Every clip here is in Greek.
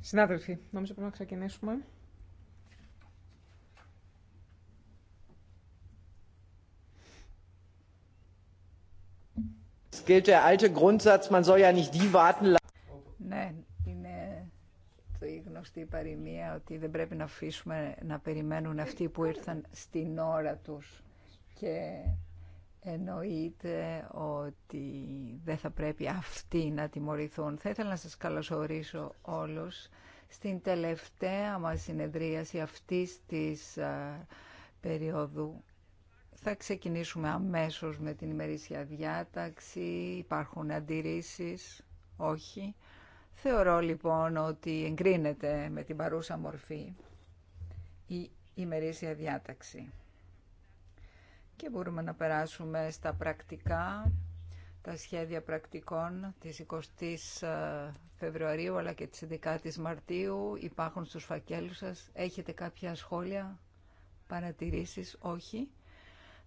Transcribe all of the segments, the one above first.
Συνάδελφοι, νομίζω πρέπει να ξεκινήσουμε. Ναι, είναι η γνωστή παροιμία ότι δεν πρέπει να αφήσουμε να περιμένουν αυτοί που ήρθαν στην ώρα τους. Και Εννοείται ότι δεν θα πρέπει αυτοί να τιμωρηθούν. Θα ήθελα να σας καλωσορίσω όλους στην τελευταία μας συνεδρίαση αυτής της περίοδου. Θα ξεκινήσουμε αμέσως με την ημερήσια διάταξη. Υπάρχουν αντιρρήσεις. Όχι. Θεωρώ λοιπόν ότι εγκρίνεται με την παρούσα μορφή η ημερήσια διάταξη και μπορούμε να περάσουμε στα πρακτικά, τα σχέδια πρακτικών της 20ης ε, Φεβρουαρίου αλλά και της 11ης Μαρτίου υπάρχουν στους φακέλους σας. Έχετε κάποια σχόλια, παρατηρήσεις, όχι.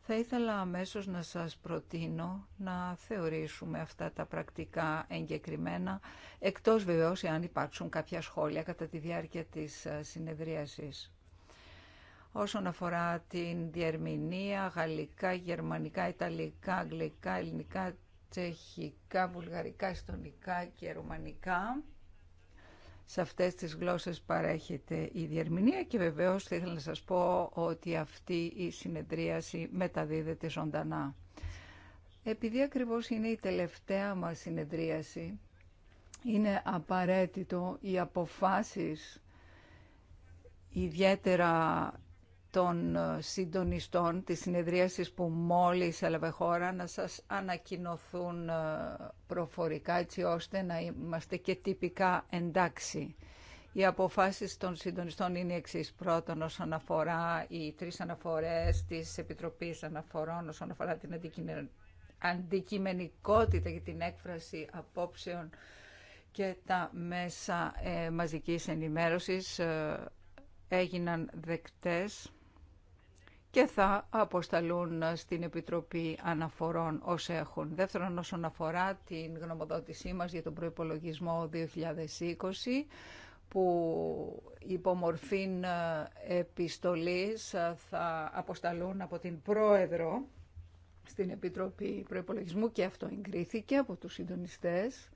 Θα ήθελα αμέσως να σας προτείνω να θεωρήσουμε αυτά τα πρακτικά εγκεκριμένα, εκτός βεβαίως εάν υπάρξουν κάποια σχόλια κατά τη διάρκεια της ε, συνεδρίασης όσον αφορά την διερμηνία, γαλλικά, γερμανικά, ιταλικά, αγγλικά, ελληνικά, τσεχικά, βουλγαρικά, ιστονικά και ρουμανικά. Σε αυτές τις γλώσσες παρέχεται η διερμηνία και βεβαίως θα ήθελα να σας πω ότι αυτή η συνεδρίαση μεταδίδεται ζωντανά. Επειδή ακριβώς είναι η τελευταία μας συνεδρίαση, είναι απαραίτητο οι αποφάσεις, ιδιαίτερα των ε, συντονιστών της συνεδρίασης που μόλις έλαβε χώρα να σας ανακοινωθούν ε, προφορικά έτσι ώστε να είμαστε και τυπικά εντάξει. Οι αποφάσεις των συντονιστών είναι εξή πρώτον όσον αφορά οι τρεις αναφορές της Επιτροπής Αναφορών όσον αφορά την αντικειμενικότητα για την έκφραση απόψεων και τα μέσα ε, μαζικής ενημέρωσης έγιναν δεκτές και θα αποσταλούν στην Επιτροπή Αναφορών όσοι έχουν. Δεύτερον, όσον αφορά την γνωμοδότησή μας για τον προϋπολογισμό 2020, που υπομορφήν ε, επιστολής ε, θα αποσταλούν από την Πρόεδρο στην Επιτροπή Προϋπολογισμού και αυτό εγκρίθηκε από τους συντονιστές.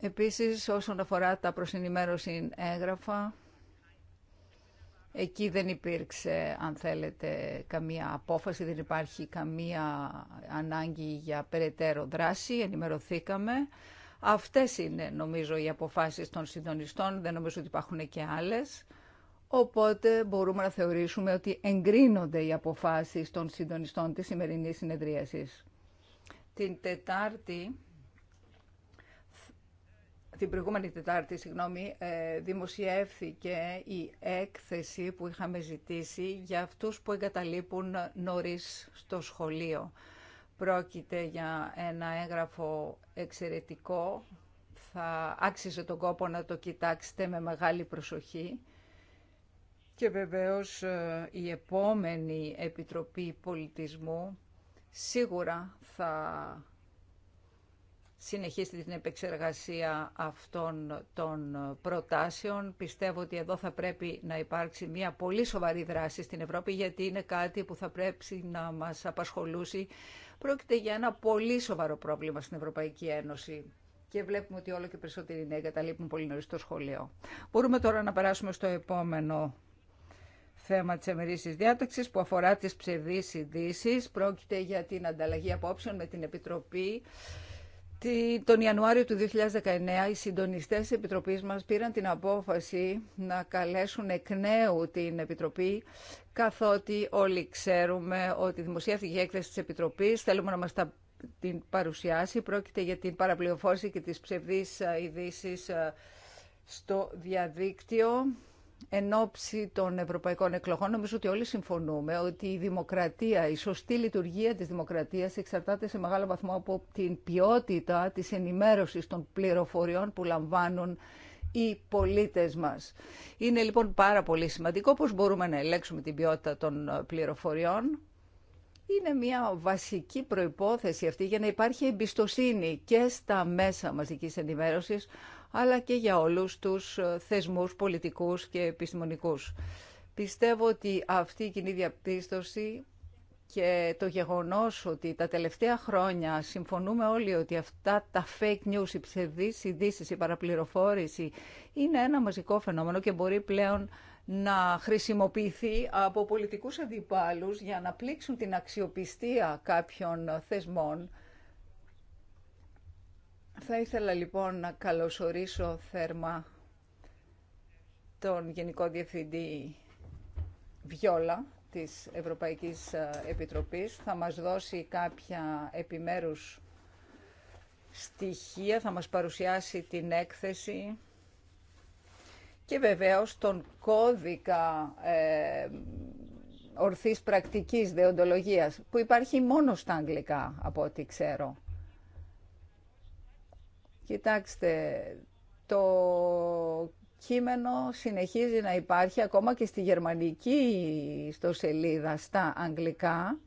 Επίσης, όσον αφορά τα προσυνημέρωση έγγραφα, Εκεί δεν υπήρξε, αν θέλετε, καμία απόφαση, δεν υπάρχει καμία ανάγκη για περαιτέρω δράση, ενημερωθήκαμε. Αυτές είναι, νομίζω, οι αποφάσεις των συντονιστών, δεν νομίζω ότι υπάρχουν και άλλες. Οπότε μπορούμε να θεωρήσουμε ότι εγκρίνονται οι αποφάσεις των συντονιστών της σημερινής συνεδρίασης. Την Τετάρτη την προηγούμενη Τετάρτη, συγγνώμη, ε, δημοσιεύθηκε η έκθεση που είχαμε ζητήσει για αυτούς που εγκαταλείπουν νωρίς στο σχολείο. Πρόκειται για ένα έγγραφο εξαιρετικό. Θα άξιζε τον κόπο να το κοιτάξετε με μεγάλη προσοχή. Και βεβαίως ε, η επόμενη Επιτροπή Πολιτισμού σίγουρα θα συνεχίσετε την επεξεργασία αυτών των προτάσεων. Πιστεύω ότι εδώ θα πρέπει να υπάρξει μια πολύ σοβαρή δράση στην Ευρώπη γιατί είναι κάτι που θα πρέπει να μας απασχολούσει. Πρόκειται για ένα πολύ σοβαρό πρόβλημα στην Ευρωπαϊκή Ένωση και βλέπουμε ότι όλο και περισσότεροι νέοι καταλείπουν πολύ νωρίς το σχολείο. Μπορούμε τώρα να περάσουμε στο επόμενο θέμα της εμερήσης διάταξης που αφορά τις ψευδείς ειδήσει. Πρόκειται για την ανταλλαγή απόψεων με την Επιτροπή τον Ιανουάριο του 2019 οι συντονιστές της Επιτροπής μας πήραν την απόφαση να καλέσουν εκ νέου την Επιτροπή καθότι όλοι ξέρουμε ότι η η έκθεση της Επιτροπής, θέλουμε να μας τα την παρουσιάσει. Πρόκειται για την παραπληροφόρηση και τις ψευδείς ε, ειδήσει ε, στο διαδίκτυο εν ώψη των ευρωπαϊκών εκλογών, νομίζω ότι όλοι συμφωνούμε ότι η δημοκρατία, η σωστή λειτουργία της δημοκρατίας εξαρτάται σε μεγάλο βαθμό από την ποιότητα της ενημέρωσης των πληροφοριών που λαμβάνουν οι πολίτες μας. Είναι λοιπόν πάρα πολύ σημαντικό πώς μπορούμε να ελέγξουμε την ποιότητα των πληροφοριών. Είναι μια βασική προϋπόθεση αυτή για να υπάρχει εμπιστοσύνη και στα μέσα μαζικής ενημέρωσης, αλλά και για όλους τους ε, θεσμούς πολιτικούς και επιστημονικούς. Πιστεύω ότι αυτή η κοινή διαπίστωση και το γεγονός ότι τα τελευταία χρόνια συμφωνούμε όλοι ότι αυτά τα fake news, οι ψευδείς ειδήσει, η παραπληροφόρηση είναι ένα μαζικό φαινόμενο και μπορεί πλέον να χρησιμοποιηθεί από πολιτικούς αντιπάλους για να πλήξουν την αξιοπιστία κάποιων θεσμών θα ήθελα λοιπόν να καλωσορίσω θερμά τον Γενικό Διευθυντή Βιόλα της Ευρωπαϊκής ε, Επιτροπής. Θα μας δώσει κάποια επιμέρους στοιχεία, θα μας παρουσιάσει την έκθεση και βεβαίως τον κώδικα ε, ορθής πρακτικής δεοντολογίας που υπάρχει μόνο στα αγγλικά από ό,τι ξέρω. Κοιτάξτε, το κείμενο συνεχίζει να υπάρχει ακόμα και στη γερμανική ιστοσελίδα στα αγγλικά.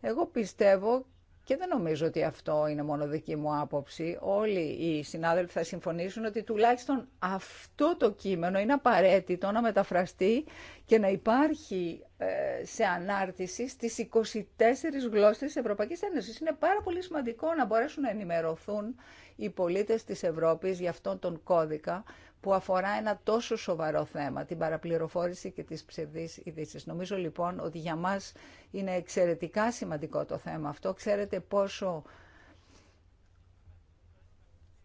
Εγώ πιστεύω και δεν νομίζω ότι αυτό είναι μόνο δική μου άποψη. Όλοι οι συνάδελφοι θα συμφωνήσουν ότι τουλάχιστον αυτό το κείμενο είναι απαραίτητο να μεταφραστεί και να υπάρχει ε, σε ανάρτηση στις 24 γλώσσες της Ευρωπαϊκής Ένωσης. Είναι πάρα πολύ σημαντικό να μπορέσουν να ενημερωθούν οι πολίτες της Ευρώπης για αυτόν τον κώδικα που αφορά ένα τόσο σοβαρό θέμα, την παραπληροφόρηση και τις ψευδείς ειδήσει. Νομίζω λοιπόν ότι για μας είναι εξαιρετικά σημαντικό το θέμα αυτό. Ξέρετε πόσο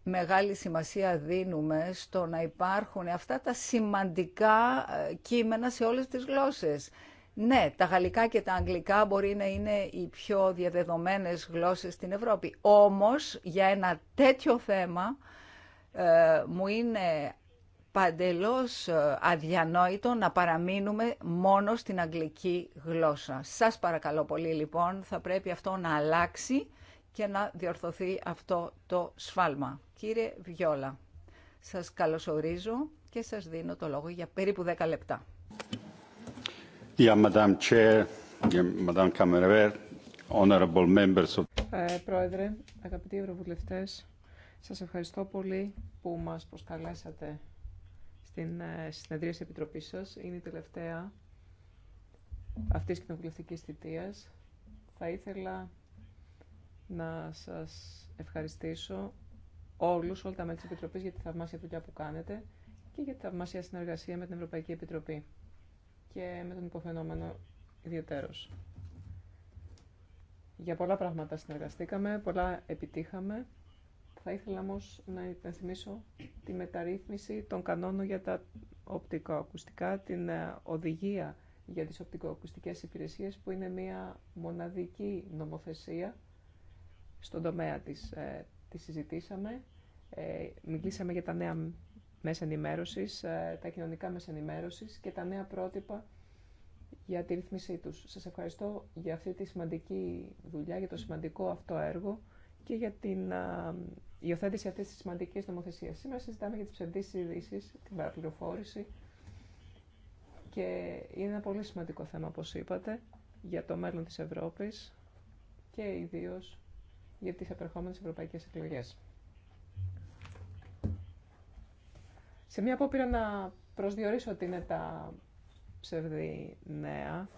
μεγάλη σημασία δίνουμε στο να υπάρχουν αυτά τα σημαντικά ε, κείμενα σε όλες τις γλώσσες. Ναι, τα γαλλικά και τα αγγλικά μπορεί να είναι οι πιο διαδεδομένες γλώσσες στην Ευρώπη. Όμως, για ένα τέτοιο θέμα ε, μου είναι παντελώς ε, αδιανόητο να παραμείνουμε μόνο στην αγγλική γλώσσα. Σας παρακαλώ πολύ λοιπόν, θα πρέπει αυτό να αλλάξει και να διορθωθεί αυτό το σφάλμα. Κύριε Βιόλα, σας καλωσορίζω και σας δίνω το λόγο για περίπου 10 λεπτά. Ε, πρόεδρε, αγαπητοί ευρωβουλευτές, σας ευχαριστώ πολύ που μας προσκαλέσατε στην ε, συνεδρία της Επιτροπής σας. Είναι η τελευταία αυτής τη κοινοβουλευτική θητεία. Θα ήθελα να σα ευχαριστήσω όλους, όλα τα μέλη τη Επιτροπή για τη θαυμάσια δουλειά που κάνετε και για τη θαυμάσια συνεργασία με την Ευρωπαϊκή Επιτροπή και με τον υποφαινόμενο ιδιαίτερο. Για πολλά πράγματα συνεργαστήκαμε, πολλά επιτύχαμε. Θα ήθελα όμω να υπενθυμίσω τη μεταρρύθμιση των κανόνων για τα οπτικοακουστικά, την ε, οδηγία για τις οπτικοακουστικές υπηρεσίες που είναι μια μοναδική νομοθεσία στον τομέα της. Ε, τη συζητήσαμε, ε, μιλήσαμε για τα νέα μέσα ενημέρωσης, ε, τα κοινωνικά μέσα ενημέρωσης και τα νέα πρότυπα για τη ρυθμίσή τους. Σας ευχαριστώ για αυτή τη σημαντική δουλειά, για το σημαντικό αυτό έργο και για την η οθέτηση αυτή τη σημαντική νομοθεσία. Σήμερα συζητάμε για τι ψευδεί ειδήσει, την παραπληροφόρηση και είναι ένα πολύ σημαντικό θέμα, όπω είπατε, για το μέλλον τη Ευρώπη και ιδίω για τι επερχόμενε ευρωπαϊκέ εκλογέ. Σε μια απόπειρα να προσδιορίσω τι είναι τα ψευδή νέα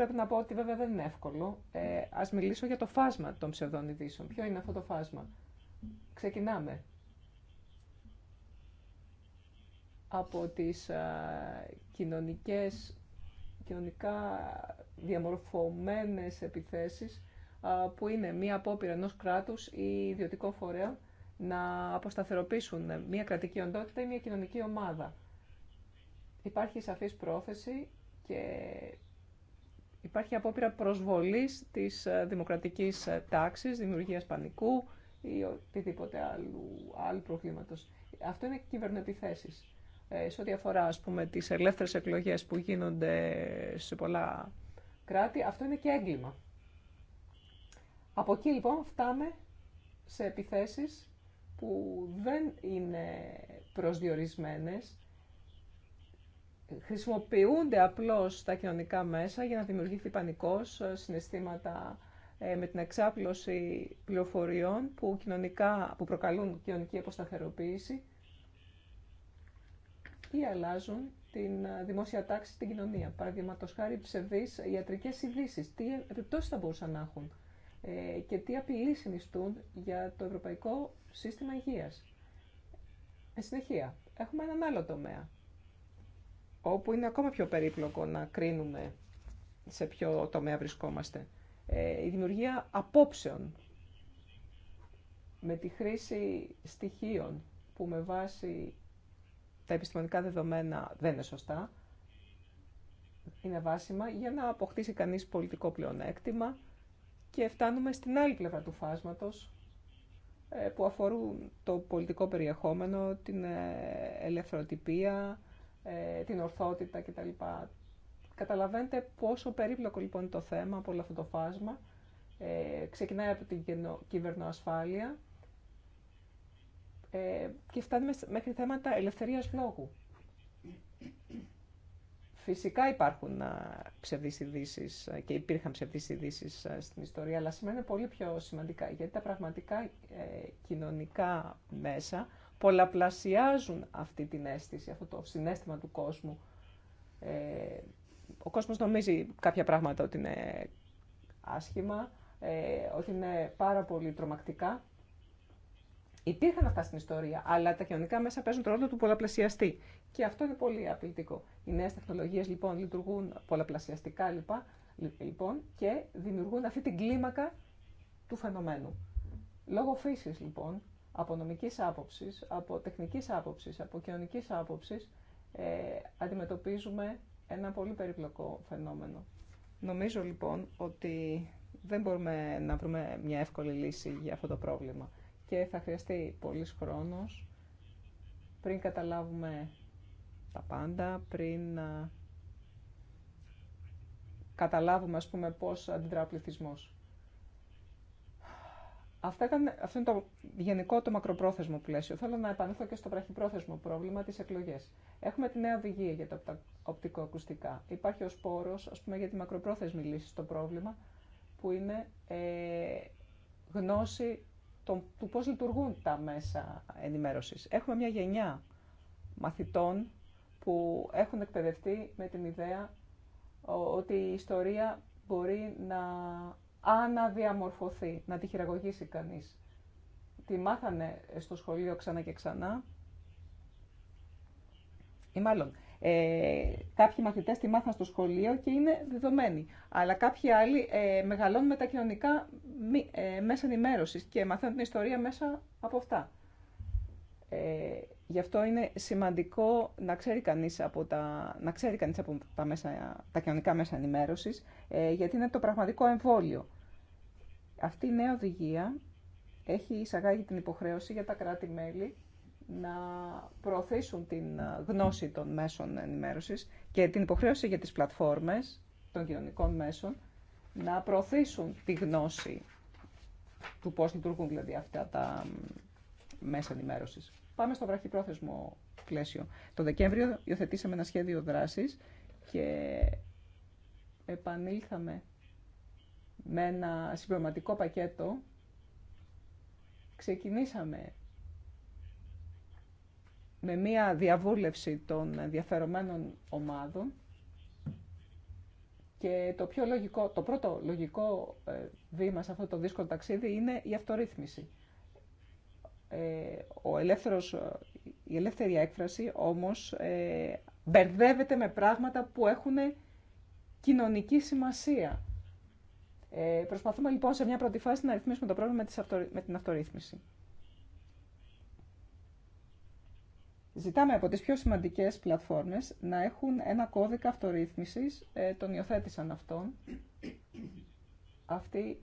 πρέπει να πω ότι βέβαια δεν είναι εύκολο. Ε, ας μιλήσω για το φάσμα των ψευδών ειδήσεων. Ποιο είναι αυτό το φάσμα. Ξεκινάμε από τις κοινωνικές, κοινωνικά διαμορφωμένες επιθέσεις α, που είναι μία απόπειρα ενός κράτους ή ιδιωτικό φορέα να αποσταθεροποιήσουν μία κρατική οντότητα ή μία κοινωνική ομάδα. Υπάρχει σαφής πρόθεση και Υπάρχει απόπειρα προσβολής της ε, δημοκρατικής ε, τάξης, δημιουργίας πανικού ή οτιδήποτε άλλου, άλλου προβλήματος. Αυτό είναι κυβερνοεπιθέσει. Ε, σε ό,τι αφορά, τι πούμε, τις ελεύθερες εκλογές που γίνονται σε πολλά κράτη, αυτό είναι και έγκλημα. Από εκεί, λοιπόν, φτάμε σε επιθέσεις που δεν είναι προσδιορισμένες χρησιμοποιούνται απλώς τα κοινωνικά μέσα για να δημιουργηθεί πανικός, ε, συναισθήματα ε, με την εξάπλωση πληροφοριών που, κοινωνικά, που προκαλούν κοινωνική αποσταθεροποίηση ή αλλάζουν την ε, δημόσια τάξη στην κοινωνία. Παραδείγματο χάρη ψευδεί ιατρικέ ειδήσει. Τι επιπτώσει θα μπορούσαν να έχουν και τι απειλή συνιστούν για το ευρωπαϊκό σύστημα υγείας. Εν συνεχεία, έχουμε έναν άλλο τομέα όπου είναι ακόμα πιο περίπλοκο να κρίνουμε σε ποιο τομέα βρισκόμαστε. Ε, η δημιουργία απόψεων με τη χρήση στοιχείων που με βάση τα επιστημονικά δεδομένα δεν είναι σωστά, είναι βάσιμα για να αποκτήσει κανείς πολιτικό πλεονέκτημα και φτάνουμε στην άλλη πλευρά του φάσματος ε, που αφορούν το πολιτικό περιεχόμενο, την ε, ελευθεροτυπία, ε, την ορθότητα κτλ. Καταλαβαίνετε πόσο περίπλοκο λοιπόν είναι το θέμα από όλο αυτό το φάσμα. Ε, ξεκινάει από την κυβερνοασφάλεια ε, και φτάνουμε μέχρι θέματα ελευθερίας λόγου. Φυσικά υπάρχουν ψευδείς ειδήσει και υπήρχαν ψευδείς ειδήσει στην ιστορία, αλλά σήμερα είναι πολύ πιο σημαντικά, γιατί τα πραγματικά ε, κοινωνικά μέσα πολλαπλασιάζουν αυτή την αίσθηση, αυτό το συνέστημα του κόσμου. Ε, ο κόσμος νομίζει κάποια πράγματα ότι είναι άσχημα, ε, ότι είναι πάρα πολύ τρομακτικά. Υπήρχαν αυτά στην ιστορία, αλλά τα κοινωνικά μέσα παίζουν το ρόλο του πολλαπλασιαστή. Και αυτό είναι πολύ απλητικό. Οι νέε τεχνολογίες λοιπόν λειτουργούν πολλαπλασιαστικά λοιπόν, και δημιουργούν αυτή την κλίμακα του φαινομένου. Λόγω φύση λοιπόν, από νομικής άποψης, από τεχνικής άποψης, από κοινωνικής άποψης, ε, αντιμετωπίζουμε ένα πολύ περιπλοκό φαινόμενο. Νομίζω λοιπόν ότι δεν μπορούμε να βρούμε μια εύκολη λύση για αυτό το πρόβλημα και θα χρειαστεί πολύς χρόνος πριν καταλάβουμε τα πάντα, πριν να ε, καταλάβουμε ας πούμε πώς αντιδρά Αυτά αυτό είναι το γενικό, το μακροπρόθεσμο πλαίσιο. Θέλω να επανέλθω και στο βραχυπρόθεσμο πρόβλημα, τη εκλογέ. Έχουμε τη νέα οδηγία για τα οπτικοακουστικά. Υπάρχει ο σπόρο, α πούμε, για τη μακροπρόθεσμη λύση στο πρόβλημα, που είναι ε, γνώση του πώ λειτουργούν τα μέσα ενημέρωση. Έχουμε μια γενιά μαθητών που έχουν εκπαιδευτεί με την ιδέα ότι η ιστορία μπορεί να αναδιαμορφωθεί, να τη χειραγωγήσει κανείς. Τη μάθανε στο σχολείο ξανά και ξανά. Ή μάλλον, ε, κάποιοι μαθητές τη μάθαν στο σχολείο και είναι δεδομένοι. Αλλά κάποιοι άλλοι ε, μεγαλώνουν με τα κοινωνικά ε, μέσα ενημέρωση και μαθαίνουν την ιστορία μέσα από αυτά. Ε, Γι' αυτό είναι σημαντικό να ξέρει κανείς από τα, να ξέρει κανείς από τα, μέσα, τα κοινωνικά μέσα ενημέρωσης, ε, γιατί είναι το πραγματικό εμβόλιο. Αυτή η νέα οδηγία έχει εισαγάγει την υποχρέωση για τα κράτη-μέλη να προωθήσουν την ε, γνώση των μέσων ενημέρωσης και την υποχρέωση για τις πλατφόρμες των κοινωνικών μέσων να προωθήσουν τη γνώση του πώς λειτουργούν δηλαδή αυτά τα μέσα ενημέρωσης πάμε στο βραχυπρόθεσμο πλαίσιο. Το Δεκέμβριο υιοθετήσαμε ένα σχέδιο δράσης και επανήλθαμε με ένα συμπληρωματικό πακέτο. Ξεκινήσαμε με μία διαβούλευση των ενδιαφερομένων ομάδων και το, πιο λογικό, το πρώτο λογικό ε, βήμα σε αυτό το δύσκολο ταξίδι είναι η αυτορύθμιση. Ε, ο ελεύθερος, η ελεύθερη έκφραση όμως ε, μπερδεύεται με πράγματα που έχουν κοινωνική σημασία. Ε, προσπαθούμε λοιπόν σε μια πρώτη φάση να ρυθμίσουμε το πρόβλημα με την αυτορύθμιση. Ζητάμε από τις πιο σημαντικές πλατφόρμες να έχουν ένα κώδικα αυτορύθμισης, ε, τον υιοθέτησαν αυτόν. Αυτή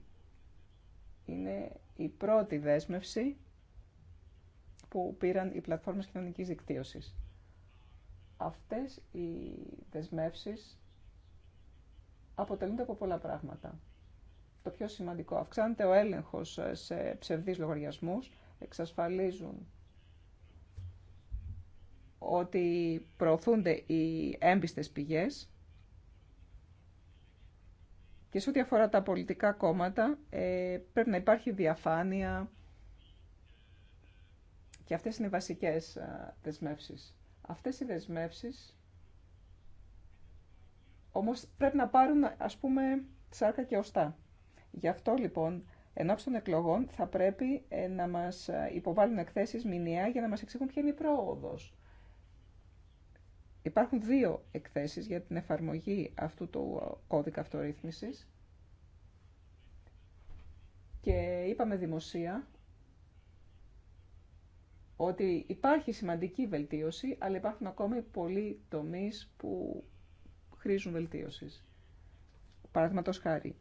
είναι η πρώτη δέσμευση που πήραν οι πλατφόρμες κοινωνικής δικτύωσης. Αυτές οι δεσμεύσεις αποτελούνται από πολλά πράγματα. Το πιο σημαντικό, αυξάνεται ο έλεγχος σε ψευδείς λογαριασμούς, εξασφαλίζουν ότι προωθούνται οι έμπιστες πηγές και σε ό,τι αφορά τα πολιτικά κόμματα ε, πρέπει να υπάρχει διαφάνεια, και αυτές είναι οι βασικές δεσμεύσεις. Αυτές οι δεσμεύσεις όμως πρέπει να πάρουν ας πούμε σάρκα και οστά. Γι' αυτό λοιπόν εν των εκλογών θα πρέπει ε, να μας ε, υποβάλουν εκθέσεις μηνιαία για να μας εξηγούν ποια είναι η πρόοδος. Υπάρχουν δύο εκθέσεις για την εφαρμογή αυτού του ε, κώδικα αυτορύθμισης και είπαμε δημοσία ότι υπάρχει σημαντική βελτίωση, αλλά υπάρχουν ακόμη πολλοί τομείς που χρήζουν βελτίωσης. Παραδείγματο χάρη,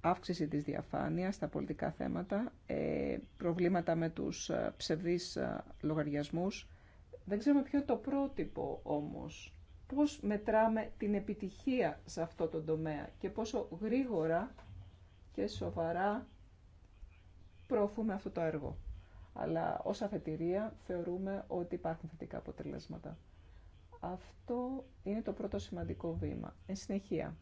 αύξηση της διαφάνειας στα πολιτικά θέματα, ε, προβλήματα με τους ε, ψευδείς ε, λογαριασμούς. Δεν ξέρουμε ποιο είναι το πρότυπο όμως. Πώς μετράμε την επιτυχία σε αυτό το τομέα και πόσο γρήγορα και σοβαρά προωθούμε αυτό το έργο. Αλλά ως αφετηρία θεωρούμε ότι υπάρχουν θετικά αποτελέσματα. Αυτό είναι το πρώτο σημαντικό βήμα. Εν συνεχεία,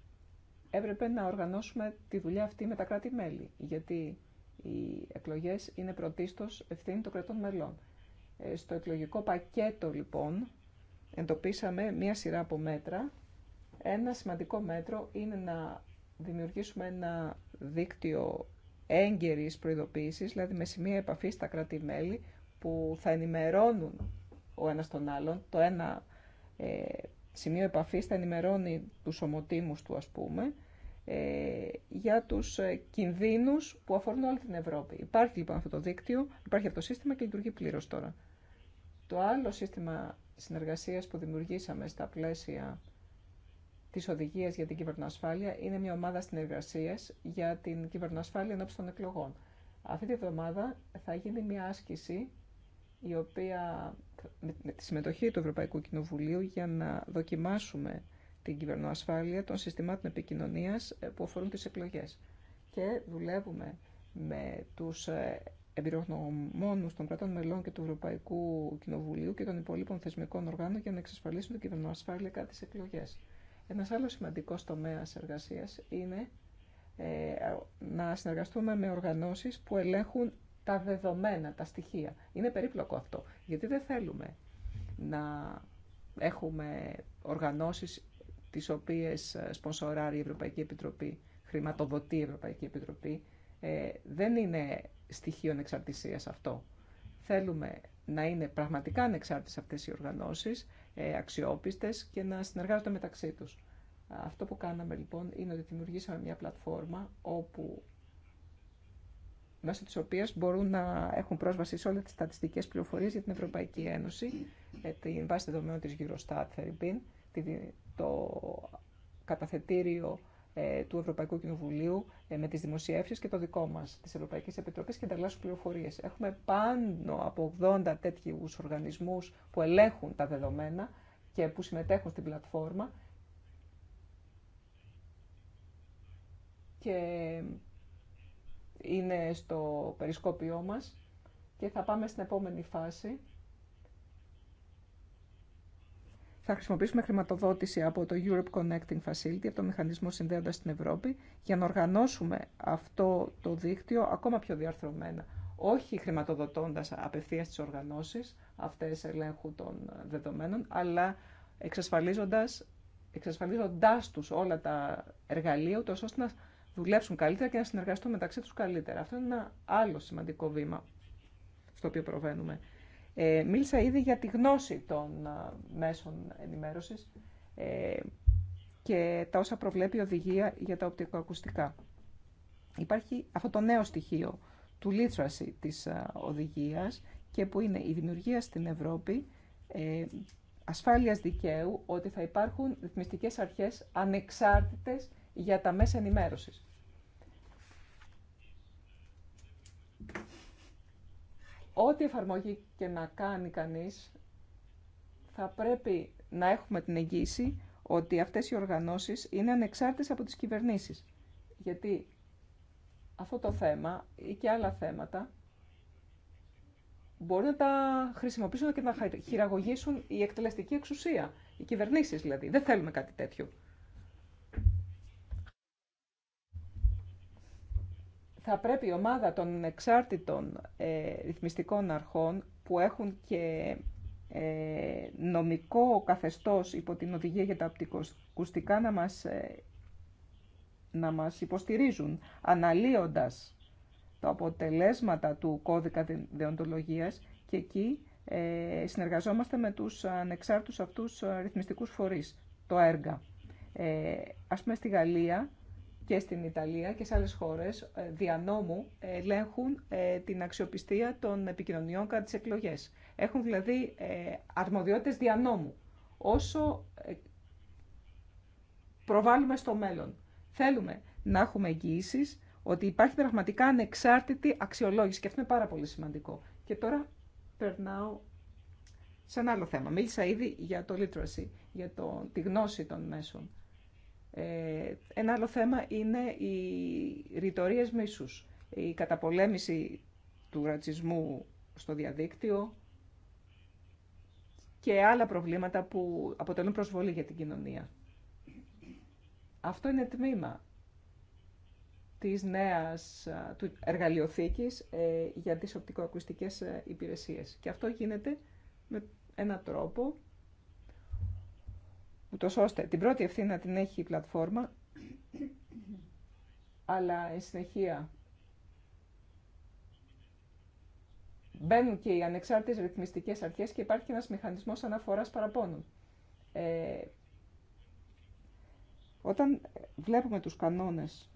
έπρεπε να οργανώσουμε τη δουλειά αυτή με τα κράτη-μέλη, γιατί οι εκλογές είναι πρωτίστως ευθύνη των κρατών μελών. Ε, στο εκλογικό πακέτο, λοιπόν, εντοπίσαμε μία σειρά από μέτρα. Ένα σημαντικό μέτρο είναι να δημιουργήσουμε ένα δίκτυο έγκαιρη προειδοποίηση, δηλαδή με σημεία επαφή στα κράτη-μέλη που θα ενημερώνουν ο ένας τον άλλον, το ένα ε, σημείο επαφής θα ενημερώνει του ομοτήμού του α πούμε, ε, για τους ε, κινδύνους που αφορούν όλη την Ευρώπη. Υπάρχει λοιπόν αυτό το δίκτυο, υπάρχει αυτό το σύστημα και λειτουργεί πλήρω τώρα. Το άλλο σύστημα συνεργασίας που δημιουργήσαμε στα πλαίσια τη Οδηγία για την Κυβερνοασφάλεια είναι μια ομάδα συνεργασία για την κυβερνοασφάλεια ενώπιση των εκλογών. Αυτή τη εβδομάδα θα γίνει μια άσκηση η οποία με τη συμμετοχή του Ευρωπαϊκού Κοινοβουλίου για να δοκιμάσουμε την κυβερνοασφάλεια των συστημάτων επικοινωνίας ε, που αφορούν τις εκλογές. Και δουλεύουμε με τους ε, εμπειρογνωμόνους των κρατών μελών και του Ευρωπαϊκού Κοινοβουλίου και των υπολείπων θεσμικών οργάνων για να εξασφαλίσουμε την κυβερνοασφάλεια κατά εκλογές. Ένας άλλος σημαντικός τομέας εργασίας είναι ε, να συνεργαστούμε με οργανώσεις που ελέγχουν τα δεδομένα, τα στοιχεία. Είναι περίπλοκο αυτό, γιατί δεν θέλουμε να έχουμε οργανώσεις τις οποίες ε, σπονσοράρει η Ευρωπαϊκή Επιτροπή, χρηματοδοτεί η Ευρωπαϊκή Επιτροπή. Ε, δεν είναι στοιχείο ανεξαρτησίας αυτό. Θέλουμε να είναι πραγματικά ανεξάρτητες αυτές οι οργανώσεις, ε, αξιόπιστες και να συνεργάζονται μεταξύ τους. Αυτό που κάναμε λοιπόν είναι ότι δημιουργήσαμε μια πλατφόρμα όπου μέσω της οποίας μπορούν να έχουν πρόσβαση σε όλες τις στατιστικές πληροφορίες για την Ευρωπαϊκή Ένωση, ε, την βάση δεδομένων της Eurostat, το καταθετήριο ε, του Ευρωπαϊκού Κοινοβουλίου ε, με τις δημοσιεύσεις και το δικό μας της Ευρωπαϊκής Επιτροπής και ανταλλάσσουν πληροφορίες. Έχουμε πάνω από 80 τέτοιου οργανισμούς που ελέγχουν τα δεδομένα και που συμμετέχουν στην πλατφόρμα και είναι στο περισκόπιό μας και θα πάμε στην επόμενη φάση θα χρησιμοποιήσουμε χρηματοδότηση από το Europe Connecting Facility, από το Μηχανισμό Συνδέοντα την Ευρώπη, για να οργανώσουμε αυτό το δίκτυο ακόμα πιο διαρθρωμένα. Όχι χρηματοδοτώντα απευθεία τι οργανώσει αυτέ ελέγχου των δεδομένων, αλλά εξασφαλίζοντα εξασφαλίζοντάς τους όλα τα εργαλεία, ούτως ώστε να δουλέψουν καλύτερα και να συνεργαστούν μεταξύ τους καλύτερα. Αυτό είναι ένα άλλο σημαντικό βήμα στο οποίο προβαίνουμε. Ε, μίλησα ήδη για τη γνώση των ε, μέσων ενημέρωσης ε, και τα όσα προβλέπει η οδηγία για τα οπτικοακουστικά. Υπάρχει αυτό το νέο στοιχείο του literacy της ε, οδηγίας και που είναι η δημιουργία στην Ευρώπη ε, ασφάλειας δικαίου ότι θα υπάρχουν ρυθμιστικές αρχές ανεξάρτητες για τα μέσα ενημέρωσης. Ό,τι εφαρμογή και να κάνει κανείς, θα πρέπει να έχουμε την εγγύηση ότι αυτές οι οργανώσεις είναι ανεξάρτητες από τις κυβερνήσεις. Γιατί αυτό το θέμα ή και άλλα θέματα μπορεί να τα χρησιμοποιήσουν και να χειραγωγήσουν η εκτελεστική εξουσία, οι κυβερνήσεις δηλαδή. Δεν θέλουμε κάτι τέτοιο. θα πρέπει η ομάδα των εξάρτητων ε, ρυθμιστικών αρχών που έχουν και ε, νομικό καθεστώς υπό την οδηγία για τα οπτικοακουστικά να μας, ε, να μας υποστηρίζουν αναλύοντας τα αποτελέσματα του κώδικα δεοντολογίας και εκεί ε, συνεργαζόμαστε με τους ανεξάρτητους αυτούς ρυθμιστικούς φορείς, το έργα. Ε, ας πούμε στη Γαλλία και στην Ιταλία και σε άλλες χώρες ε, δια νόμου ελέγχουν ε, την αξιοπιστία των επικοινωνιών κατά τις εκλογές. Έχουν δηλαδή ε, αρμοδιότητες δια νόμου. Όσο προβάλλουμε στο μέλλον. Θέλουμε να έχουμε εγγυήσεις ότι υπάρχει πραγματικά ανεξάρτητη αξιολόγηση και αυτό είναι πάρα πολύ σημαντικό. Και τώρα περνάω σε ένα άλλο θέμα. Μίλησα ήδη για το literacy, για το, τη γνώση των μέσων. Ε, ένα άλλο θέμα είναι οι ρητορίες μίσους, η καταπολέμηση του ρατσισμού στο διαδίκτυο και άλλα προβλήματα που αποτελούν προσβολή για την κοινωνία. Αυτό είναι τμήμα της νέας του εργαλειοθήκης ε, για τις οπτικοακουστικές ε, υπηρεσίες. Και αυτό γίνεται με ένα τρόπο ούτως ώστε την πρώτη ευθύνα να την έχει η πλατφόρμα, αλλά η συνεχεία μπαίνουν και οι ανεξάρτητες ρυθμιστικές αρχές και υπάρχει και ένας μηχανισμός αναφοράς παραπώνων. Ε, όταν βλέπουμε τους κανόνες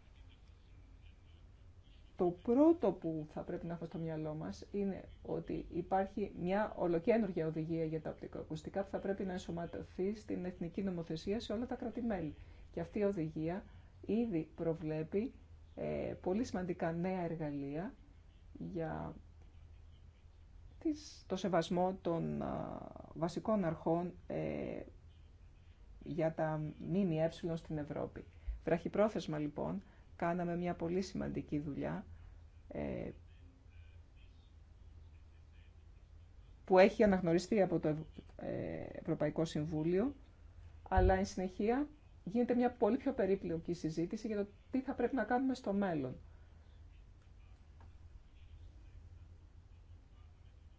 το πρώτο που θα πρέπει να έχω στο μυαλό μας είναι ότι υπάρχει μια ολοκένουργια οδηγία για τα οπτικοακουστικά που θα πρέπει να ενσωματωθεί στην εθνική νομοθεσία σε όλα τα κράτη-μέλη. Και αυτή η οδηγία ήδη προβλέπει ε, πολύ σημαντικά νέα εργαλεία για το σεβασμό των βασικών αρχών ε, για τα ΜΜΕ στην Ευρώπη. Βραχυπρόθεσμα λοιπόν, κάναμε μια πολύ σημαντική δουλειά ε, που έχει αναγνωριστεί από το ε, Ευρωπαϊκό Συμβούλιο, αλλά εν συνεχεία γίνεται μια πολύ πιο περίπλοκη συζήτηση για το τι θα πρέπει να κάνουμε στο μέλλον.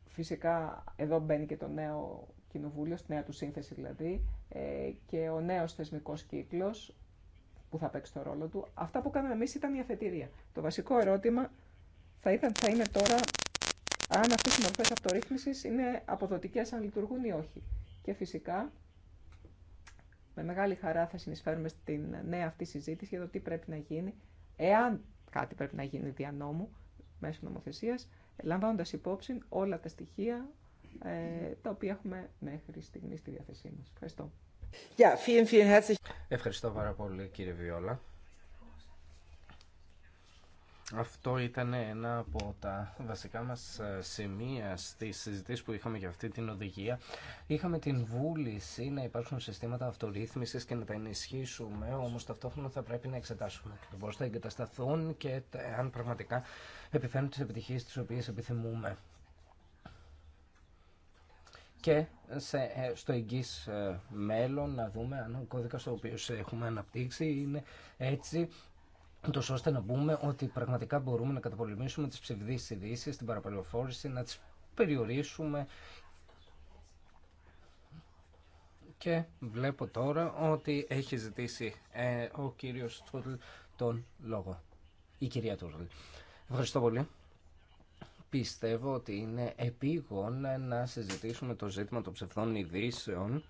Φυσικά εδώ μπαίνει και το νέο κοινοβούλιο, στη νέα του σύνθεση δηλαδή, ε, και ο νέος θεσμικός κύκλος που θα παίξει το ρόλο του. Αυτά που κάναμε εμείς ήταν η αφετηρία. Το βασικό ερώτημα θα, ήταν, θα είναι τώρα αν αυτέ οι μορφέ αυτορύθμιση είναι αποδοτικέ αν λειτουργούν ή όχι. Και φυσικά, με μεγάλη χαρά θα συνεισφέρουμε στην νέα αυτή συζήτηση για το τι πρέπει να γίνει, εάν κάτι πρέπει να γίνει δια νόμου, μέσω νομοθεσία, λαμβάνοντα υπόψη όλα τα στοιχεία ε, τα οποία έχουμε μέχρι στιγμή στη διάθεσή μα. Ευχαριστώ. Ευχαριστώ πάρα πολύ κύριε Βιόλα. Αυτό ήταν ένα από τα βασικά μας ε, σημεία στις συζητήσεις που είχαμε για αυτή την οδηγία. Είχαμε την βούληση να υπάρχουν συστήματα αυτορύθμισης και να τα ενισχύσουμε, όμως ταυτόχρονα θα πρέπει να εξετάσουμε πώς θα εγκατασταθούν και αν πραγματικά επιφέρουν τις επιτυχίε τις οποίες επιθυμούμε και ε, στο εγγύς ε, μέλλον να δούμε αν ο κώδικας ο οποίος έχουμε αναπτύξει είναι έτσι τόσο ώστε να πούμε ότι πραγματικά μπορούμε να καταπολεμήσουμε τις ψευδείς ειδήσει, την παραπληροφόρηση, να τις περιορίσουμε και βλέπω τώρα ότι έχει ζητήσει ε, ο κύριος Τούρλ τον λόγο. Η κυρία Τούρλ. Ευχαριστώ πολύ πιστεύω ότι είναι επίγον να συζητήσουμε το ζήτημα των ψευδών ειδήσεων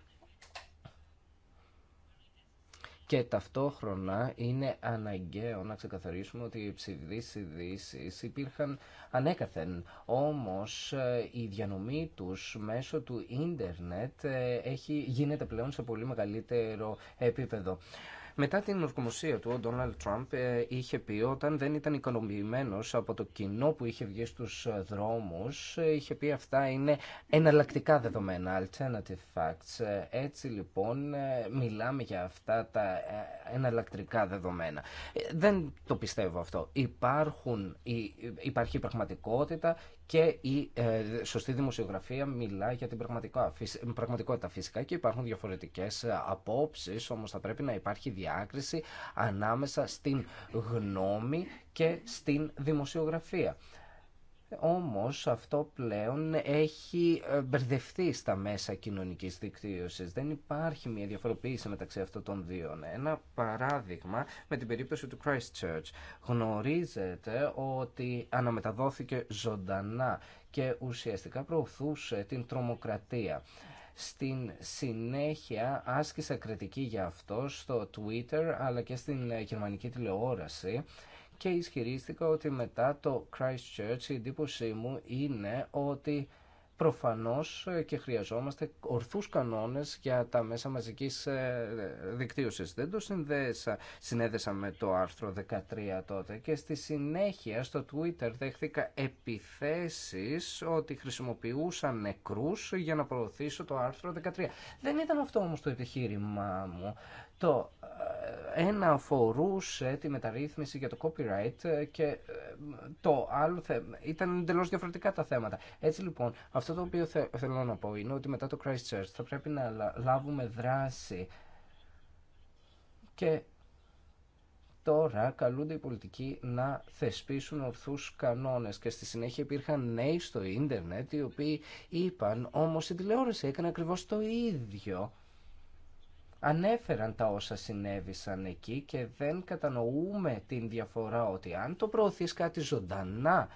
και ταυτόχρονα είναι αναγκαίο να ξεκαθαρίσουμε ότι οι ψευδείς ειδήσει υπήρχαν ανέκαθεν. Όμως ε, η διανομή τους μέσω του ίντερνετ ε, έχει, γίνεται πλέον σε πολύ μεγαλύτερο επίπεδο. Μετά την ορκομοσία του, ο Ντόναλτ Τραμπ ε, είχε πει όταν δεν ήταν ικανοποιημένο από το κοινό που είχε βγει στου ε, δρόμου, ε, είχε πει αυτά είναι εναλλακτικά δεδομένα, alternative facts. Έτσι λοιπόν μιλάμε για αυτά τα εναλλακτικά δεδομένα. Δεν το πιστεύω αυτό. Υπάρχουν, υπάρχει πραγματικότητα και η ε, σωστή δημοσιογραφία μιλά για την πραγματικότητα φυσικά και υπάρχουν διαφορετικές ε, απόψεις, όμως θα πρέπει να υπάρχει διάκριση ανάμεσα στην γνώμη και στην δημοσιογραφία. Όμως αυτό πλέον έχει ε, μπερδευτεί στα μέσα κοινωνικής δικτύωσης. Δεν υπάρχει μια διαφοροποίηση μεταξύ αυτών των δύο. Ένα παράδειγμα με την περίπτωση του Christchurch. Γνωρίζετε ότι αναμεταδόθηκε ζωντανά και ουσιαστικά προωθούσε την τρομοκρατία. Στην συνέχεια άσκησα κριτική για αυτό στο Twitter αλλά και στην ε, γερμανική τηλεόραση και ισχυρίστηκα ότι μετά το Christchurch η εντύπωσή μου είναι ότι προφανώς ε, και χρειαζόμαστε ορθούς κανόνες για τα μέσα μαζικής ε, δικτύωσης. Δεν το συνδέσα, συνέδεσα με το άρθρο 13 τότε και στη συνέχεια στο Twitter δέχθηκα επιθέσεις ότι χρησιμοποιούσα νεκρούς για να προωθήσω το άρθρο 13. Δεν ήταν αυτό όμως το επιχείρημά μου. Το ε, ένα αφορούσε τη μεταρρύθμιση για το copyright και ε, το άλλο ήταν εντελώ διαφορετικά τα θέματα. Έτσι λοιπόν, αυτό το οποίο θέλω να πω είναι ότι μετά το Christchurch θα πρέπει να λάβουμε δράση και τώρα καλούνται οι πολιτικοί να θεσπίσουν ορθούς κανόνες και στη συνέχεια υπήρχαν νέοι στο ίντερνετ οι οποίοι είπαν όμως η τηλεόραση έκανε ακριβώς το ίδιο ανέφεραν τα όσα συνέβησαν εκεί και δεν κατανοούμε την διαφορά ότι αν το προωθείς κάτι ζωντανά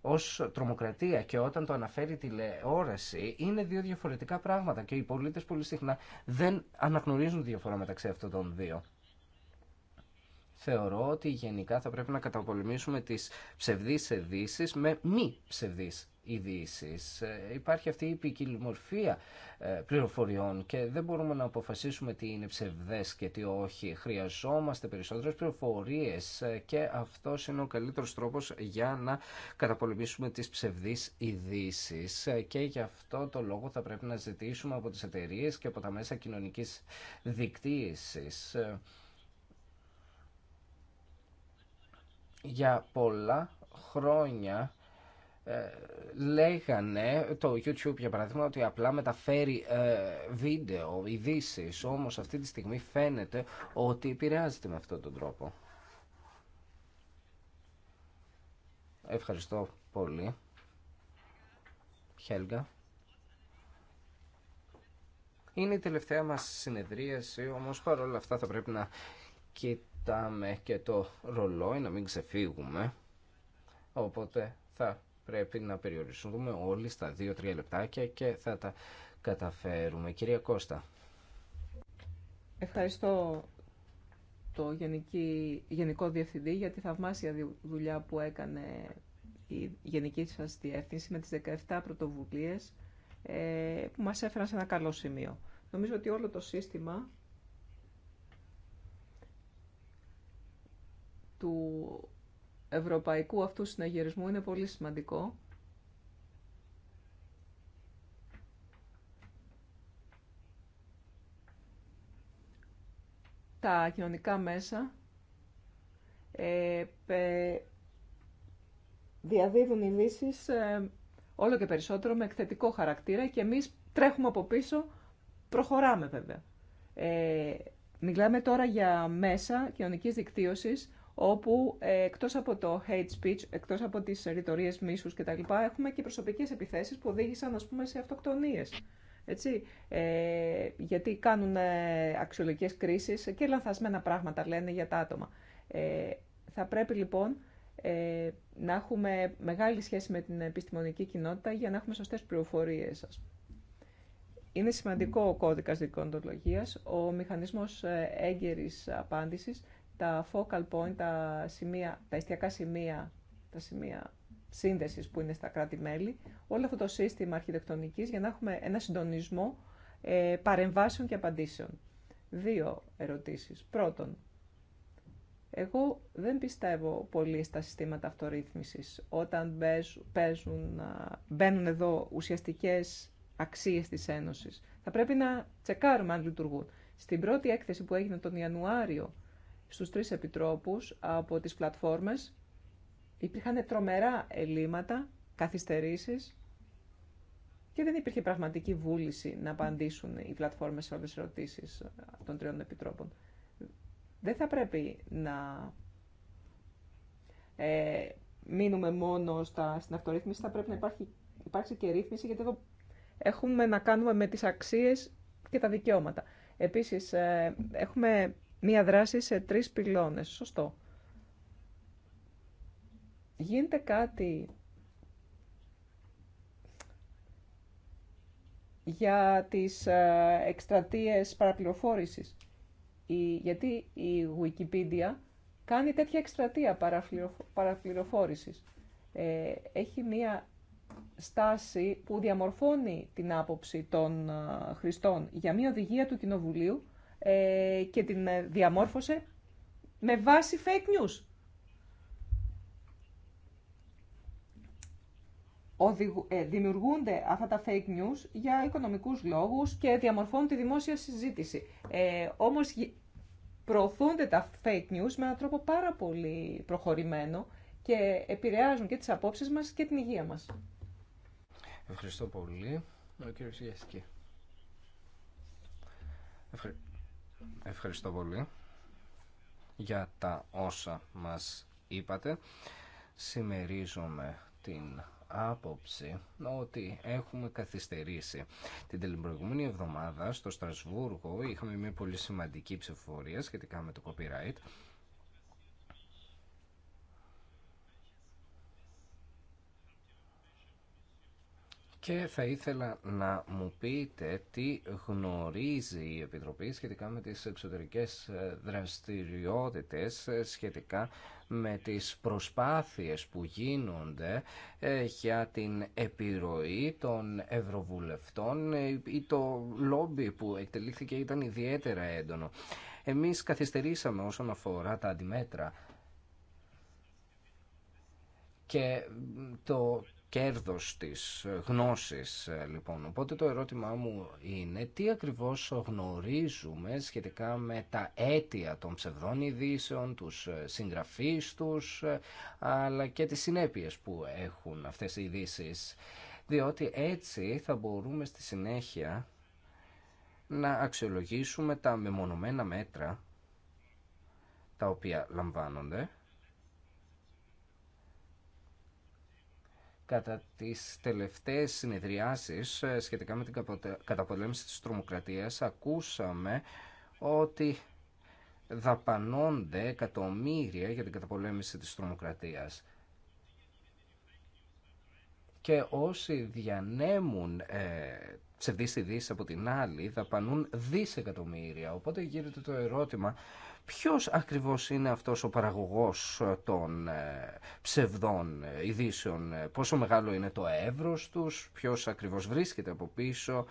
ως τρομοκρατία και όταν το αναφέρει τηλεόραση είναι δύο διαφορετικά πράγματα και οι πολίτες πολύ συχνά δεν αναγνωρίζουν τη διαφορά μεταξύ αυτών των δύο. Θεωρώ ότι γενικά θα πρέπει να καταπολεμήσουμε τις ψευδείς ειδήσει με μη ψευδείς ειδήσει. Ε, υπάρχει αυτή η ποικιλομορφία ε, πληροφοριών και δεν μπορούμε να αποφασίσουμε τι είναι ψευδές και τι όχι. Χρειαζόμαστε περισσότερες πληροφορίε. Ε, και αυτό είναι ο καλύτερος τρόπος για να καταπολεμήσουμε τις ψευδείς ειδήσει. Και γι' αυτό το λόγο θα πρέπει να ζητήσουμε από τι εταιρείε και από τα μέσα κοινωνική Για πολλά χρόνια ε, λέγανε το YouTube για παράδειγμα ότι απλά μεταφέρει ε, βίντεο, ειδήσει, όμως αυτή τη στιγμή φαίνεται ότι επηρεάζεται με αυτόν τον τρόπο. Ευχαριστώ πολύ. Χέλγα. Είναι η τελευταία μας συνεδρίαση, όμως παρόλα αυτά θα πρέπει να κοιτάμε και το ρολόι, να μην ξεφύγουμε. Οπότε θα πρέπει να περιοριστούμε όλοι στα 2-3 λεπτάκια και θα τα καταφέρουμε. Κυρία Κώστα. Ευχαριστώ το Γενική, Γενικό Διευθυντή για τη θαυμάσια δουλειά που έκανε η Γενική σας Διεύθυνση με τις 17 πρωτοβουλίες ε, που μας έφεραν σε ένα καλό σημείο. Νομίζω ότι όλο το σύστημα του ευρωπαϊκού αυτού συναγερισμού είναι πολύ σημαντικό. Τα κοινωνικά μέσα ε, διαδίδουν ειδήσει ε, όλο και περισσότερο με εκθετικό χαρακτήρα και εμείς τρέχουμε από πίσω, προχωράμε βέβαια. Ε, μιλάμε τώρα για μέσα κοινωνική δικτύωσης όπου ε, εκτός από το hate speech, εκτός από τις ρητορίες μίσους κτλ. έχουμε και προσωπικές επιθέσεις που οδήγησαν ας πούμε σε αυτοκτονίες. Έτσι, ε, γιατί κάνουν ε, αξιολογικές κρίσεις και λανθασμένα πράγματα λένε για τα άτομα. Ε, θα πρέπει λοιπόν ε, να έχουμε μεγάλη σχέση με την επιστημονική κοινότητα για να έχουμε σωστές πληροφορίες. σας. Είναι σημαντικό ο κώδικας δικοντολογίας, ο μηχανισμός ε, έγκαιρης απάντησης τα focal point, τα, σημεία, τα εστιακά σημεία, τα σημεία σύνδεση που είναι στα κράτη-μέλη, όλο αυτό το σύστημα αρχιτεκτονική για να έχουμε ένα συντονισμό ε, παρεμβάσεων και απαντήσεων. Δύο ερωτήσεις. Πρώτον, εγώ δεν πιστεύω πολύ στα συστήματα αυτορύθμισης όταν παίζουν, μπαίνουν εδώ ουσιαστικές αξίες της ένωση Θα πρέπει να τσεκάρουμε αν λειτουργούν. Στην πρώτη έκθεση που έγινε τον Ιανουάριο στους τρεις επιτρόπους από τις πλατφόρμες. Υπήρχαν τρομερά ελλείμματα, καθυστερήσεις και δεν υπήρχε πραγματική βούληση να απαντήσουν οι πλατφόρμες σε όλες τις ερωτήσεις των τριών επιτρόπων. Δεν θα πρέπει να ε, μείνουμε μόνο στα, στην αυτορύθμιση, θα πρέπει να υπάρχει, υπάρξει και ρύθμιση, γιατί εδώ έχουμε να κάνουμε με τις αξίες και τα δικαιώματα. Επίσης, ε, έχουμε Μία δράση σε τρεις πυλώνες. Σωστό. Γίνεται κάτι για τις ε, εκστρατείες παραπληροφόρησης. Η, γιατί η Wikipedia κάνει τέτοια εκστρατεία παραπληροφόρησης. Ε, έχει μία στάση που διαμορφώνει την άποψη των ε, χρηστών για μία οδηγία του Κοινοβουλίου ε, και την ε, διαμόρφωσε με βάση fake news. Ε, δημιουργούνται αυτά τα fake news για οικονομικούς λόγους και διαμορφώνουν τη δημόσια συζήτηση. Ε, όμως προωθούνται τα fake news με έναν τρόπο πάρα πολύ προχωρημένο και επηρεάζουν και τις απόψεις μας και την υγεία μας. Ευχαριστώ πολύ. Ο κύριος Ευχαριστώ πολύ για τα όσα μας είπατε. Σημερίζομαι την άποψη ότι έχουμε καθυστερήσει. Την προηγούμενη εβδομάδα στο Στρασβούργο είχαμε μια πολύ σημαντική ψηφοφορία σχετικά με το copyright και θα ήθελα να μου πείτε τι γνωρίζει η Επιτροπή σχετικά με τις εξωτερικές ε, δραστηριότητες, ε, σχετικά με τις προσπάθειες που γίνονται ε, για την επιρροή των ευρωβουλευτών ή το λόμπι που εκτελήθηκε ήταν ιδιαίτερα έντονο. Εμείς καθυστερήσαμε όσον αφορά τα αντιμέτρα και το κέρδος της γνώσης ε, λοιπόν. Οπότε το ερώτημά μου είναι τι ακριβώς γνωρίζουμε σχετικά με τα αίτια των ψευδών ειδήσεων, τους ε, συγγραφείς τους, ε, αλλά και τις συνέπειες που έχουν αυτές οι ειδήσει. Διότι έτσι θα μπορούμε στη συνέχεια να αξιολογήσουμε τα μεμονωμένα μέτρα τα οποία λαμβάνονται Κατά τις τελευταίες συνεδριάσεις ε, σχετικά με την καταπολέμηση της τρομοκρατίας ακούσαμε ότι δαπανώνται εκατομμύρια για την καταπολέμηση της τρομοκρατίας. Και όσοι διανέμουν ε, ψευδείς ειδήσεις από την άλλη δαπανούν δισεκατομμύρια. Οπότε γίνεται το ερώτημα ποιος ακριβώς είναι αυτός ο παραγωγός των ε, ψευδών ειδήσεων, πόσο μεγάλο είναι το εύρος τους, ποιος ακριβώς βρίσκεται από πίσω,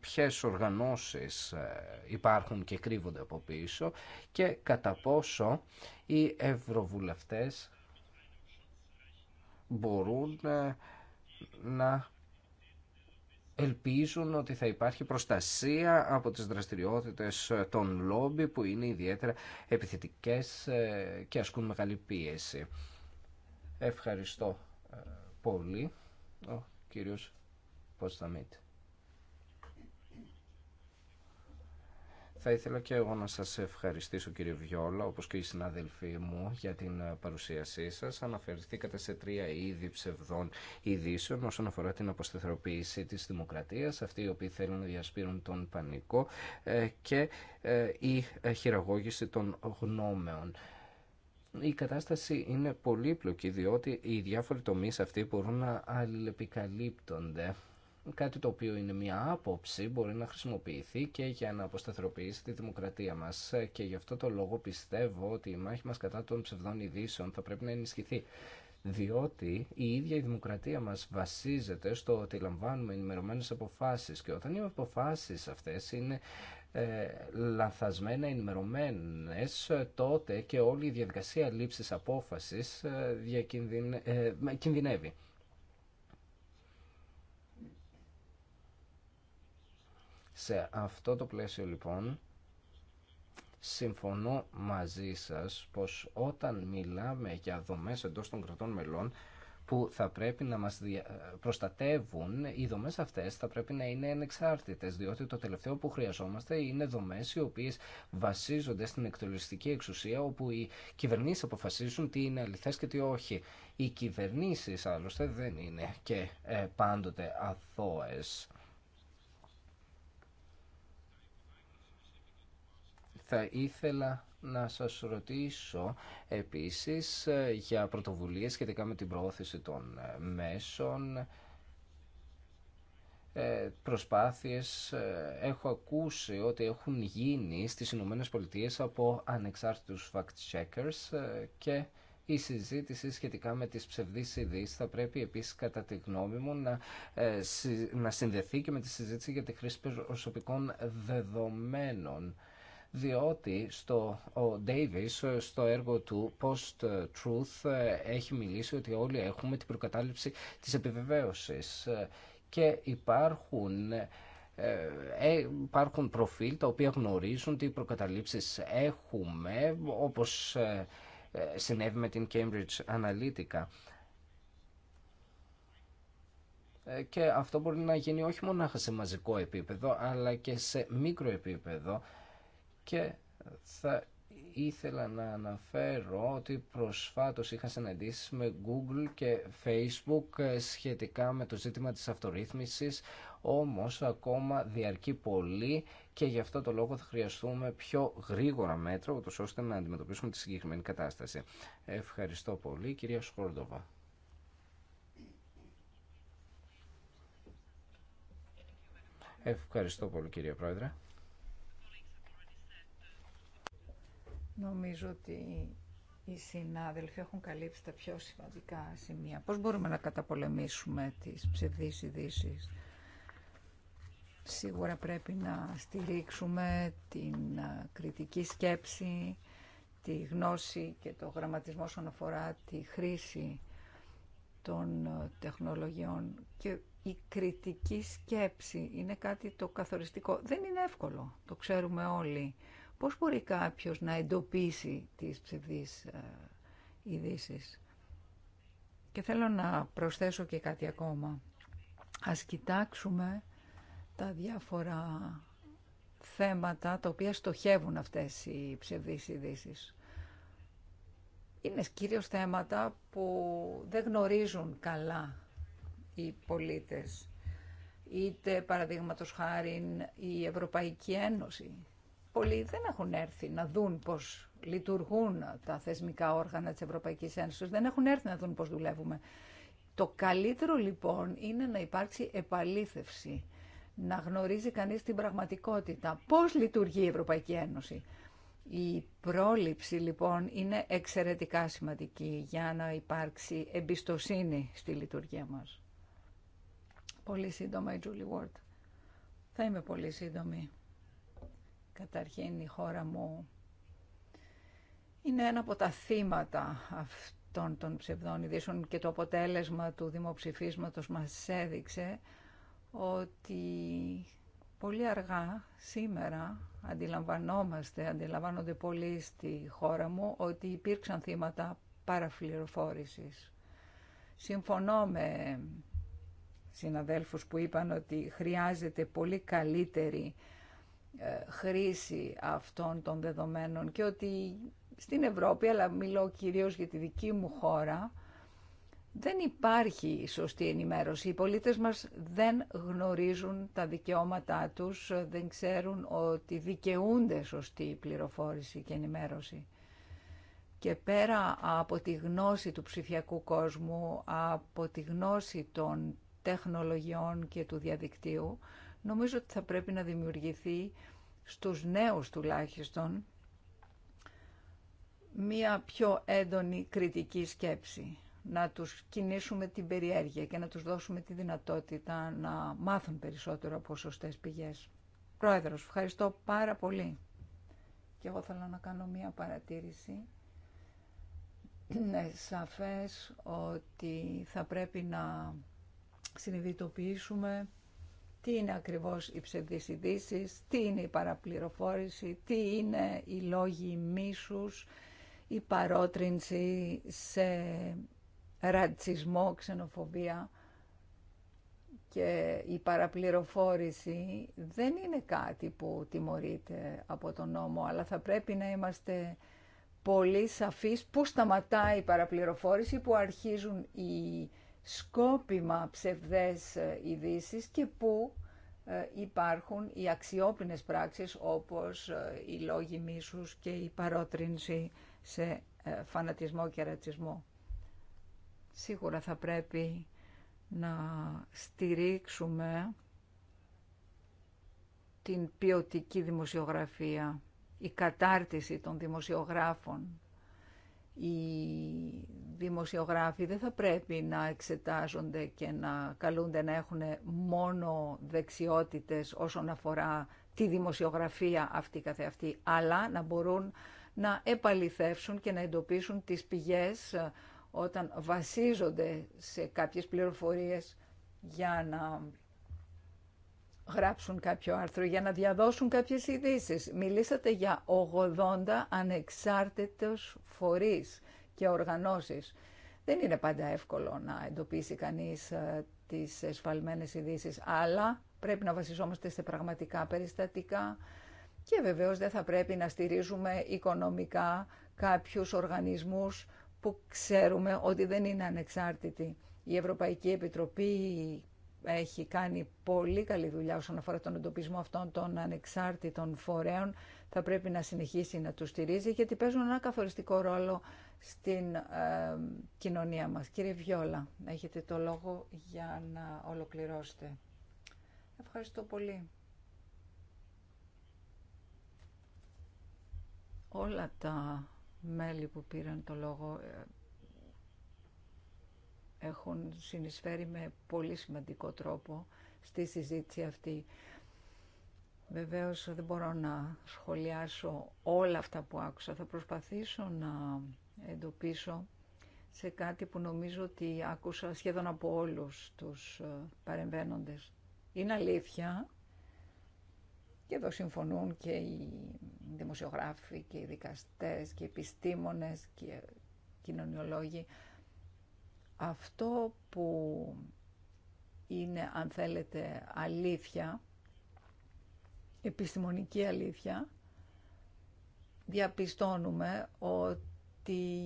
ποιες οργανώσεις ε, υπάρχουν και κρύβονται από πίσω και κατά πόσο οι ευρωβουλευτές μπορούν ε, να ελπίζουν ότι θα υπάρχει προστασία από τις δραστηριότητες των λόμπι που είναι ιδιαίτερα επιθετικές ε, και ασκούν μεγάλη πίεση. Ευχαριστώ ε, πολύ. Ο κύριος Ποσταμίτη. Θα ήθελα και εγώ να σας ευχαριστήσω κύριε Βιόλα, όπως και οι συναδελφοί μου, για την ε, παρουσίασή σας. Αναφερθήκατε σε τρία είδη ψευδών ειδήσεων όσον αφορά την αποστεθροποίηση της δημοκρατίας, αυτοί οι οποίοι θέλουν να διασπείρουν τον πανικό ε, και ε, η χειραγώγηση των γνώμεων. Η κατάσταση είναι πολύπλοκη διότι οι διάφοροι τομείς αυτοί μπορούν να αλληλεπικαλύπτονται κάτι το οποίο είναι μια άποψη μπορεί να χρησιμοποιηθεί και για να αποσταθεροποιήσει τη δημοκρατία μας και γι' αυτό το λόγο πιστεύω ότι η μάχη μας κατά των ψευδών ειδήσεων θα πρέπει να ενισχυθεί διότι η ίδια η δημοκρατία μας βασίζεται στο ότι λαμβάνουμε ενημερωμένες αποφάσεις και όταν οι αποφάσεις αυτές είναι ε, λανθασμένα ενημερωμένες τότε και όλη η διαδικασία λήψης απόφασης ε, ε κινδυνεύει. Σε αυτό το πλαίσιο λοιπόν συμφωνώ μαζί σας πως όταν μιλάμε για δομές εντός των κρατών μελών που θα πρέπει να μας προστατεύουν, οι δομές αυτές θα πρέπει να είναι ανεξάρτητες, διότι το τελευταίο που χρειαζόμαστε είναι δομές οι οποίες βασίζονται στην εκτελεστική εξουσία, όπου οι κυβερνήσεις αποφασίζουν τι είναι αληθές και τι όχι. Οι κυβερνήσεις άλλωστε δεν είναι και ε, πάντοτε αθώες. Θα ήθελα να σας ρωτήσω επίσης ε, για πρωτοβουλίες σχετικά με την προώθηση των ε, μέσων, ε, προσπάθειες έχω ακούσει ότι έχουν γίνει στις Ηνωμένες Πολιτείες από ανεξάρτητους fact-checkers και η συζήτηση σχετικά με τις ψευδείς ειδήσεις θα πρέπει επίσης κατά τη γνώμη μου να, να συνδεθεί και με τη συζήτηση για τη χρήση προσωπικών δεδομένων διότι στο, ο Ντέιβις στο έργο του Post-Truth έχει μιλήσει ότι όλοι έχουμε την προκατάληψη της επιβεβαίωσης και υπάρχουν ε, ε υπάρχουν προφίλ τα οποία γνωρίζουν τι προκαταλήψεις έχουμε όπως ε, ε, συνέβη με την Cambridge Analytica και αυτό μπορεί να γίνει όχι μόνο σε μαζικό επίπεδο αλλά και σε μικροεπίπεδο και θα ήθελα να αναφέρω ότι προσφάτως είχα συναντήσει με Google και Facebook ε, σχετικά με το ζήτημα της αυτορύθμισης, όμως ακόμα διαρκεί πολύ και γι' αυτό το λόγο θα χρειαστούμε πιο γρήγορα μέτρα, ούτως ώστε να αντιμετωπίσουμε τη συγκεκριμένη κατάσταση. Ευχαριστώ πολύ, κυρία Σκόρντοβα. Ευχαριστώ πολύ, κύριε Πρόεδρε. Νομίζω ότι οι συνάδελφοι έχουν καλύψει τα πιο σημαντικά σημεία. Πώς μπορούμε να καταπολεμήσουμε τις ψευδείς ειδήσει. Σίγουρα πρέπει να στηρίξουμε την κριτική σκέψη, τη γνώση και το γραμματισμό όσον αφορά τη χρήση των τεχνολογιών και η κριτική σκέψη είναι κάτι το καθοριστικό. Δεν είναι εύκολο, το ξέρουμε όλοι. Πώς μπορεί κάποιος να εντοπίσει τις ψευδείς ε, ειδήσει. Και θέλω να προσθέσω και κάτι ακόμα. Ας κοιτάξουμε τα διάφορα θέματα τα οποία στοχεύουν αυτές οι ψευδείς ειδήσει. Είναι κυρίως θέματα που δεν γνωρίζουν καλά οι πολίτες. Είτε παραδείγματος χάρη η Ευρωπαϊκή Ένωση πολλοί δεν έχουν έρθει να δουν πώς λειτουργούν τα θεσμικά όργανα της Ευρωπαϊκής Ένωσης, δεν έχουν έρθει να δουν πώς δουλεύουμε. Το καλύτερο λοιπόν είναι να υπάρξει επαλήθευση, να γνωρίζει κανείς την πραγματικότητα, πώς λειτουργεί η Ευρωπαϊκή Ένωση. Η πρόληψη λοιπόν είναι εξαιρετικά σημαντική για να υπάρξει εμπιστοσύνη στη λειτουργία μας. Πολύ σύντομα η Τζούλι Θα είμαι πολύ σύντομη. Καταρχήν η χώρα μου είναι ένα από τα θύματα αυτών των ψευδών ειδήσεων και το αποτέλεσμα του δημοψηφίσματος μας έδειξε ότι πολύ αργά σήμερα αντιλαμβανόμαστε, αντιλαμβάνονται πολλοί στη χώρα μου ότι υπήρξαν θύματα παραφληροφόρησης. Συμφωνώ με συναδέλφους που είπαν ότι χρειάζεται πολύ καλύτερη ε, χρήση αυτών των δεδομένων και ότι στην Ευρώπη, αλλά μιλώ κυρίως για τη δική μου χώρα, δεν υπάρχει σωστή ενημέρωση. Οι πολίτες μας δεν γνωρίζουν τα δικαιώματά τους, δεν ξέρουν ότι δικαιούνται σωστή πληροφόρηση και ενημέρωση. Και πέρα από τη γνώση του ψηφιακού κόσμου, από τη γνώση των τεχνολογιών και του διαδικτύου, νομίζω ότι θα πρέπει να δημιουργηθεί στους νέους τουλάχιστον μία πιο έντονη κριτική σκέψη. Να τους κινήσουμε την περιέργεια και να τους δώσουμε τη δυνατότητα να μάθουν περισσότερο από σωστές πηγές. Πρόεδρος, ευχαριστώ πάρα πολύ. Και εγώ θέλω να κάνω μία παρατήρηση. Είναι σαφές ότι θα πρέπει να συνειδητοποιήσουμε τι είναι ακριβώς οι ψευδείς ειδήσει, τι είναι η παραπληροφόρηση, τι είναι οι λόγοι μίσους, η παρότρινση σε ρατσισμό, ξενοφοβία και η παραπληροφόρηση δεν είναι κάτι που τιμωρείται από τον νόμο, αλλά θα πρέπει να είμαστε πολύ σαφείς πού σταματάει η παραπληροφόρηση, πού αρχίζουν οι σκόπιμα ψευδές ε, ειδήσει και πού ε, υπάρχουν οι αξιόπινες πράξεις όπως ε, οι λόγοι μίσους και η παρότρινση σε φανατισμό και ρατσισμό. Σίγουρα θα πρέπει να στηρίξουμε την ποιοτική δημοσιογραφία, η κατάρτιση των δημοσιογράφων οι δημοσιογράφοι δεν θα πρέπει να εξετάζονται και να καλούνται να έχουν μόνο δεξιότητες όσον αφορά τη δημοσιογραφία αυτή καθεαυτή, αλλά να μπορούν να επαληθεύσουν και να εντοπίσουν τις πηγές ε, όταν βασίζονται σε κάποιες πληροφορίες για να γράψουν κάποιο άρθρο, για να διαδώσουν κάποιες ειδήσει. Μιλήσατε για 80 ανεξάρτητους φορείς και οργανώσεις. Δεν είναι πάντα εύκολο να εντοπίσει κανείς ε, τις εσφαλμένες ειδήσει, αλλά πρέπει να βασιζόμαστε σε πραγματικά περιστατικά και βεβαίως δεν θα πρέπει να στηρίζουμε οικονομικά κάποιους οργανισμούς που ξέρουμε ότι δεν είναι ανεξάρτητοι. Η Ευρωπαϊκή Επιτροπή έχει κάνει πολύ καλή δουλειά όσον αφορά τον εντοπισμό αυτών των ανεξάρτητων φορέων. Θα πρέπει να συνεχίσει να τους στηρίζει γιατί παίζουν ένα καθοριστικό ρόλο στην κοινωνία μας. Κύριε Βιόλα, έχετε το λόγο για να ολοκληρώσετε. Ευχαριστώ πολύ. Όλα τα μέλη που πήραν το λόγο ε, έχουν συνεισφέρει με πολύ σημαντικό τρόπο στη συζήτηση αυτή. Βεβαίως δεν μπορώ να σχολιάσω όλα αυτά που άκουσα. Θα προσπαθήσω να εντοπίσω σε κάτι που νομίζω ότι άκουσα σχεδόν από όλους τους ε, παρεμβαίνοντες. Είναι αλήθεια και εδώ συμφωνούν και οι δημοσιογράφοι και οι δικαστές και οι επιστήμονες και οι κοινωνιολόγοι αυτό που είναι, αν θέλετε, αλήθεια, επιστημονική αλήθεια, διαπιστώνουμε ότι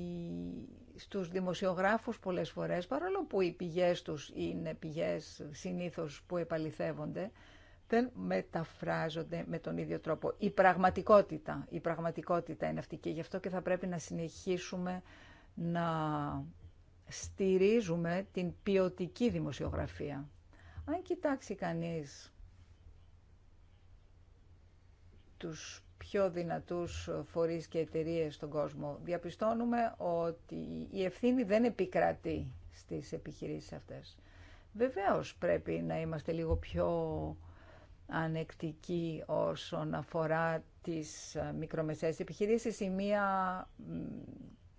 στους δημοσιογράφους πολλές φορές, παρόλο που οι πηγές τους είναι πηγές συνήθως που επαληθεύονται, δεν μεταφράζονται με τον ίδιο τρόπο. Η πραγματικότητα, η πραγματικότητα είναι αυτή και γι' αυτό και θα πρέπει να συνεχίσουμε να στηρίζουμε την ποιοτική δημοσιογραφία. Αν κοιτάξει κανείς τους πιο δυνατούς φορείς και εταιρείε στον κόσμο, διαπιστώνουμε ότι η ευθύνη δεν επικρατεί στις επιχειρήσεις αυτές. Βεβαίως πρέπει να είμαστε λίγο πιο ανεκτικοί όσον αφορά τις μικρομεσαίες επιχειρήσεις. Η μία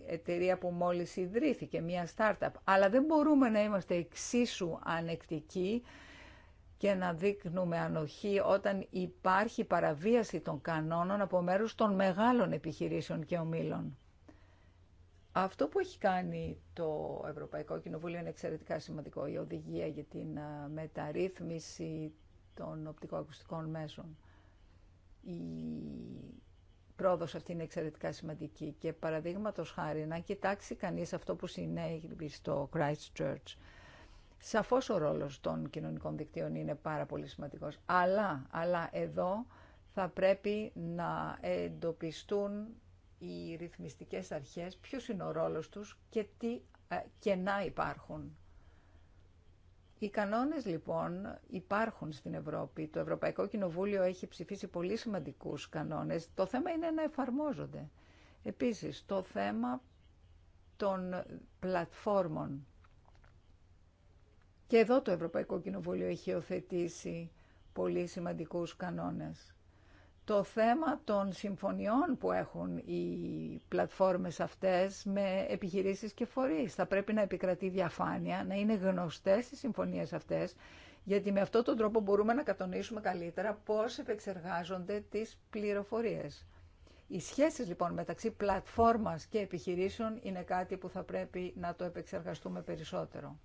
εταιρεία που μόλις ιδρύθηκε, μια startup. Αλλά δεν μπορούμε να είμαστε εξίσου ανεκτικοί και να δείχνουμε ανοχή όταν υπάρχει παραβίαση των κανόνων από μέρους των μεγάλων επιχειρήσεων και ομίλων. Αυτό που έχει κάνει το Ευρωπαϊκό Κοινοβούλιο είναι εξαιρετικά σημαντικό, η οδηγία για την μεταρρύθμιση των οπτικοακουστικών μέσων. Η πρόοδος αυτή είναι εξαιρετικά σημαντική και παραδείγματο χάρη να κοιτάξει κανείς αυτό που συνέβη στο Christchurch. Σαφώς ο ρόλος των κοινωνικών δικτύων είναι πάρα πολύ σημαντικός, αλλά, αλλά εδώ θα πρέπει να εντοπιστούν οι ρυθμιστικές αρχές, ποιος είναι ο ρόλος τους και τι ε, κενά υπάρχουν. Οι κανόνες λοιπόν υπάρχουν στην Ευρώπη. Το Ευρωπαϊκό Κοινοβούλιο έχει ψηφίσει πολύ σημαντικούς κανόνες. Το θέμα είναι να εφαρμόζονται. Επίσης, το θέμα των πλατφόρμων. Και εδώ το Ευρωπαϊκό Κοινοβούλιο έχει οθετήσει πολύ σημαντικούς κανόνες το θέμα των συμφωνιών που έχουν οι πλατφόρμες αυτές με επιχειρήσεις και φορείς. Θα πρέπει να επικρατεί διαφάνεια, να είναι γνωστές οι συμφωνίες αυτές, γιατί με αυτόν τον τρόπο μπορούμε να κατονίσουμε καλύτερα πώς επεξεργάζονται τις πληροφορίες. Οι σχέσεις λοιπόν μεταξύ πλατφόρμας και επιχειρήσεων είναι κάτι που θα πρέπει να το επεξεργαστούμε περισσότερο.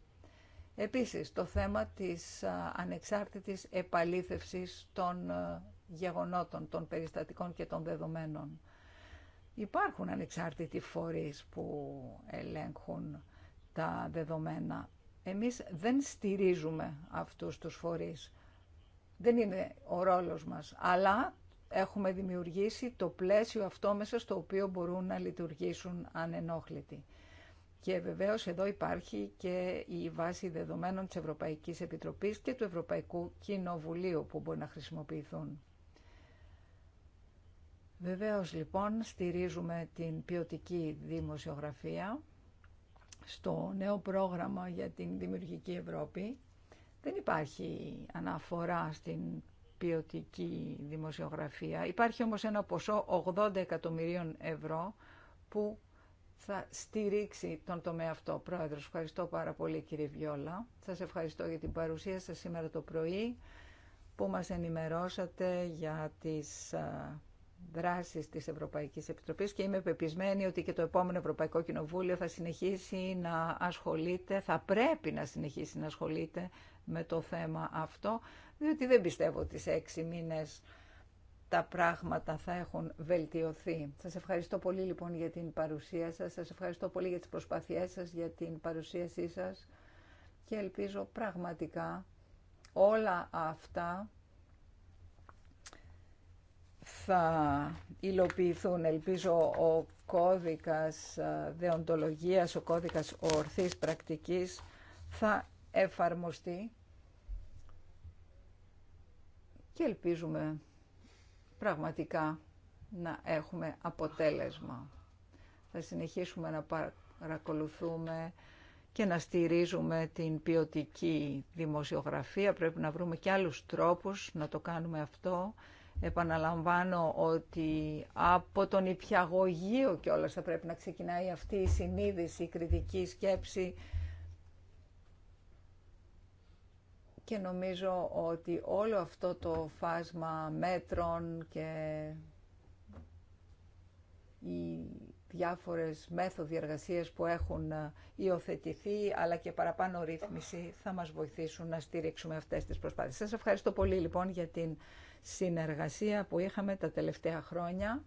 Επίσης, το θέμα της ανεξάρτητης επαλήθευσης των γεγονότων, των περιστατικών και των δεδομένων. Υπάρχουν ανεξάρτητοι φορείς που ελέγχουν τα δεδομένα. Εμείς δεν στηρίζουμε αυτούς τους φορείς. Δεν είναι ο ρόλος μας. Αλλά έχουμε δημιουργήσει το πλαίσιο αυτό μέσα στο οποίο μπορούν να λειτουργήσουν ανενόχλητοι. Και βεβαίως εδώ υπάρχει και η βάση δεδομένων της Ευρωπαϊκής Επιτροπής και του Ευρωπαϊκού Κοινοβουλίου που μπορεί να χρησιμοποιηθούν. Βεβαίως λοιπόν στηρίζουμε την ποιοτική δημοσιογραφία στο νέο πρόγραμμα για την Δημιουργική Ευρώπη. Δεν υπάρχει αναφορά στην ποιοτική δημοσιογραφία. Υπάρχει όμως ένα ποσό 80 εκατομμυρίων ευρώ που θα στηρίξει τον τομέα αυτό. Πρόεδρος, ευχαριστώ πάρα πολύ κύριε Βιόλα. Σας ευχαριστώ για την παρουσία σας σήμερα το πρωί που μας ενημερώσατε για τις δράσεις της Ευρωπαϊκής Επιτροπής και είμαι πεπισμένη ότι και το επόμενο Ευρωπαϊκό Κοινοβούλιο θα συνεχίσει να ασχολείται, θα πρέπει να συνεχίσει να ασχολείται με το θέμα αυτό, διότι δεν πιστεύω ότι σε έξι μήνες τα πράγματα θα έχουν βελτιωθεί. Σα ευχαριστώ πολύ λοιπόν για την παρουσία σας, σα ευχαριστώ πολύ για τι προσπάθειές σα για την παρουσίασή σα. και ελπίζω πραγματικά όλα αυτά θα υλοποιηθούν. Ελπίζω ο κώδικας ε, δεοντολογίας, ο κώδικας ορθής πρακτικής θα εφαρμοστεί και ελπίζουμε πραγματικά να έχουμε αποτέλεσμα. Θα συνεχίσουμε να παρακολουθούμε και να στηρίζουμε την ποιοτική δημοσιογραφία. Πρέπει να βρούμε και άλλους τρόπους να το κάνουμε αυτό. Επαναλαμβάνω ότι από τον υπιαγωγείο και όλα θα πρέπει να ξεκινάει αυτή η συνείδηση, η κριτική σκέψη και νομίζω ότι όλο αυτό το φάσμα μέτρων και οι διάφορες μέθοδοι εργασίας που έχουν υιοθετηθεί αλλά και παραπάνω ρύθμιση θα μας βοηθήσουν να στηρίξουμε αυτές τις προσπάθειες. Σας ευχαριστώ πολύ λοιπόν για την συνεργασία που είχαμε τα τελευταία χρόνια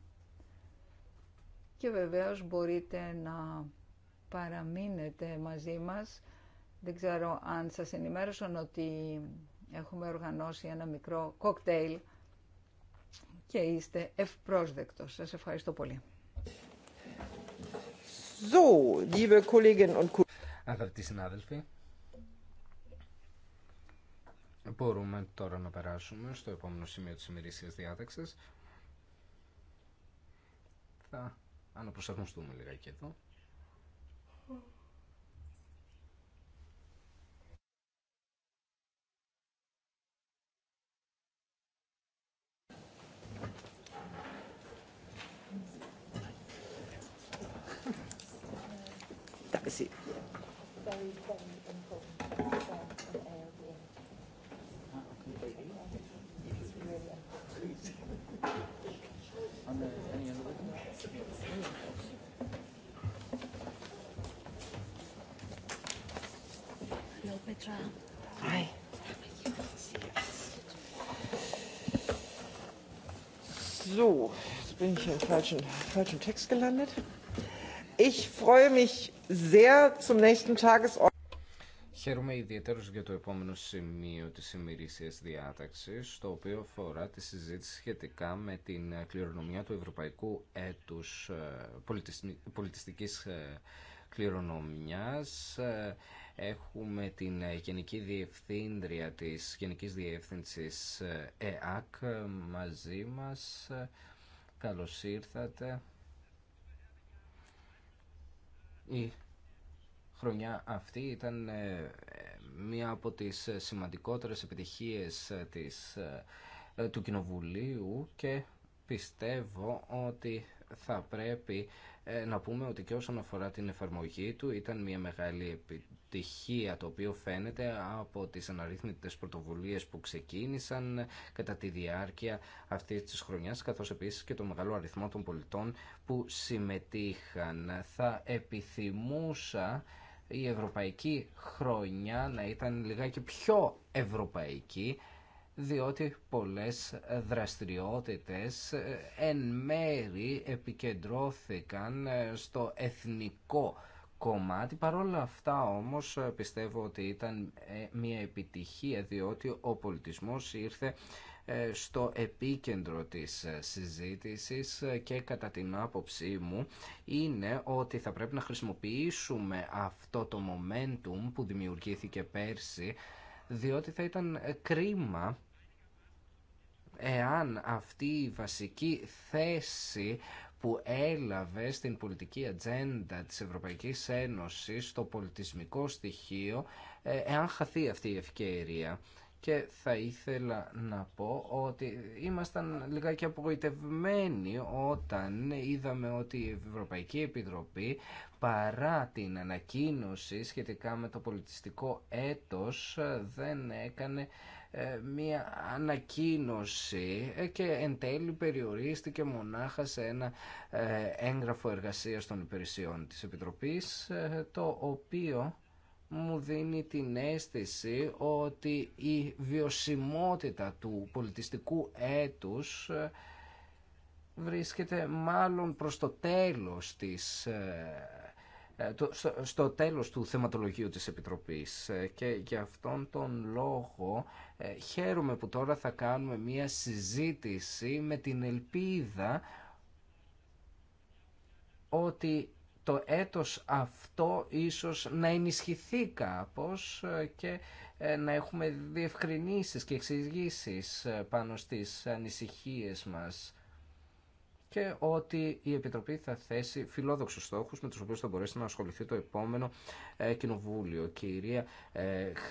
και βεβαίως μπορείτε να παραμείνετε μαζί μας. Δεν ξέρω αν σας ενημέρωσαν ότι έχουμε οργανώσει ένα μικρό κοκτέιλ και είστε ευπρόσδεκτος. Σας ευχαριστώ πολύ. So, liebe Kolleginnen Αγαπητοί Μπορούμε τώρα να περάσουμε στο επόμενο σημείο της ημερήσιας διάταξης. Θα αναπροσαρμοστούμε λιγάκι εδώ. Thank Petra. Hi. So, jetzt bin ich hier im falschen, falschen Text gelandet. Ich freue mich sehr zum nächsten Tagesordnung. Χαίρομαι ιδιαίτερω για το επόμενο σημείο τη ημερήσια διάταξη, το οποίο αφορά τη συζήτηση σχετικά με την κληρονομιά του Ευρωπαϊκού Έτους ε, Πολιτιστική ε, κληρονομιάς. Ε, έχουμε την Γενική Διευθύντρια της Γενικής Διεύθυνσης ε, ΕΑΚ μαζί μας. Καλώς ήρθατε. Η χρονιά αυτή ήταν ε, μία από τις σημαντικότερες επιτυχίες της, του Κοινοβουλίου και πιστεύω ότι θα πρέπει ε, να πούμε ότι και όσον αφορά την εφαρμογή του ήταν μια μεγάλη επιτυχία το οποίο φαίνεται από τις αναρρύθμιτες πρωτοβουλίες που ξεκίνησαν κατά τη διάρκεια αυτής της χρονιάς καθώς επίσης και το μεγάλο αριθμό των πολιτών που συμμετείχαν. Θα επιθυμούσα η ευρωπαϊκή χρονιά να ήταν λιγάκι πιο ευρωπαϊκή διότι πολλές δραστηριότητες ε, εν μέρη επικεντρώθηκαν ε, στο εθνικό κομμάτι. Παρόλα αυτά όμως ε, πιστεύω ότι ήταν μια επιτυχία διότι ο πολιτισμός ήρθε στο επίκεντρο της συζήτησης και κατά την άποψή μου είναι ότι θα πρέπει να χρησιμοποιήσουμε αυτό το momentum που δημιουργήθηκε πέρσι διότι θα ήταν κρίμα εάν αυτή η βασική θέση που έλαβε στην πολιτική ατζέντα της Ευρωπαϊκής Ένωσης, στο πολιτισμικό στοιχείο, ε, εάν χαθεί αυτή η ευκαιρία. Και θα ήθελα να πω ότι ήμασταν λιγάκι απογοητευμένοι όταν είδαμε ότι η Ευρωπαϊκή Επιτροπή παρά την ανακοίνωση σχετικά με το πολιτιστικό έτος δεν έκανε ε, μία ανακοίνωση ε, και εν τέλει περιορίστηκε μονάχα σε ένα ε, έγγραφο εργασίας των υπηρεσιών της Επιτροπής το οποίο μου δίνει την αίσθηση ότι η βιωσιμότητα του πολιτιστικού έτους βρίσκεται μάλλον προς το τέλος της στο τέλος του θεματολογίου της Επιτροπής και γι' αυτόν τον λόγο ε, χαίρομαι που τώρα θα κάνουμε μία συζήτηση με την ελπίδα ότι το έτος αυτό ίσως να ενισχυθεί κάπως ε, και ε, να έχουμε διευκρινήσεις και εξηγήσεις πάνω στις ανησυχίες μας και ότι η Επιτροπή θα θέσει φιλόδοξους στόχους με τους οποίους θα μπορέσει να ασχοληθεί το επόμενο Κοινοβούλιο. Κυρία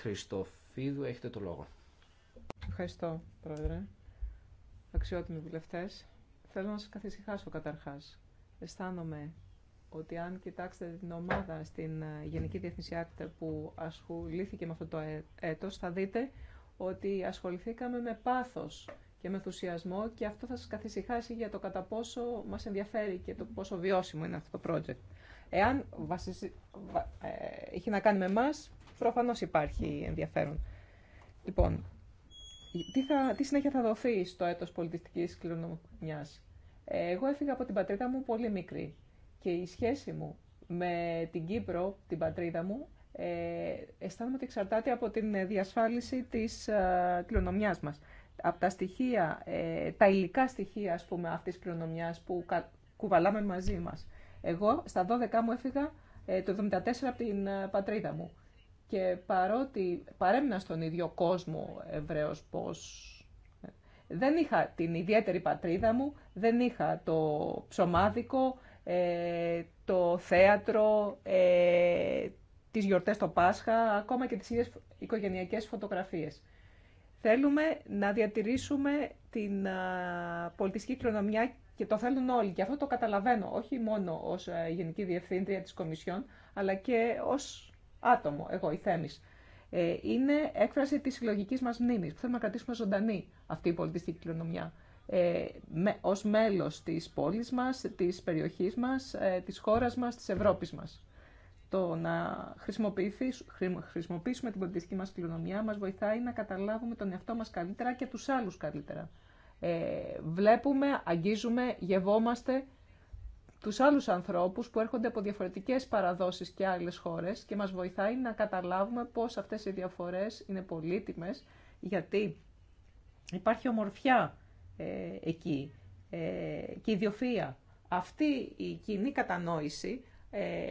Χριστοφίδου, έχετε το λόγο. Ευχαριστώ, Πρόεδρε. Αξιότιμοι βουλευτέ, θέλω να σας καθησυχάσω καταρχάς. Αισθάνομαι ότι αν κοιτάξετε την ομάδα στην ε, Γενική Διεθνή Άκτα που ασχολήθηκε με αυτό το ε, έτος, θα δείτε ότι ασχοληθήκαμε με πάθος και με ενθουσιασμό και αυτό θα σας καθησυχάσει για το κατά πόσο μας ενδιαφέρει και το πόσο βιώσιμο είναι αυτό το project. Εάν ε, έχει να κάνει με εμά, προφανώς υπάρχει ενδιαφέρον. Λοιπόν, τι, θα, τι συνέχεια θα δοθεί στο έτος πολιτιστικής κληρονομιάς. Εγώ έφυγα από την πατρίδα μου πολύ μικρή και η σχέση μου με την Κύπρο, την πατρίδα μου, ε, αισθάνομαι ότι εξαρτάται από την διασφάλιση της ε, κληρονομιάς μας. Από τα στοιχεία, ε, τα υλικά στοιχεία, ας πούμε, αυτής της κληρονομιάς που κουβαλάμε μαζί μας. Εγώ στα 12 μου έφυγα ε, το 1974 από την ε, πατρίδα μου και παρότι παρέμεινα στον ίδιο κόσμο Εβραίος πως ε, δεν είχα την ιδιαίτερη πατρίδα μου, δεν είχα το ψωμάδικο, ε, το θέατρο, ε, τις γιορτές το Πάσχα, ακόμα και τις ίδιες οικογενειακές φωτογραφίες. Θέλουμε να διατηρήσουμε την πολιτιστική κληρονομιά και το θέλουν όλοι. Και αυτό το καταλαβαίνω, όχι μόνο ως Γενική Διευθύντρια της Κομισιόν, αλλά και ως άτομο, εγώ, η Θέμης. Ε, είναι έκφραση της συλλογική μας μνήμης, που θέλουμε να κρατήσουμε ζωντανή αυτή η πολιτιστική κληρονομιά. Ε, με, ως μέλος της πόλης μας, της περιοχής μας, ε, της χώρας μας, της Ευρώπης μας. Το να χρησιμοποιήσουμε την πολιτιστική μας κληρονομιά μας βοηθάει να καταλάβουμε τον εαυτό μας καλύτερα και τους άλλους καλύτερα. Ε, βλέπουμε, αγγίζουμε, γευόμαστε τους άλλους ανθρώπους που έρχονται από διαφορετικές παραδόσεις και άλλες χώρες και μας βοηθάει να καταλάβουμε πώς αυτές οι διαφορές είναι πολύτιμες, γιατί υπάρχει ομορφιά ε, εκεί ε, και ιδιοφία. Αυτή η κοινή κατανόηση ε,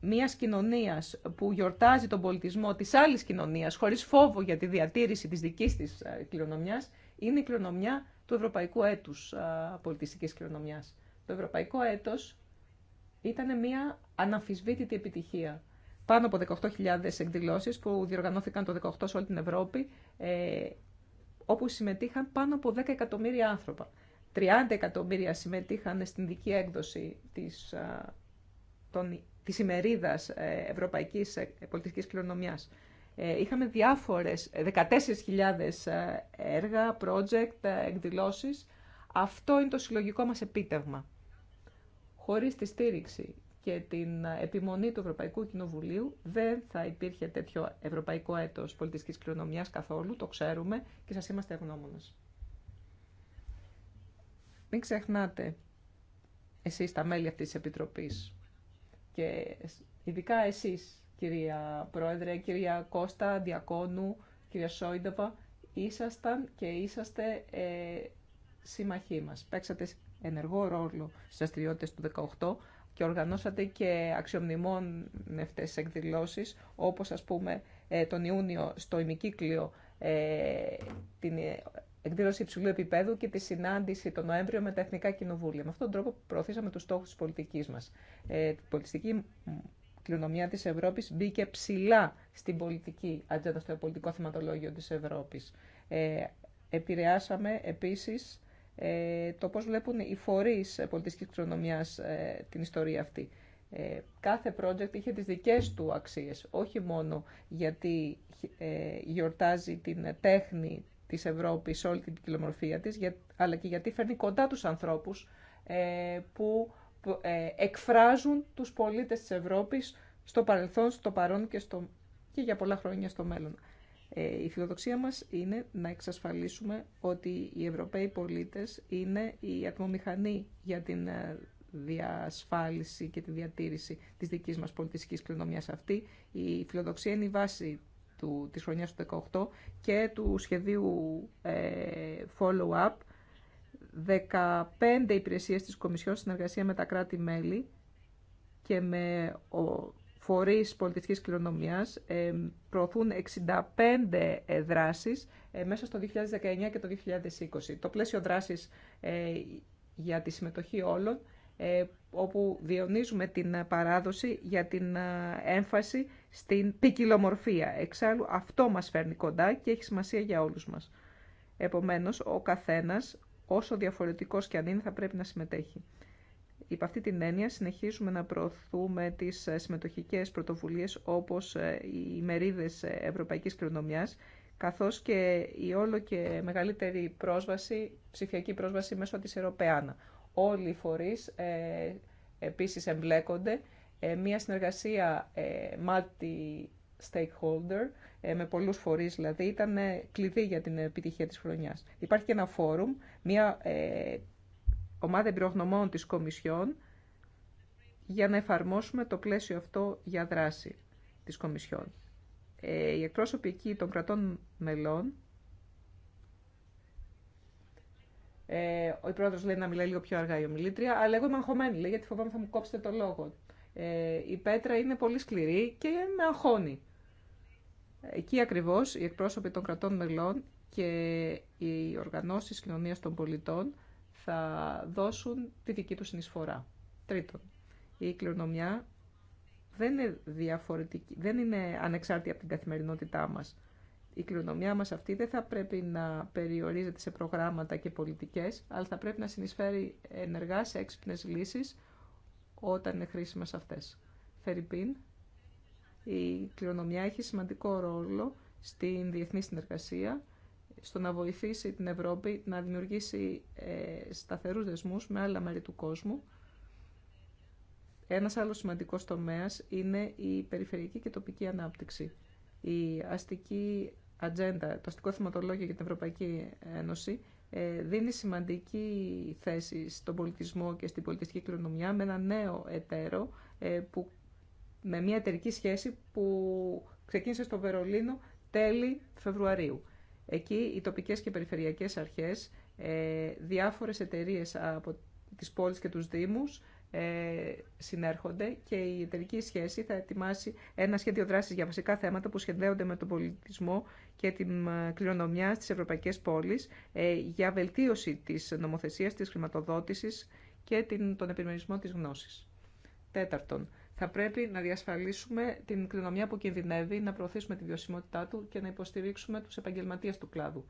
μιας κοινωνίας που γιορτάζει τον πολιτισμό της άλλης κοινωνίας χωρίς φόβο για τη διατήρηση της δικής της ε, κληρονομιάς είναι η κληρονομιά του Ευρωπαϊκού Έτους Πολιτιστικής Κληρονομιάς. Το ευρωπαϊκό έτος ήταν μια αναμφισβήτητη επιτυχία. Πάνω από 18.000 εκδηλώσεις που διοργανώθηκαν το 18 σε όλη την Ευρώπη, ε, όπου συμμετείχαν πάνω από 10 εκατομμύρια άνθρωπα. 30 εκατομμύρια συμμετείχαν στην δική έκδοση της, των, της ημερίδας ε, Ευρωπαϊκής ε, Πολιτικής Κληρονομιάς. Ε, είχαμε διάφορες, 14.000 έργα, project, εκδηλώσεις. Αυτό είναι το συλλογικό μας επίτευγμα. Χωρίς τη στήριξη και την επιμονή του Ευρωπαϊκού Κοινοβουλίου δεν θα υπήρχε τέτοιο ευρωπαϊκό έτος πολιτιστικής κληρονομιάς καθόλου, το ξέρουμε και σας είμαστε ευγνώμονες. Μην ξεχνάτε εσείς τα μέλη αυτής της Επιτροπής και ειδικά εσείς κυρία Πρόεδρε, κυρία Κώστα, Διακόνου, κυρία Σόιντοβα, ήσασταν και είσαστε ε, σύμμαχοί μας ενεργό ρόλο στις αστριότητες του 18 και οργανώσατε και αξιομνημόνευτες εκδηλώσεις όπως ας πούμε ε, τον Ιούνιο στο ημικύκλιο ε, την ε, εκδήλωση υψηλού επίπεδου και τη συνάντηση τον Νοέμβριο με τα Εθνικά Κοινοβούλια. Με αυτόν τον τρόπο προωθήσαμε τους στόχους της πολιτικής μας. η πολιτιστική κληρονομιά της Ευρώπης μπήκε ψηλά στην πολιτική ατζέντα, στο πολιτικό θεματολόγιο της Ευρώπης. επηρεάσαμε επίσης ε, το πώς βλέπουν οι φορείς πολιτιστικής κληρονομιάς ε, την ιστορία αυτή. Ε, κάθε project είχε τις δικές του αξίες, όχι μόνο γιατί γιορτάζει την τέχνη της Ευρώπης σε όλη την ποικιλομορφία της, αλλά και γιατί φέρνει κοντά τους ανθρώπους που εκφράζουν τους πολίτες της Ευρώπης στο παρελθόν, στο παρόν και, στο... και για πολλά χρόνια στο μέλλον. Ε, η φιλοδοξία μας είναι να εξασφαλίσουμε ότι οι Ευρωπαίοι πολίτες είναι η ατμομηχανή για την ε, διασφάλιση και τη διατήρηση της δικής μας πολιτιστικής κληρονομιάς αυτή. Η φιλοδοξία είναι η βάση του, της χρονιάς του 18 και του σχεδίου ε, follow-up 15 υπηρεσίες της Κομισιόν συνεργασία με τα κράτη-μέλη και με ο, φορείς πολιτιστικής κληρονομιάς ε, προωθούν 65 ε, δράσεις ε, μέσα στο 2019 και το 2020. Το πλαίσιο δράσης για τη συμμετοχή όλων, όπου διονύζουμε την παράδοση για την έμφαση στην ποικιλομορφία. Εξάλλου αυτό μας φέρνει κοντά και έχει σημασία για όλους μας. Επομένως, ο καθένας, όσο διαφορετικός και αν είναι, θα πρέπει να συμμετέχει. Υπ' αυτή την έννοια συνεχίζουμε να προωθούμε τις ε, συμμετοχικές πρωτοβουλίες όπως ε, οι μερίδες ε, ευρωπαϊκής κληρονομιάς καθώς και η όλο και μεγαλύτερη πρόσβαση, ψηφιακή πρόσβαση μέσω της Ευρωπαϊάνα. Όλοι οι φορείς ε, επίσης εμπλέκονται. μια συνεργασία ε, multi-stakeholder με πολλούς φορείς δηλαδή ήταν κλειδί για την επιτυχία της χρονιάς. Υπάρχει και ένα φόρουμ, μια ομάδα εμπειρογνωμών της Κομισιόν για να εφαρμόσουμε το πλαίσιο αυτό για δράση της Κομισιόν. Ε, οι εκπρόσωποι εκεί των κρατών μελών, ε, ο πρόεδρος λέει να μιλάει λίγο πιο αργά η ομιλήτρια, αλλά εγώ είμαι αγχωμένη, λέει, γιατί φοβάμαι θα μου κόψετε το λόγο. Ε, η πέτρα είναι πολύ σκληρή και με αγχώνει. Εκεί ακριβώς οι εκπρόσωποι των κρατών μελών και οι οργανώσεις κοινωνίας των πολιτών θα δώσουν τη δική του συνεισφορά. Τρίτον, η κληρονομιά δεν είναι, διαφορετική, δεν είναι ανεξάρτητη από την καθημερινότητά μας. Η κληρονομιά μας αυτή δεν θα πρέπει να περιορίζεται σε προγράμματα και πολιτικές, αλλά θα πρέπει να συνεισφέρει ενεργά σε έξυπνες λύσεις όταν είναι χρήσιμα σε αυτές. Φερρυπίν, η κληρονομιά έχει σημαντικό ρόλο στην διεθνή συνεργασία στο να βοηθήσει την Ευρώπη να δημιουργήσει ε, σταθερούς δεσμούς με άλλα μέρη του κόσμου. Ένας άλλος σημαντικός τομέας είναι η περιφερειακή και τοπική ανάπτυξη. Η αστική ατζέντα, το αστικό θεματολόγιο για την Ευρωπαϊκή Ένωση ε, δίνει σημαντική θέση στον πολιτισμό και στην πολιτιστική κληρονομιά με ένα νέο εταίρο ε, που, με μια εταιρική σχέση που ξεκίνησε στο Βερολίνο τέλη Φεβρουαρίου. Εκεί οι τοπικές και περιφερειακές αρχές, ε, διάφορες εταιρείες από τις πόλεις και τους δήμους ε, συνέρχονται και η εταιρική σχέση θα ετοιμάσει ένα σχέδιο δράσης για βασικά θέματα που σχεδέονται με τον πολιτισμό και την ε, κληρονομιά στις ευρωπαϊκές πόλεις για βελτίωση της νομοθεσίας, της χρηματοδότησης και τον επιμερισμό της γνώσης. Τέταρτον, θα πρέπει να διασφαλίσουμε την κληρονομιά που κινδυνεύει, να προωθήσουμε τη βιωσιμότητά του και να υποστηρίξουμε τους επαγγελματίες του κλάδου.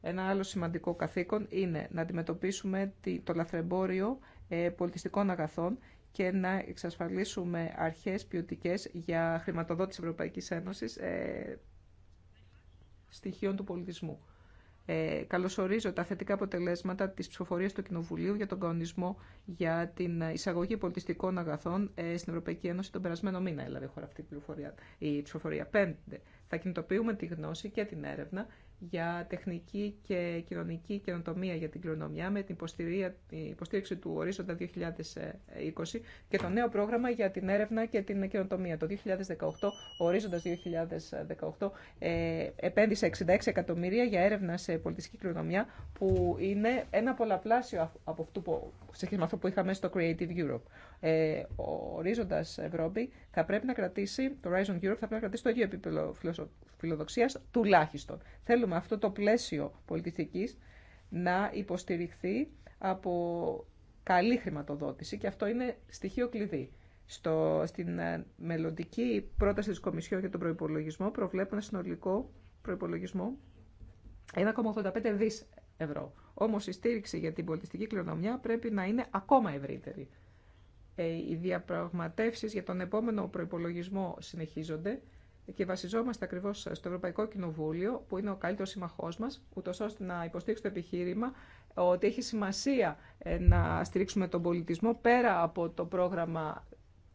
Ένα άλλο σημαντικό καθήκον είναι να αντιμετωπίσουμε το λαθρεμπόριο ε, πολιτιστικών αγαθών και να εξασφαλίσουμε αρχές ποιοτικέ για χρηματοδότηση Ευρωπαϊκής Ένωσης ε, στοιχείων του πολιτισμού. Ε, καλωσορίζω τα θετικά αποτελέσματα της ψηφοφορίας του Κοινοβουλίου για τον κανονισμό για την εισαγωγή πολιτιστικών αγαθών ε, στην Ευρωπαϊκή Ένωση τον περασμένο μήνα, δηλαδή χώρα αυτή η, η ψηφοφορία. Πέντε, θα κινητοποιούμε τη γνώση και την έρευνα για τεχνική και κοινωνική καινοτομία για την κληρονομιά με την υποστήριξη του ορίζοντα 2020 και το νέο πρόγραμμα για την έρευνα και την καινοτομία. Το 2018, ο ορίζοντας 2018 ε, επένδυσε 66 εκατομμύρια για έρευνα σε πολιτιστική κληρονομιά που είναι ένα πολλαπλάσιο από αυτό που, που είχαμε στο Creative Europe. Ε, ο ορίζοντας Ευρώπη θα πρέπει να κρατήσει, το Horizon Europe θα πρέπει να κρατήσει το ίδιο επίπεδο φιλοδοξία τουλάχιστον. Θέλουμε αυτό το πλαίσιο πολιτιστική να υποστηριχθεί από καλή χρηματοδότηση και αυτό είναι στοιχείο κλειδί. Στο, στην ε, μελλοντική πρόταση της Κομισιόν για τον προϋπολογισμό προβλέπουν ένα συνολικό προϋπολογισμό 1,85 δις ευρώ. Όμως η στήριξη για την πολιτιστική κληρονομιά πρέπει να είναι ακόμα ευρύτερη. Ε, οι διαπραγματεύσεις για τον επόμενο προϋπολογισμό συνεχίζονται και βασιζόμαστε ακριβώς στο Ευρωπαϊκό Κοινοβούλιο, που είναι ο καλύτερος σύμμαχός μας, ούτως ώστε να υποστήριξει το επιχείρημα ότι έχει σημασία ε, να στηρίξουμε τον πολιτισμό πέρα από το πρόγραμμα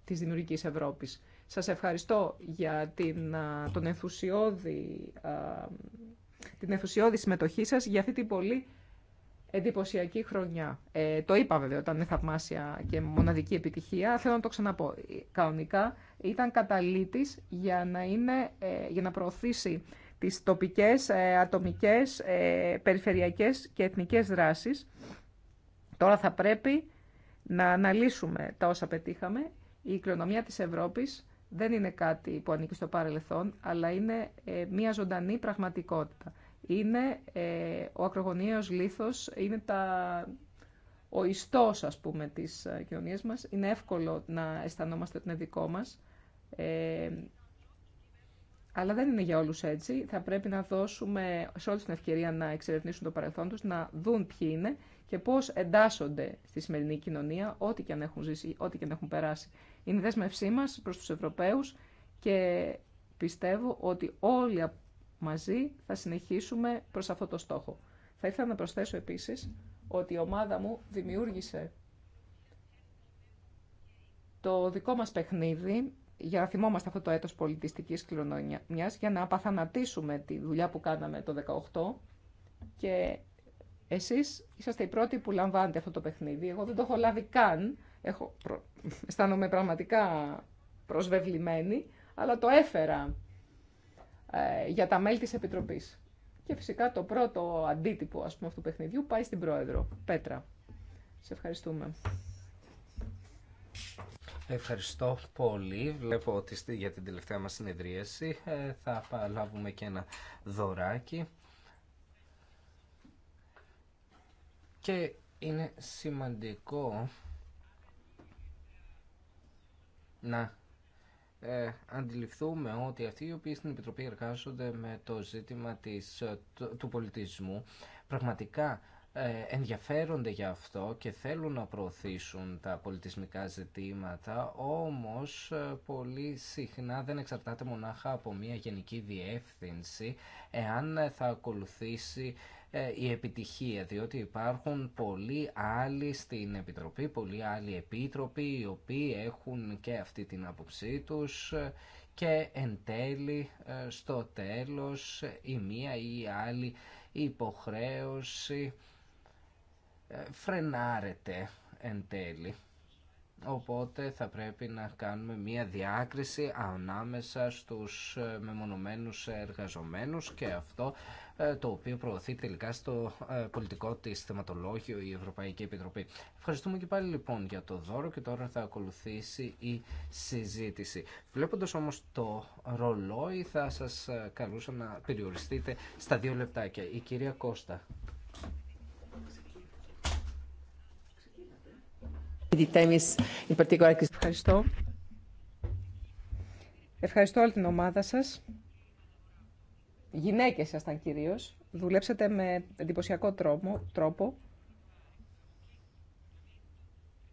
της Δημιουργικής Ευρώπης. Σας ευχαριστώ για την, τον ενθουσιώδη, την ενθουσιώδη συμμετοχή σας, για αυτή την πολύ εντυπωσιακή χρονιά. Ε, το είπα βέβαια όταν είναι θαυμάσια και μοναδική επιτυχία. Θέλω να το ξαναπώ. Ε, κανονικά ήταν καταλήτης για να, είναι, ε, για να προωθήσει τις τοπικές, ε, ατομικές, περιφερειακές και εθνικές δράσεις. Τώρα θα πρέπει να αναλύσουμε τα όσα πετύχαμε. Η οικονομία της Ευρώπης δεν είναι κάτι που ανήκει στο παρελθόν, αλλά είναι μια ζωντανή πραγματικότητα είναι ε, ο ακρογωνιαίος λίθος, είναι τα, ο ιστός ας πούμε της ε, κοινωνίας μας. Είναι εύκολο να αισθανόμαστε ότι είναι δικό μας. Ε, αλλά δεν είναι για όλους έτσι. Θα πρέπει να δώσουμε σε όλους την ευκαιρία να εξερευνήσουν το παρελθόν τους, να δουν ποιοι είναι και πώς εντάσσονται στη σημερινή κοινωνία, ό,τι και αν έχουν ζήσει, ό,τι και αν έχουν περάσει. Είναι η δέσμευσή μας προς τους Ευρωπαίους και πιστεύω ότι όλοι Μαζί θα συνεχίσουμε προς αυτό το στόχο. Θα ήθελα να προσθέσω επίσης ότι η ομάδα μου δημιούργησε το δικό μας παιχνίδι για να θυμόμαστε αυτό το έτος πολιτιστικής κληρονομιάς, για να απαθανατήσουμε τη δουλειά που κάναμε το 18 και εσείς είσαστε οι πρώτοι που λαμβάνετε αυτό το παιχνίδι. Εγώ δεν το έχω λάβει καν, έχω, αισθάνομαι πραγματικά προσβεβλημένη, αλλά το έφερα ε, για τα μέλη της Επιτροπής. Και φυσικά το πρώτο αντίτυπο ας πούμε, αυτού του παιχνιδιού πάει στην Πρόεδρο. Πέτρα. Σε ευχαριστούμε. Ευχαριστώ πολύ. Βλέπω ότι για την τελευταία μας συνεδρίαση ε, θα λάβουμε και ένα δωράκι. Και είναι σημαντικό να ε, αντιληφθούμε ότι αυτοί οι οποίοι στην Επιτροπή εργάζονται με το ζήτημα ε, του, πολιτισμού πραγματικά ε, ενδιαφέρονται για αυτό και θέλουν να προωθήσουν τα πολιτισμικά ζητήματα, όμως ε, πολύ συχνά δεν εξαρτάται μονάχα από μια γενική διεύθυνση εάν θα ακολουθήσει ε, η επιτυχία, διότι υπάρχουν πολλοί άλλοι στην Επιτροπή, πολλοί άλλοι επίτροποι οι οποίοι έχουν και αυτή την άποψή τους ε, και εν τέλει ε, στο τέλος η μία ή η άλλη υποχρέωση φρενάρεται εν τέλει. Οπότε θα πρέπει να κάνουμε μία διάκριση ανάμεσα στους ε, μεμονωμένους εργαζομένους και αυτό ε, το οποίο προωθεί τελικά στο ε, πολιτικό της θεματολόγιο η Ευρωπαϊκή Επιτροπή. Ευχαριστούμε και πάλι λοιπόν για το δώρο και τώρα θα ακολουθήσει η συζήτηση. Βλέποντας όμως το ρολόι θα σας καλούσα να περιοριστείτε στα δύο λεπτάκια. Η κυρία Κώστα. Ευχαριστώ. Ευχαριστώ όλη την ομάδα σας. Γυναίκες ήσασταν κυρίως. Δουλέψατε με εντυπωσιακό τρόπο.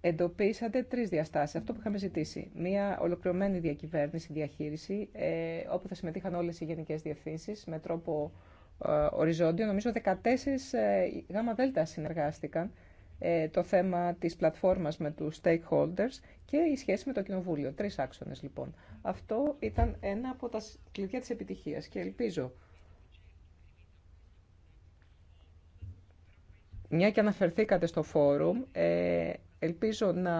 Εντοπίσατε τρεις διαστάσεις. Αυτό που είχαμε ζητήσει. Μία ολοκληρωμένη διακυβέρνηση, διαχείριση, ε, όπου θα συμμετείχαν όλες οι γενικές διευθύνσεις με τρόπο ε, οριζόντιο. Νομίζω 14 ε, γάμα δέλτα συνεργάστηκαν ε, το θέμα της πλατφόρμας με τους stakeholders και η σχέση με το Κοινοβούλιο. Τρεις άξονες λοιπόν. Αυτό ήταν ένα από τα κλειδιά της επιτυχίας και ελπίζω μια και αναφερθήκατε στο φόρουμ, ε, ελπίζω να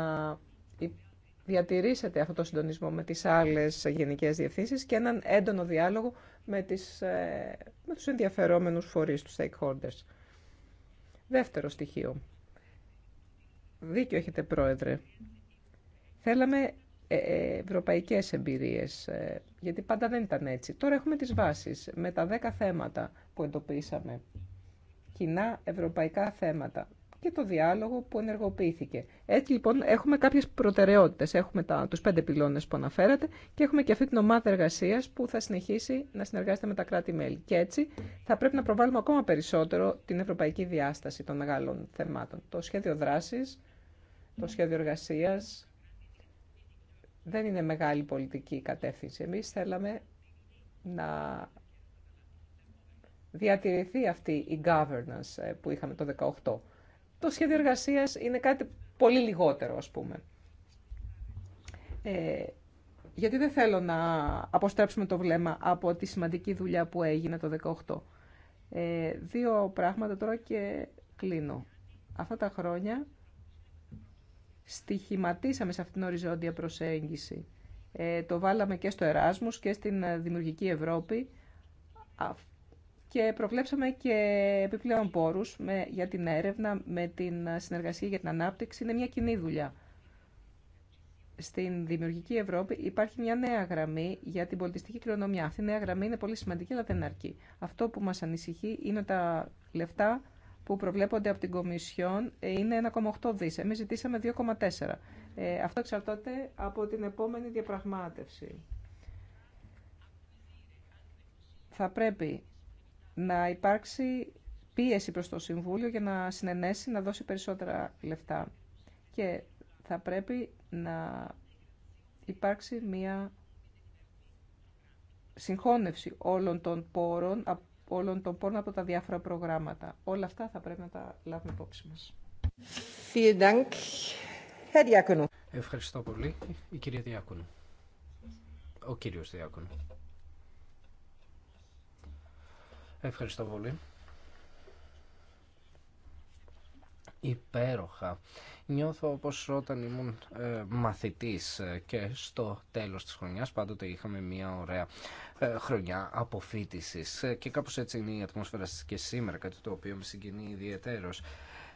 διατηρήσετε αυτό το συντονισμό με τις άλλες γενικές διευθύνσεις και έναν έντονο διάλογο με, τις, ε, με τους ενδιαφερόμενους φορείς, τους stakeholders. Δεύτερο στοιχείο Δίκιο έχετε, Πρόεδρε. Θέλαμε ε, ε, ευρωπαϊκές εμπειρίες, ε, γιατί πάντα δεν ήταν έτσι. Τώρα έχουμε τις βάσεις με τα 10 θέματα που εντοπίσαμε. Κοινά ευρωπαϊκά θέματα και το διάλογο που ενεργοποιήθηκε. Έτσι λοιπόν έχουμε κάποιες προτεραιότητες. Έχουμε τα, τους πέντε πυλώνες που αναφέρατε και έχουμε και αυτή την ομάδα εργασίας που θα συνεχίσει να συνεργάζεται με τα κράτη-μέλη. Και έτσι θα πρέπει να προβάλλουμε ακόμα περισσότερο την ευρωπαϊκή διάσταση των μεγάλων θεμάτων. Το σχέδιο δράσης το σχέδιο εργασίας δεν είναι μεγάλη πολιτική κατεύθυνση. Εμείς θέλαμε να διατηρηθεί αυτή η governance ε, που είχαμε το 18. Το σχέδιο εργασία είναι κάτι πολύ λιγότερο, ας πούμε. Ε, γιατί δεν θέλω να αποστρέψουμε το βλέμμα από τη σημαντική δουλειά που έγινε το 18. Ε, δύο πράγματα τώρα και κλείνω. Αυτά τα χρόνια στοιχηματίσαμε σε αυτήν την οριζόντια προσέγγιση. Ε, το βάλαμε και στο Εράσμους και στην ε, Δημιουργική Ευρώπη και προβλέψαμε και επιπλέον πόρους με, για την έρευνα, με την ε, συνεργασία για την ανάπτυξη. Είναι μια κοινή δουλειά. Στην Δημιουργική Ευρώπη υπάρχει μια νέα γραμμή για την πολιτιστική κληρονομιά. Αυτή η νέα γραμμή είναι πολύ σημαντική, αλλά δεν αρκεί. Αυτό που μας ανησυχεί είναι τα λεφτά που προβλέπονται από την Κομισιόν ε, είναι 1,8 δις. Εμείς ζητήσαμε 2,4. Ε, αυτό εξαρτάται από την επόμενη διαπραγμάτευση. Θα πρέπει να υπάρξει πίεση προς το Συμβούλιο για να συνενέσει να δώσει περισσότερα λεφτά. Και θα πρέπει να υπάρξει μια συγχώνευση όλων των πόρων όλων των πόρων από τα διάφορα προγράμματα. Όλα αυτά θα πρέπει να τα λάβουμε υπόψη μας. Ευχαριστώ πολύ. Η κυρία Διάκονου. Ο κύριος Διάκονου. Ευχαριστώ πολύ. υπέροχα. Νιώθω όπως όταν ήμουν ε, μαθητής ε, και στο τέλος της χρονιάς πάντοτε είχαμε μια ωραία ε, χρονιά αποφύτησης και κάπως έτσι είναι η ατμόσφαιρα και σήμερα, κάτι το οποίο με συγκινεί ιδιαίτερος.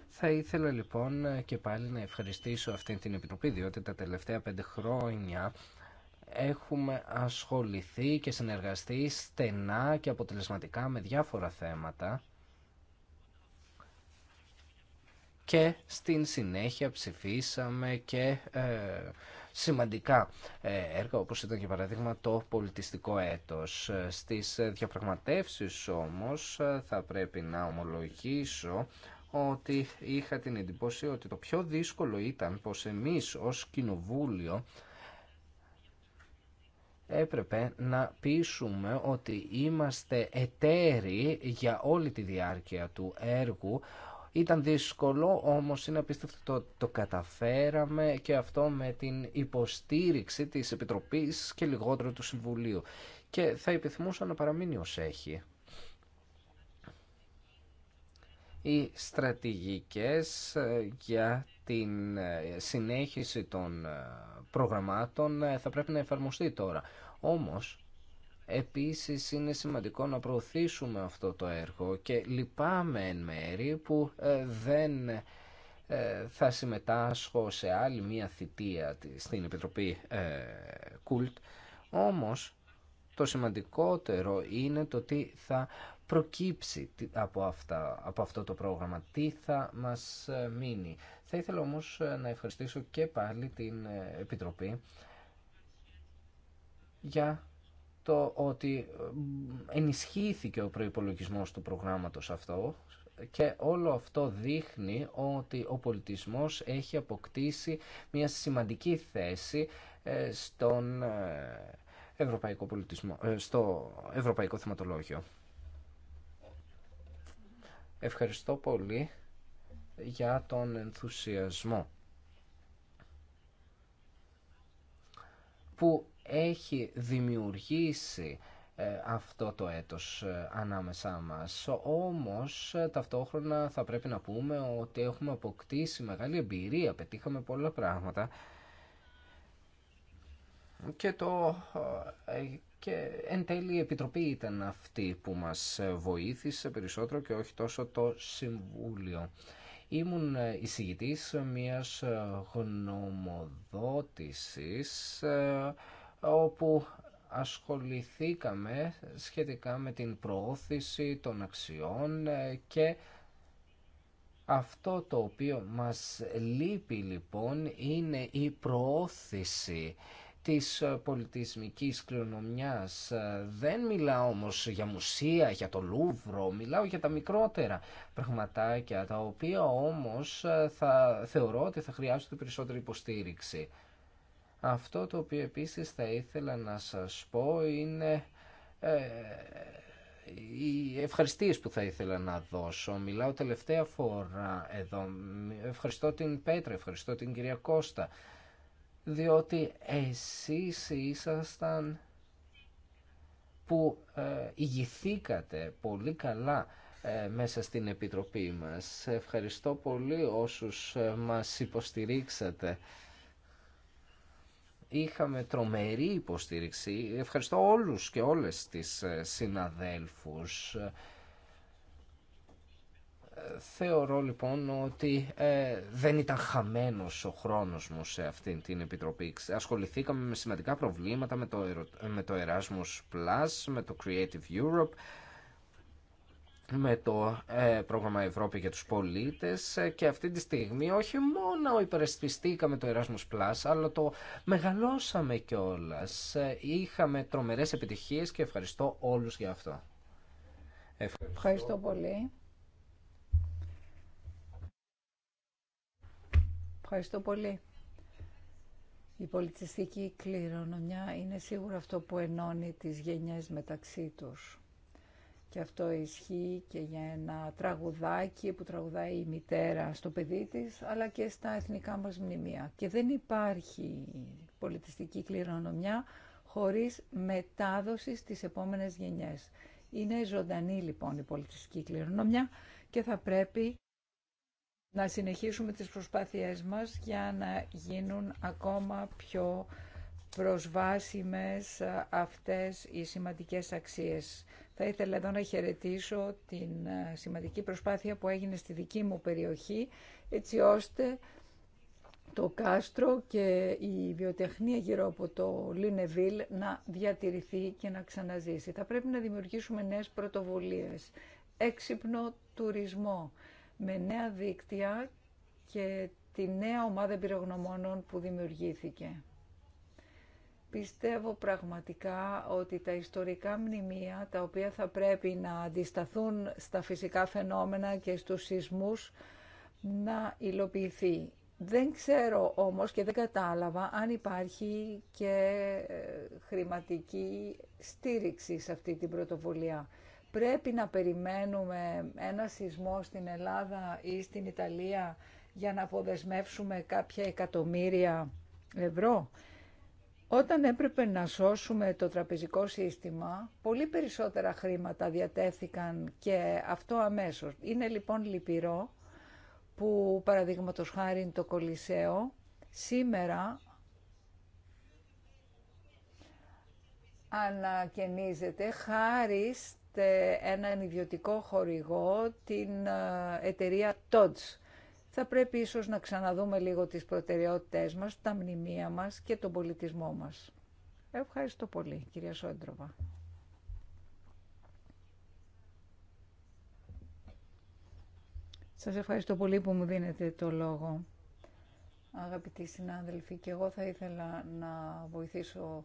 Θα ήθελα λοιπόν και πάλι να ευχαριστήσω αυτή την Επιτροπή, διότι τα τελευταία πέντε χρόνια έχουμε ασχοληθεί και συνεργαστεί στενά και αποτελεσματικά με διάφορα θέματα και στην συνέχεια ψηφίσαμε και ε, σημαντικά ε, έργα όπως ήταν για παράδειγμα το πολιτιστικό έτος. Ε, στις διαπραγματεύσεις όμως θα πρέπει να ομολογήσω ότι είχα την εντυπώση ότι το πιο δύσκολο ήταν πως εμείς ως κοινοβούλιο έπρεπε να πείσουμε ότι είμαστε εταίροι για όλη τη διάρκεια του έργου ήταν δύσκολο, όμως είναι απίστευτο το, το καταφέραμε και αυτό με την υποστήριξη της Επιτροπής και λιγότερο του Συμβουλίου. Και θα επιθυμούσα να παραμείνει ως έχει. Οι στρατηγικές ε, για την ε, συνέχιση των ε, προγραμμάτων θα πρέπει να εφαρμοστεί τώρα. Όμως, Επίσης είναι σημαντικό να προωθήσουμε αυτό το έργο και λυπάμαι εν μέρη που ε, δεν ε, θα συμμετάσχω σε άλλη μία θητεία στην Επιτροπή ε, Κουλτ. Όμως το σημαντικότερο είναι το τι θα προκύψει από, αυτά, από αυτό το πρόγραμμα, τι θα μας μείνει. Θα ήθελα όμως να ευχαριστήσω και πάλι την Επιτροπή για το ότι ε, ενισχύθηκε ο προϋπολογισμός του προγράμματος αυτό και όλο αυτό δείχνει ότι ο πολιτισμός έχει αποκτήσει μια σημαντική θέση ε, στον ε, ευρωπαϊκό πολιτισμό, στο ευρωπαϊκό θεματολόγιο. Ευχαριστώ πολύ για τον ενθουσιασμό που έχει δημιουργήσει ε, αυτό το έτος ε, ανάμεσά μας. Όμως ε, ταυτόχρονα θα πρέπει να πούμε ότι έχουμε αποκτήσει μεγάλη εμπειρία, πετύχαμε πολλά πράγματα και, το, και εν τέλει η Επιτροπή ήταν αυτή που μας βοήθησε περισσότερο και όχι τόσο το Συμβούλιο. Ήμουν εισηγητής μιας γνωμοδότησης όπου ασχοληθήκαμε σχετικά με την προώθηση των αξιών ε, και αυτό το οποίο μας λείπει λοιπόν είναι η προώθηση της ε, πολιτισμικής κληρονομιάς. Ε, δεν μιλάω όμως για μουσεία, για το Λούβρο, μιλάω για τα μικρότερα πραγματάκια, τα οποία όμως θα θεωρώ ότι θα χρειάζονται περισσότερη υποστήριξη. Αυτό το οποίο επίσης θα ήθελα να σας πω είναι ε, οι ευχαριστίες που θα ήθελα να δώσω. Μιλάω τελευταία φορά εδώ. Ευχαριστώ την Πέτρα, ευχαριστώ την κυρία Κώστα. Διότι εσείς ήσασταν που ε, ηγηθήκατε πολύ καλά ε, μέσα στην Επιτροπή μας. Ευχαριστώ πολύ όσους μας υποστηρίξατε είχαμε τρομερή υποστήριξη. Ευχαριστώ όλους και όλες τις ε, συναδέλφους. Ε, θεωρώ λοιπόν ότι ε, δεν ήταν χαμένος ο χρόνος μου σε αυτή την επιτροπή. Ασχοληθήκαμε με σημαντικά προβλήματα, με το, με το Erasmus+, με το Creative Europe, με το ε, πρόγραμμα Ευρώπη για τους πολίτες ε, και αυτή τη στιγμή όχι μόνο υπερασπιστήκαμε το Erasmus Plus αλλά το μεγαλώσαμε κιόλας. Ε, είχαμε τρομερές επιτυχίες και ευχαριστώ όλους για αυτό. Ευχαριστώ, ευχαριστώ πολύ. Ευχαριστώ πολύ. Η πολιτιστική κληρονομιά είναι σίγουρα αυτό που ενώνει τις γενιές μεταξύ τους. Και αυτό ισχύει και για ένα τραγουδάκι που τραγουδάει η μητέρα στο παιδί της, αλλά και στα εθνικά μας μνημεία. Και δεν υπάρχει πολιτιστική κληρονομιά χωρίς μετάδοση στις επόμενες γενιές. Είναι ζωντανή λοιπόν η πολιτιστική κληρονομιά και θα πρέπει να συνεχίσουμε τις προσπάθειές μας για να γίνουν ακόμα πιο προσβάσιμες αυτές οι σημαντικές αξίες. Θα ήθελα εδώ να χαιρετήσω την ε, σημαντική προσπάθεια που έγινε στη δική μου περιοχή, έτσι ώστε το κάστρο και η βιοτεχνία γύρω από το Λίνεβιλ να διατηρηθεί και να ξαναζήσει. Θα πρέπει να δημιουργήσουμε νέες πρωτοβουλίες, έξυπνο τουρισμό με νέα δίκτυα και τη νέα ομάδα εμπειρογνωμόνων που δημιουργήθηκε. Πιστεύω πραγματικά ότι τα ιστορικά μνημεία, τα οποία θα πρέπει να αντισταθούν στα φυσικά φαινόμενα και στους σεισμούς, να υλοποιηθεί. Δεν ξέρω όμως και δεν κατάλαβα αν υπάρχει και ε, χρηματική στήριξη σε αυτή την πρωτοβουλία. Πρέπει να περιμένουμε ένα σεισμό στην Ελλάδα ή στην Ιταλία για να αποδεσμεύσουμε κάποια εκατομμύρια ευρώ. Όταν έπρεπε να σώσουμε το τραπεζικό σύστημα, πολύ περισσότερα χρήματα διατέθηκαν και αυτό αμέσως. Είναι λοιπόν λυπηρό που παραδείγματο χάρη το Κολυσσέο σήμερα ανακαινίζεται χάρη έναν ιδιωτικό χορηγό, την ε, εταιρεία TODS θα πρέπει ίσως να ξαναδούμε λίγο τις προτεραιότητές μας, τα μνημεία μας και τον πολιτισμό μας. Ευχαριστώ πολύ, κυρία Σόντροβα. Σας ευχαριστώ πολύ που μου δίνετε το λόγο. Αγαπητοί συνάδελφοι, και εγώ θα ήθελα να βοηθήσω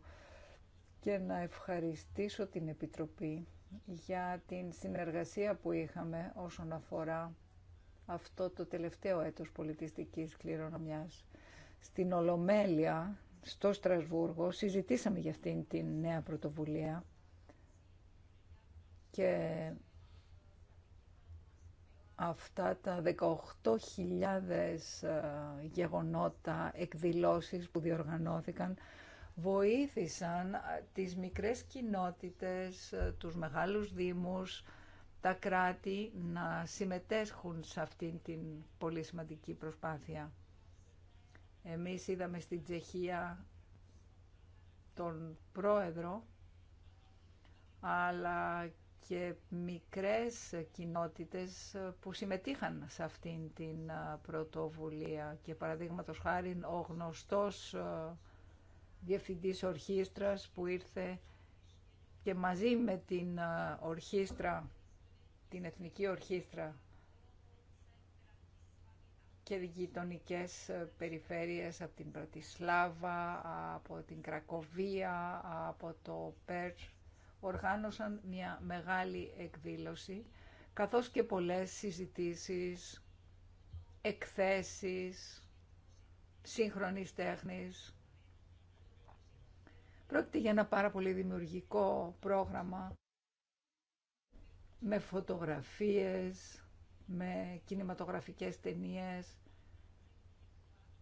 και να ευχαριστήσω την Επιτροπή για την συνεργασία που είχαμε όσον αφορά αυτό το τελευταίο έτος πολιτιστικής κληρονομιάς. Στην Ολομέλεια, στο Στρασβούργο, συζητήσαμε για αυτήν την νέα πρωτοβουλία και αυτά τα 18.000 ε, γεγονότα, εκδηλώσεις που διοργανώθηκαν, βοήθησαν ε, τις μικρές κοινότητες, ε, τους μεγάλους δήμους, τα κράτη να συμμετέσχουν σε αυτήν την πολύ σημαντική προσπάθεια. Εμείς είδαμε στην Τσεχία τον πρόεδρο, αλλά και μικρές κοινότητες που συμμετείχαν σε αυτήν την πρωτοβουλία και παραδείγματος χάρη ο γνωστός διευθυντής ορχήστρας που ήρθε και μαζί με την ορχήστρα την Εθνική Ορχήστρα και γειτονικέ ε, περιφέρειες από την Πρατισλάβα, από την Κρακοβία, από το Πέρτ, οργάνωσαν μια μεγάλη εκδήλωση, καθώς και πολλές συζητήσεις, εκθέσεις, σύγχρονης τέχνης. Πρόκειται για ένα πάρα πολύ δημιουργικό πρόγραμμα με φωτογραφίες, με κινηματογραφικές ταινίες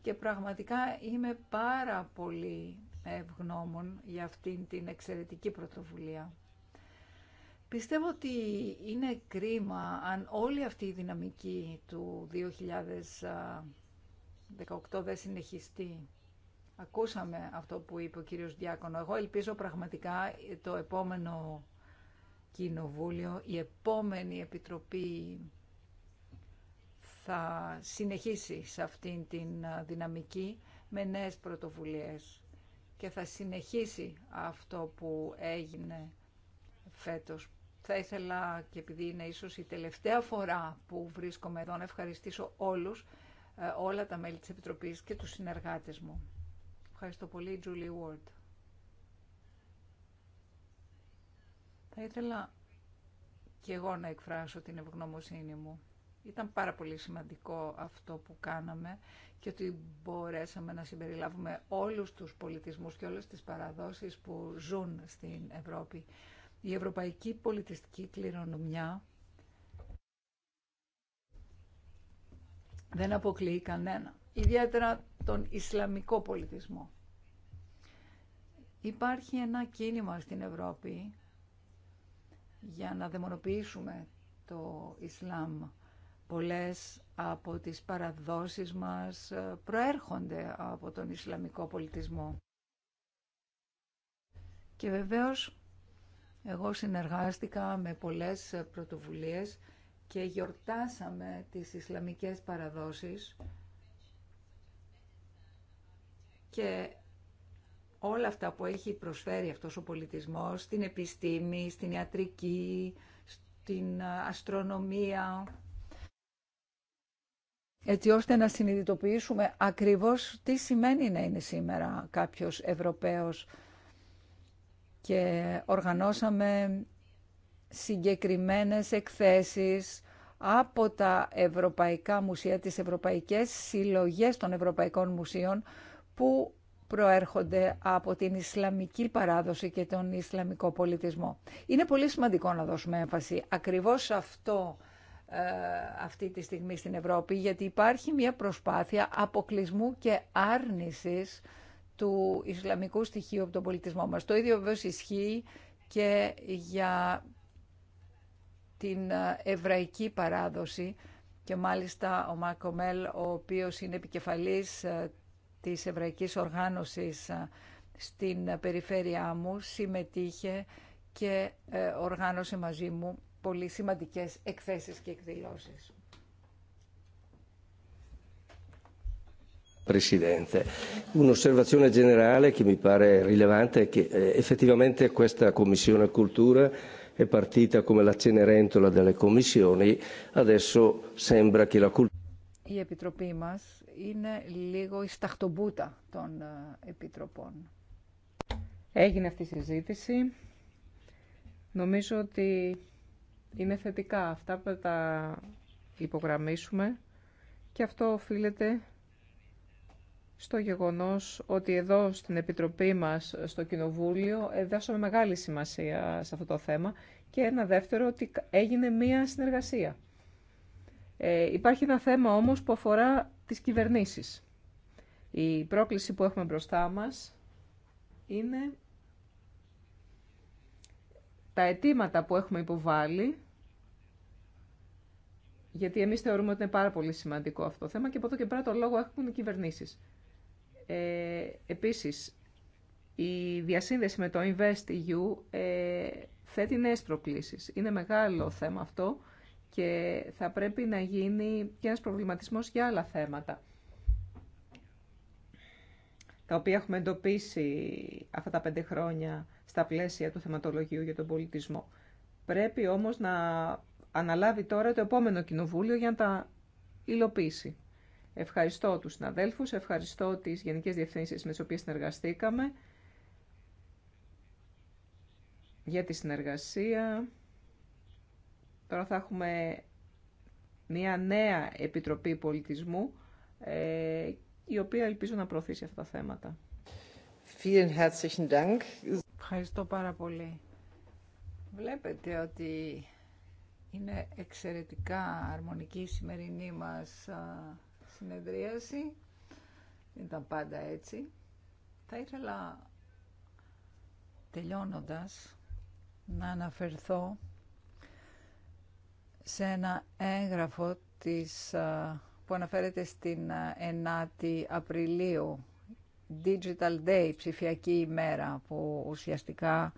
και πραγματικά είμαι πάρα πολύ ευγνώμων για αυτήν την εξαιρετική πρωτοβουλία. Πιστεύω ότι είναι κρίμα αν όλη αυτή η δυναμική του 2018 δεν συνεχιστεί. Ακούσαμε αυτό που είπε ο κύριος Διάκονο. Εγώ ελπίζω πραγματικά το επόμενο Κοινοβούλιο, η επόμενη Επιτροπή θα συνεχίσει σε αυτήν την δυναμική με νέες πρωτοβουλίες και θα συνεχίσει αυτό που έγινε φέτος. Θα ήθελα και επειδή είναι ίσως η τελευταία φορά που βρίσκομαι εδώ να ευχαριστήσω όλους, ε, όλα τα μέλη της Επιτροπής και τους συνεργάτες μου. Ευχαριστώ πολύ, Julie Ward. Θα ήθελα και εγώ να εκφράσω την ευγνωμοσύνη μου. Ήταν πάρα πολύ σημαντικό αυτό που κάναμε και ότι μπορέσαμε να συμπεριλάβουμε όλους τους πολιτισμούς και όλες τις παραδόσεις που ζουν στην Ευρώπη. Η ευρωπαϊκή πολιτιστική κληρονομιά δεν αποκλείει κανένα, ιδιαίτερα τον Ισλαμικό πολιτισμό. Υπάρχει ένα κίνημα στην Ευρώπη για να δαιμονοποιήσουμε το Ισλάμ. Πολλές από τις παραδόσεις μας ε, προέρχονται από τον Ισλαμικό πολιτισμό. Και βεβαίως εγώ συνεργάστηκα με πολλές πρωτοβουλίες και γιορτάσαμε τις Ισλαμικές παραδόσεις και όλα αυτά που έχει προσφέρει αυτός ο πολιτισμός στην επιστήμη, στην ιατρική, στην ε, αστρονομία, έτσι ώστε να συνειδητοποιήσουμε ακριβώς τι σημαίνει να είναι σήμερα κάποιος Ευρωπαίος. Και οργανώσαμε συγκεκριμένες εκθέσεις από τα Ευρωπαϊκά Μουσεία, τις Ευρωπαϊκές Συλλογές των Ευρωπαϊκών Μουσείων, που προέρχονται από την Ισλαμική παράδοση και τον Ισλαμικό πολιτισμό. Είναι πολύ σημαντικό να δώσουμε έμφαση ακριβώς αυτό ε, αυτή τη στιγμή στην Ευρώπη, γιατί υπάρχει μια προσπάθεια αποκλεισμού και άρνησης του Ισλαμικού στοιχείου από τον πολιτισμό μας. Το ίδιο βέβαια ισχύει και για την ε, εβραϊκή παράδοση και μάλιστα ο Μάκο Μέλ, ο οποίος είναι επικεφαλής ε, της Εβραϊκής Οργάνωσης στην περιφέρειά μου συμμετείχε και οργάνωσε μαζί μου πολύ σημαντικές εκθέσεις και εκδηλώσεις. Presidente, un'osservazione generale che mi pare rilevante è che effettivamente questa Commissione Cultura è partita come la cenerentola delle commissioni, adesso sembra che la cultura... Η Επιτροπή μας είναι λίγο η σταχτομπούτα των ε, επιτροπών. Έγινε αυτή η συζήτηση. Νομίζω ότι είναι θετικά αυτά που τα υπογραμμίσουμε και αυτό οφείλεται στο γεγονός ότι εδώ στην Επιτροπή μας, στο Κοινοβούλιο, ε, δώσαμε μεγάλη σημασία σε αυτό το θέμα και ένα δεύτερο ότι έγινε μία συνεργασία. Ε, υπάρχει ένα θέμα όμως που αφορά τις κυβερνήσεις. Η πρόκληση που έχουμε μπροστά μας είναι τα αιτήματα που έχουμε υποβάλει, γιατί εμείς θεωρούμε ότι είναι πάρα πολύ σημαντικό αυτό το θέμα και από εδώ και πέρα το λόγο έχουν οι κυβερνήσεις. Ε, επίσης, η διασύνδεση με το InvestEU ε, θέτει νέες προκλήσεις. Είναι μεγάλο θέμα αυτό και θα πρέπει να γίνει και ένας προβληματισμός για άλλα θέματα τα οποία έχουμε εντοπίσει αυτά τα πέντε χρόνια στα πλαίσια του θεματολογίου για τον πολιτισμό. Πρέπει όμως να αναλάβει τώρα το επόμενο κοινοβούλιο για να τα υλοποιήσει. Ευχαριστώ τους συναδέλφους, ευχαριστώ τις γενικές διευθύνσεις με τις οποίες συνεργαστήκαμε για τη συνεργασία. Τώρα θα έχουμε μια νέα Επιτροπή Πολιτισμού, ε, η οποία ελπίζω να προωθήσει αυτά τα θέματα. Ευχαριστώ πάρα πολύ. Βλέπετε ότι είναι εξαιρετικά αρμονική η σημερινή μας συνεδρίαση. Ήταν πάντα έτσι. Θα ήθελα τελειώνοντας να αναφερθώ σε ένα έγγραφο που αναφέρεται στην 9η Απριλίου, Digital Day, ψηφιακή ημέρα, που ουσιαστικά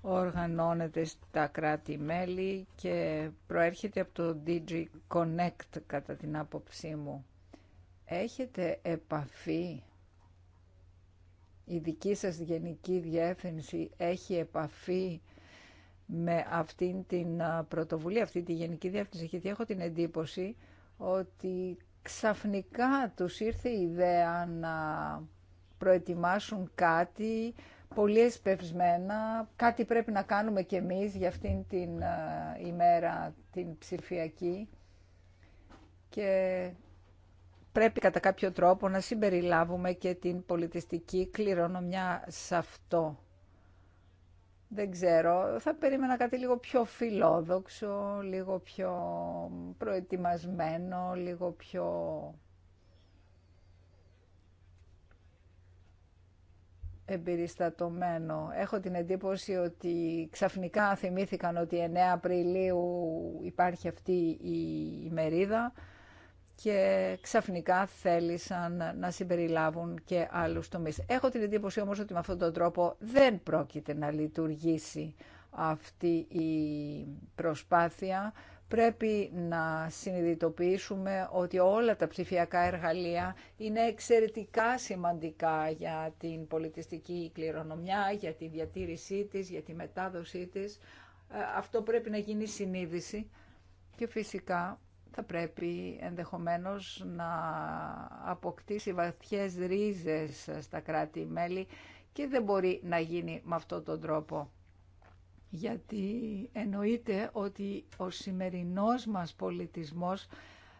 οργανώνεται στα κράτη-μέλη και προέρχεται από το DigiConnect κατά την άποψή μου. Έχετε επαφή, η δική σας γενική διεύθυνση έχει επαφή με αυτή την πρωτοβουλία, αυτή τη Γενική Διεύθυνση, γιατί έχω την εντύπωση ότι ξαφνικά τους ήρθε η ιδέα να προετοιμάσουν κάτι πολύ εσπευσμένα, κάτι πρέπει να κάνουμε κι εμείς για αυτήν την ημέρα την ψηφιακή και πρέπει κατά κάποιο τρόπο να συμπεριλάβουμε και την πολιτιστική κληρονομιά σε αυτό. Δεν ξέρω, θα περίμενα κάτι λίγο πιο φιλόδοξο, λίγο πιο προετοιμασμένο, λίγο πιο... εμπειριστατωμένο. Έχω την εντύπωση ότι ξαφνικά θυμήθηκαν ότι 9 Απριλίου υπάρχει αυτή η ημερίδα και ξαφνικά θέλησαν να συμπεριλάβουν και άλλους τομείς. Έχω την εντύπωση όμως ότι με αυτόν τον τρόπο δεν πρόκειται να λειτουργήσει αυτή η προσπάθεια. Πρέπει να συνειδητοποιήσουμε ότι όλα τα ψηφιακά εργαλεία είναι εξαιρετικά σημαντικά για την πολιτιστική κληρονομιά, για τη διατήρησή της, για τη μετάδοσή της. Ε, αυτό πρέπει να γίνει συνείδηση και φυσικά θα πρέπει ενδεχομένως να αποκτήσει βαθιές ρίζες στα κράτη-μέλη και δεν μπορεί να γίνει με αυτόν τον τρόπο. Γιατί εννοείται ότι ο σημερινός μας πολιτισμός,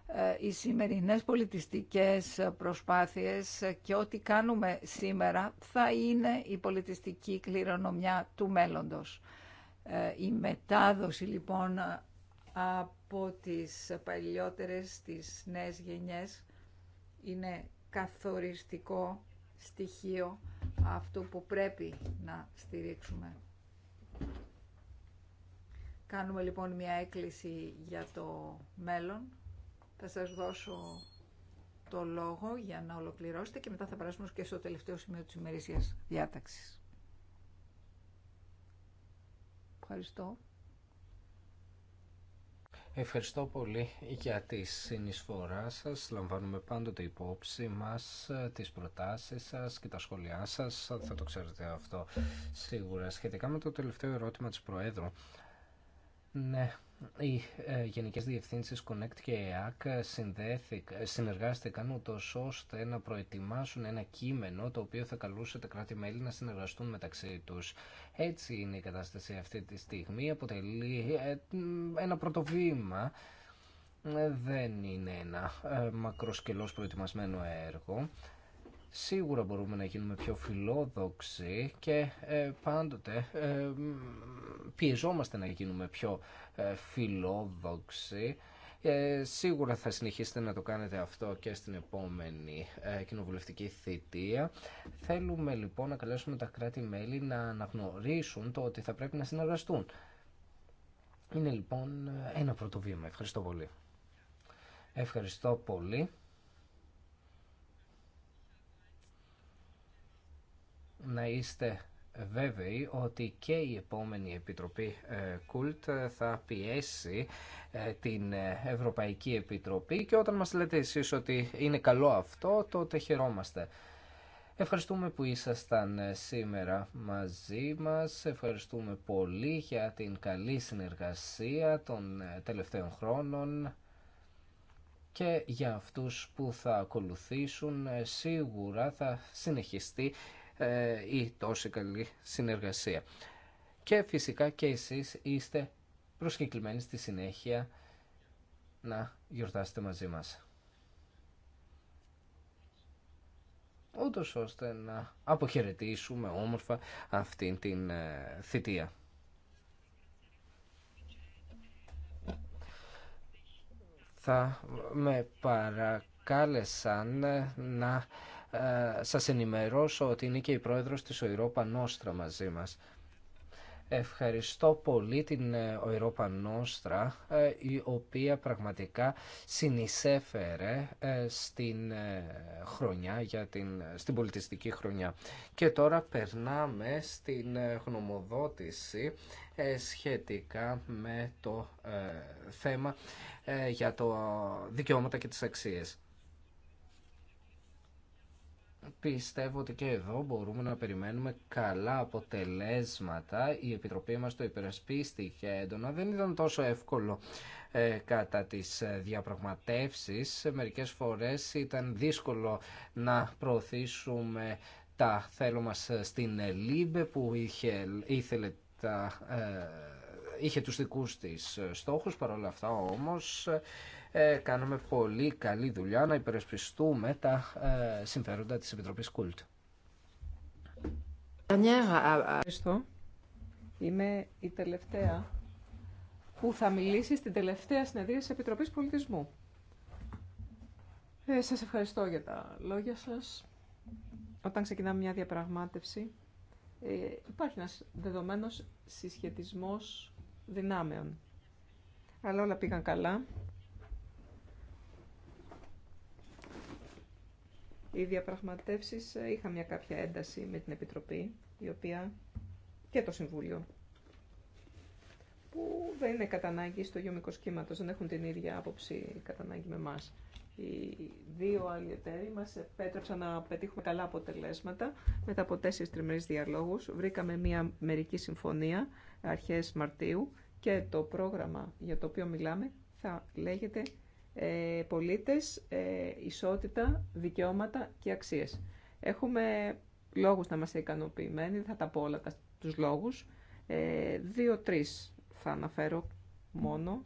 ε, οι σημερινές πολιτιστικές προσπάθειες και ό,τι κάνουμε σήμερα θα είναι η πολιτιστική κληρονομιά του μέλλοντος. Ε, η μετάδοση λοιπόν από τις παλιότερες, τις νέες γενιές. Είναι καθοριστικό στοιχείο αυτό που πρέπει να στηρίξουμε. Κάνουμε λοιπόν μια έκκληση για το μέλλον. Θα σας δώσω το λόγο για να ολοκληρώσετε και μετά θα περάσουμε και στο τελευταίο σημείο της ημερήσιας διάταξης. Ευχαριστώ. Ευχαριστώ πολύ για τη συνεισφορά σας. Λαμβάνουμε πάντοτε υπόψη μας ε, τις προτάσεις σας και τα σχόλιά σας. Ε, θα το ξέρετε αυτό σίγουρα. Σχετικά με το τελευταίο ερώτημα της Προέδρου, ναι, οι ε, Γενικές διευθύνσει Connect και ΕΑΚ ε, συνεργάστηκαν ούτως ώστε να προετοιμάσουν ένα κείμενο το οποίο θα καλούσε τα κράτη-μέλη να συνεργαστούν μεταξύ του. Έτσι είναι η κατάσταση αυτή τη στιγμή, αποτελεί ε, ένα πρωτοβήμα, δεν είναι ένα μακροσκελό προετοιμασμένο έργο. Σίγουρα μπορούμε να γίνουμε πιο φιλόδοξοι και ε, πάντοτε ε, πιεζόμαστε να γίνουμε πιο ε, φιλόδοξοι. Σίγουρα θα συνεχίσετε να το κάνετε αυτό και στην επόμενη κοινοβουλευτική θητεία. Θέλουμε λοιπόν να καλέσουμε τα κράτη-μέλη να αναγνωρίσουν το ότι θα πρέπει να συνεργαστούν. Είναι λοιπόν ένα πρώτο βήμα. Ευχαριστώ πολύ. Ευχαριστώ πολύ. να είστε βέβαιοι ότι και η επόμενη Επιτροπή ε, Κουλτ θα πιέσει ε, την Ευρωπαϊκή Επιτροπή και όταν μας λέτε εσείς ότι είναι καλό αυτό, τότε χαιρόμαστε. Ευχαριστούμε που ήσασταν ε, σήμερα μαζί μας. Ευχαριστούμε πολύ για την καλή συνεργασία των τελευταίων χρόνων και για αυτούς που θα ακολουθήσουν σίγουρα θα συνεχιστεί ή ε, τόση καλή συνεργασία. Και φυσικά και εσείς είστε προσκεκλημένοι στη συνέχεια να γιορτάσετε μαζί μας. Ούτως ώστε να αποχαιρετήσουμε όμορφα αυτήν την ε, θητεία. Θα με παρακάλεσαν να ε, σας ενημερώσω ότι είναι και η πρόεδρος της Οϊρόπα Νόστρα μαζί μας. Ευχαριστώ πολύ την ε, Οϊρόπα Νόστρα, ε, η οποία πραγματικά συνεισέφερε στην χρονιά, για την, στην πολιτιστική χρονιά. Και τώρα περνάμε στην γνωμοδότηση σχετικά με το θέμα για το δικαιώματα και τις αξίες. Πιστεύω ότι και εδώ μπορούμε να περιμένουμε καλά αποτελέσματα. Η Επιτροπή μας το υπερασπίστηκε έντονα. Δεν ήταν τόσο εύκολο ε, κατά τις ε, διαπραγματεύσεις. Μερικές φορές ήταν δύσκολο να προωθήσουμε τα θέλω μας στην Ελίμπε που είχε, ήθελε τα, ε, είχε τους δικούς της στόχους. Παρ' όλα αυτά όμως ε, κάνουμε πολύ καλή δουλειά να υπερασπιστούμε τα ε, συμφέροντα της Επιτροπής Κούλτ. Ευχαριστώ. Είμαι η τελευταία που θα μιλήσει στην τελευταία συνεδρία της Επιτροπής Πολιτισμού. Ε, σας ευχαριστώ για τα λόγια σας. Όταν ξεκινάμε μια διαπραγμάτευση, ε, υπάρχει ένας δεδομένος συσχετισμός δυνάμεων. Αλλά όλα πήγαν καλά. Οι διαπραγματεύσει ε, είχαν μια κάποια ένταση με την Επιτροπή, η οποία και το Συμβούλιο, που δεν είναι κατά ανάγκη στο γεωμικό σχήμα, δεν έχουν την ίδια άποψη κατά ανάγκη με εμά. Οι δύο άλλοι εταίροι μας επέτρεψαν να πετύχουμε καλά αποτελέσματα. Μετά από τέσσερι τριμερεί διαλόγους βρήκαμε μια μερική συμφωνία αρχέ Μαρτίου και το πρόγραμμα για το οποίο μιλάμε θα λέγεται ε, πολίτες, ε, ισότητα, δικαιώματα και αξίες. Έχουμε λόγους να είμαστε ικανοποιημένοι, θα τα πω όλα τους λόγους. Ε, δύο-τρεις θα αναφέρω μόνο.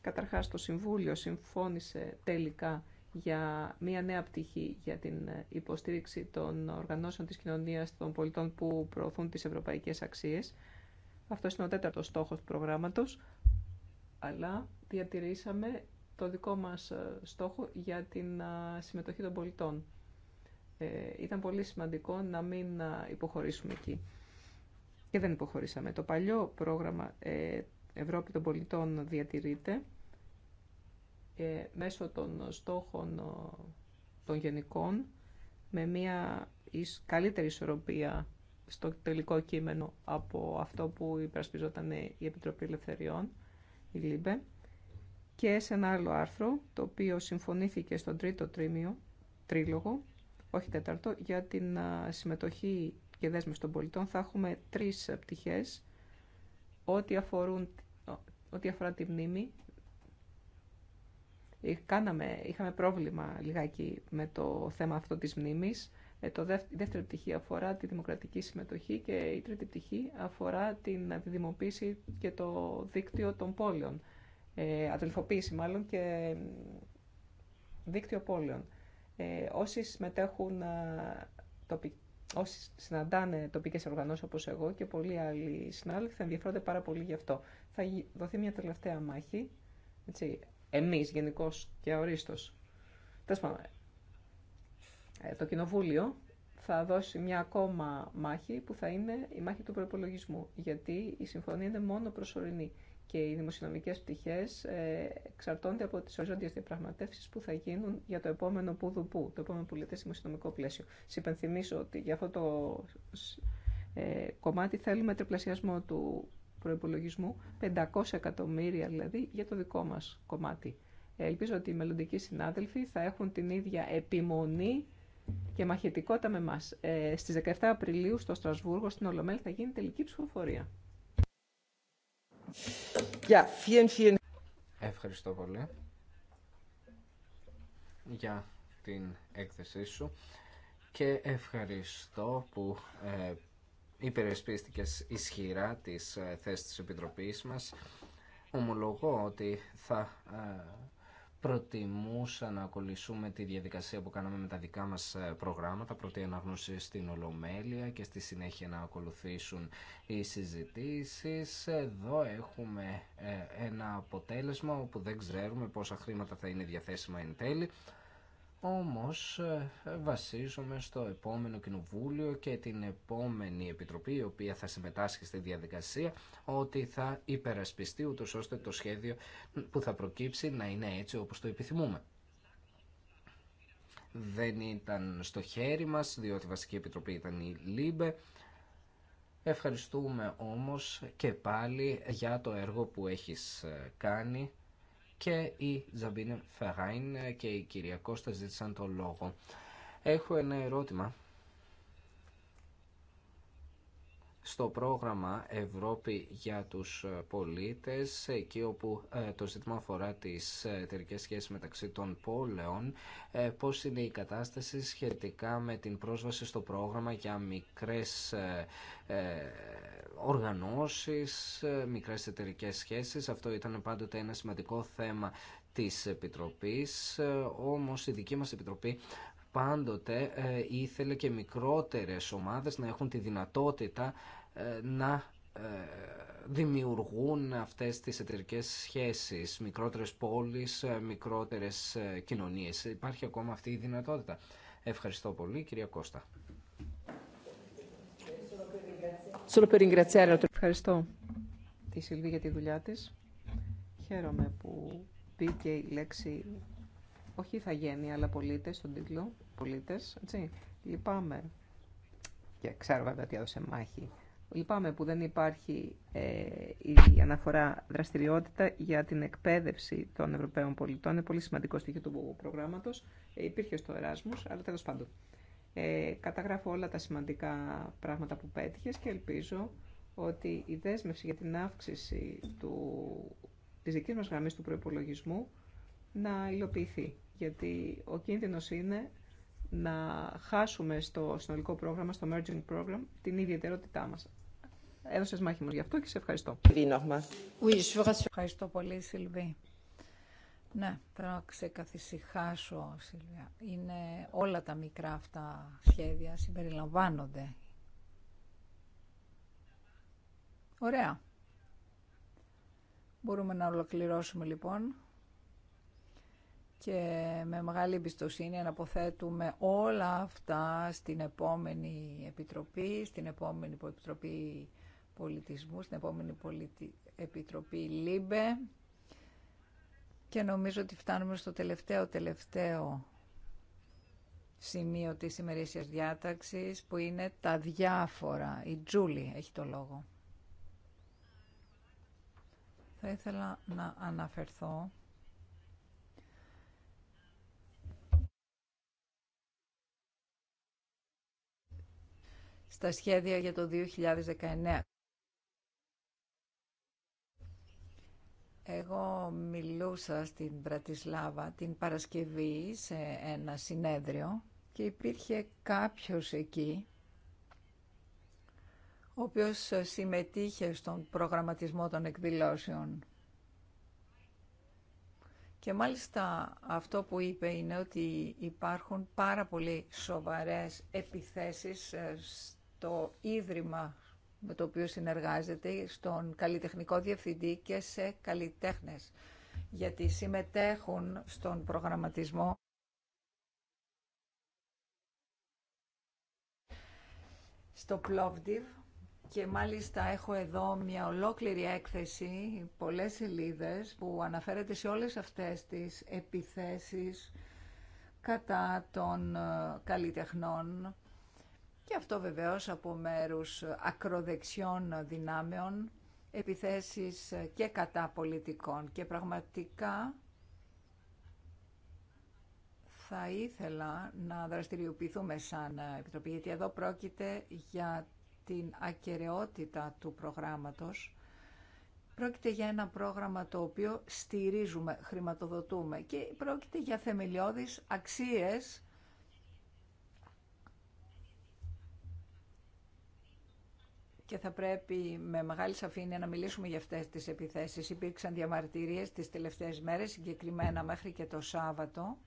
Καταρχάς το Συμβούλιο συμφώνησε τελικά για μια νέα πτυχή για την υποστήριξη των οργανώσεων της κοινωνίας των πολιτών που προωθούν τις ευρωπαϊκές αξίες. Αυτό είναι ο τέταρτος στόχος του προγράμματος, αλλά διατηρήσαμε το δικό μας ε, στόχο για την ε, συμμετοχή των πολιτών. Ε, ήταν πολύ σημαντικό να μην υποχωρήσουμε εκεί. Και δεν υποχωρήσαμε. Το παλιό πρόγραμμα Ευρώπη των πολιτών διατηρείται μέσω των στόχων των γενικών με μια καλύτερη ισορροπία στο τελικό κείμενο από αυτό που υπερασπιζόταν η Επιτροπή Ελευθεριών, η ΛΥΜΠΕ και σε ένα άλλο άρθρο, το οποίο συμφωνήθηκε στον τρίτο τρίμιο, τρίλογο, όχι τέταρτο, για την συμμετοχή και δέσμευση των πολιτών θα έχουμε τρεις ε, πτυχές, ό,τι, αφορούν, ό,τι αφορά τη μνήμη. Ε, κάναμε, είχαμε πρόβλημα λιγάκι με το θέμα αυτό της μνήμης. Ε, το η δεύτερη πτυχή αφορά τη δημοκρατική συμμετοχή και η τρίτη πτυχή αφορά την δημοποίηση και το δίκτυο των πόλεων ε, αδελφοποίηση μάλλον και δίκτυο πόλεων. Ε, ε όσοι συναντάνε τοπικές οργανώσεις όπως εγώ και πολλοί άλλοι συνάδελφοι θα ενδιαφέρονται πάρα πολύ γι' αυτό. Θα δοθεί μια τελευταία μάχη, έτσι, εμείς γενικώ και ορίστος. Τέλος ε, το Κοινοβούλιο θα δώσει μια ακόμα μάχη που θα είναι η μάχη του προπολογισμού, γιατί η συμφωνία είναι μόνο προσωρινή και οι δημοσιονομικές πτυχές ε, εξαρτώνται από τις οριζόντιες διαπραγματεύσεις που θα γίνουν για το επόμενο πουδουπού, το επόμενο πολιτές δημοσιονομικό πλαίσιο. υπενθυμίσω ότι για αυτό το ε, κομμάτι θέλουμε τριπλασιασμό του προϋπολογισμού, 500 εκατομμύρια δηλαδή, για το δικό μας κομμάτι. Ελπίζω ότι οι μελλοντικοί συνάδελφοι θα έχουν την ίδια επιμονή και μαχητικότητα με εμά. Στι 17 Απριλίου στο Στρασβούργο, στην Ολομέλη, θα γίνει τελική ψηφοφορία. Ευχαριστώ πολύ για την έκθεσή σου και ευχαριστώ που ε, υπερεσπίστηκες ισχυρά τις ε, θέσεις της Επιτροπής μας. Ομολογώ ότι θα ε, προτιμούσα να ακολουθούμε τη διαδικασία που κάναμε με τα δικά μας ε, προγράμματα, πρώτη αναγνώση στην Ολομέλεια και στη συνέχεια να ακολουθήσουν οι συζητήσεις. Εδώ έχουμε ε, ένα αποτέλεσμα όπου δεν ξέρουμε πόσα χρήματα θα είναι διαθέσιμα εν τέλει. Όμως ε, βασίζομαι στο επόμενο κοινοβούλιο και την επόμενη επιτροπή η οποία θα συμμετάσχει στη διαδικασία ότι θα υπερασπιστεί ούτως ώστε το σχέδιο που θα προκύψει να είναι έτσι όπως το επιθυμούμε. Δεν ήταν στο χέρι μας διότι η Βασική Επιτροπή ήταν η ΛΥΜΠΕ. Ευχαριστούμε όμως και πάλι για το έργο που έχεις ε, κάνει και η Ζαμπίνε Φεράιν και η κυρία Κώστα ζήτησαν το λόγο. Έχω ένα ερώτημα στο πρόγραμμα Ευρώπη για τους ε, πολίτες, εκεί όπου ε, το ζήτημα αφορά τις ε, εταιρικές σχέσεις μεταξύ των πόλεων, πώς είναι η κατάσταση σχετικά με την πρόσβαση στο πρόγραμμα για μικρές οργανώσεις, μικρές εταιρικές σχέσεις. Αυτό ήταν πάντοτε ένα σημαντικό θέμα της Επιτροπής, όμως η δική μας Επιτροπή πάντοτε ε, ήθελε και μικρότερες ομάδες να έχουν τη δυνατότητα ε, να ε, δημιουργούν αυτές τις εταιρικέ σχέσεις, μικρότερες πόλεις, μικρότερες κοινωνίες. Υπάρχει ακόμα αυτή η δυνατότητα. Ευχαριστώ πολύ, κυρία Κώστα. Ευχαριστώ τη Σιλβή για τη δουλειά της. Χαίρομαι που μπήκε η λέξη όχι ηθαγένεια, αλλά πολίτες στον τίτλο πολίτες, λυπάμαι, και ξέρω βέβαια τι έδωσε μάχη, λυπάμαι που δεν υπάρχει ε, η αναφορά δραστηριότητα για την εκπαίδευση των Ευρωπαίων πολιτών. Είναι πολύ σημαντικό στοιχείο του προγράμματος, ε, υπήρχε στο Εράσμους, αλλά τέλος πάντων. Ε, καταγράφω όλα τα σημαντικά πράγματα που πέτυχες και ελπίζω ότι η δέσμευση για την αύξηση του, της δικής μας γραμμής του προϋπολογισμού να υλοποιηθεί. Γιατί ο κίνδυνος είναι να χάσουμε στο συνολικό πρόγραμμα, στο merging program, την ιδιαιτερότητά μας. Έδωσες μάχη μου; γι' αυτό και σε ευχαριστώ. Ευχαριστώ πολύ, Σιλβί. Ναι, θέλω να ξεκαθησυχάσω, Σιλβία. Είναι όλα τα μικρά αυτά σχέδια συμπεριλαμβάνονται. Ωραία. Μπορούμε να ολοκληρώσουμε λοιπόν και με μεγάλη εμπιστοσύνη αναποθέτουμε όλα αυτά στην επόμενη επιτροπή, στην επόμενη επιτροπή πολιτισμού, στην επόμενη πολιτι... επιτροπή ΛΥΜΠΕ και νομίζω ότι φτάνουμε στο τελευταίο τελευταίο σημείο της ημερήσιας διάταξης που είναι τα διάφορα. Η Τζούλη έχει το λόγο. Θα ήθελα να αναφερθώ στα σχέδια για το 2019. Εγώ μιλούσα στην Πρατισλάβα την Παρασκευή σε ένα συνέδριο και υπήρχε κάποιος εκεί ο οποίος συμμετείχε στον προγραμματισμό των εκδηλώσεων. Και μάλιστα αυτό που είπε είναι ότι υπάρχουν πάρα πολύ σοβαρές επιθέσεις ε, το ίδρυμα με το οποίο συνεργάζεται στον καλλιτεχνικό διευθυντή και σε καλλιτέχνες γιατί συμμετέχουν στον προγραμματισμό στο Plovdiv και μάλιστα έχω εδώ μια ολόκληρη έκθεση, πολλές σελίδε που αναφέρεται σε όλες αυτές τις επιθέσεις κατά των ε, καλλιτεχνών και αυτό βεβαίως από μέρους ακροδεξιών δυνάμεων, επιθέσεις και κατά πολιτικών. Και πραγματικά θα ήθελα να δραστηριοποιηθούμε σαν Επιτροπή, γιατί εδώ πρόκειται για την ακαιρεότητα του προγράμματος. Πρόκειται για ένα πρόγραμμα το οποίο στηρίζουμε, χρηματοδοτούμε και πρόκειται για θεμελιώδεις αξίες και θα πρέπει με μεγάλη σαφήνεια να μιλήσουμε για αυτές τις επιθέσεις. Υπήρξαν διαμαρτυρίες τις τελευταίες μέρες, συγκεκριμένα μέχρι και το Σάββατο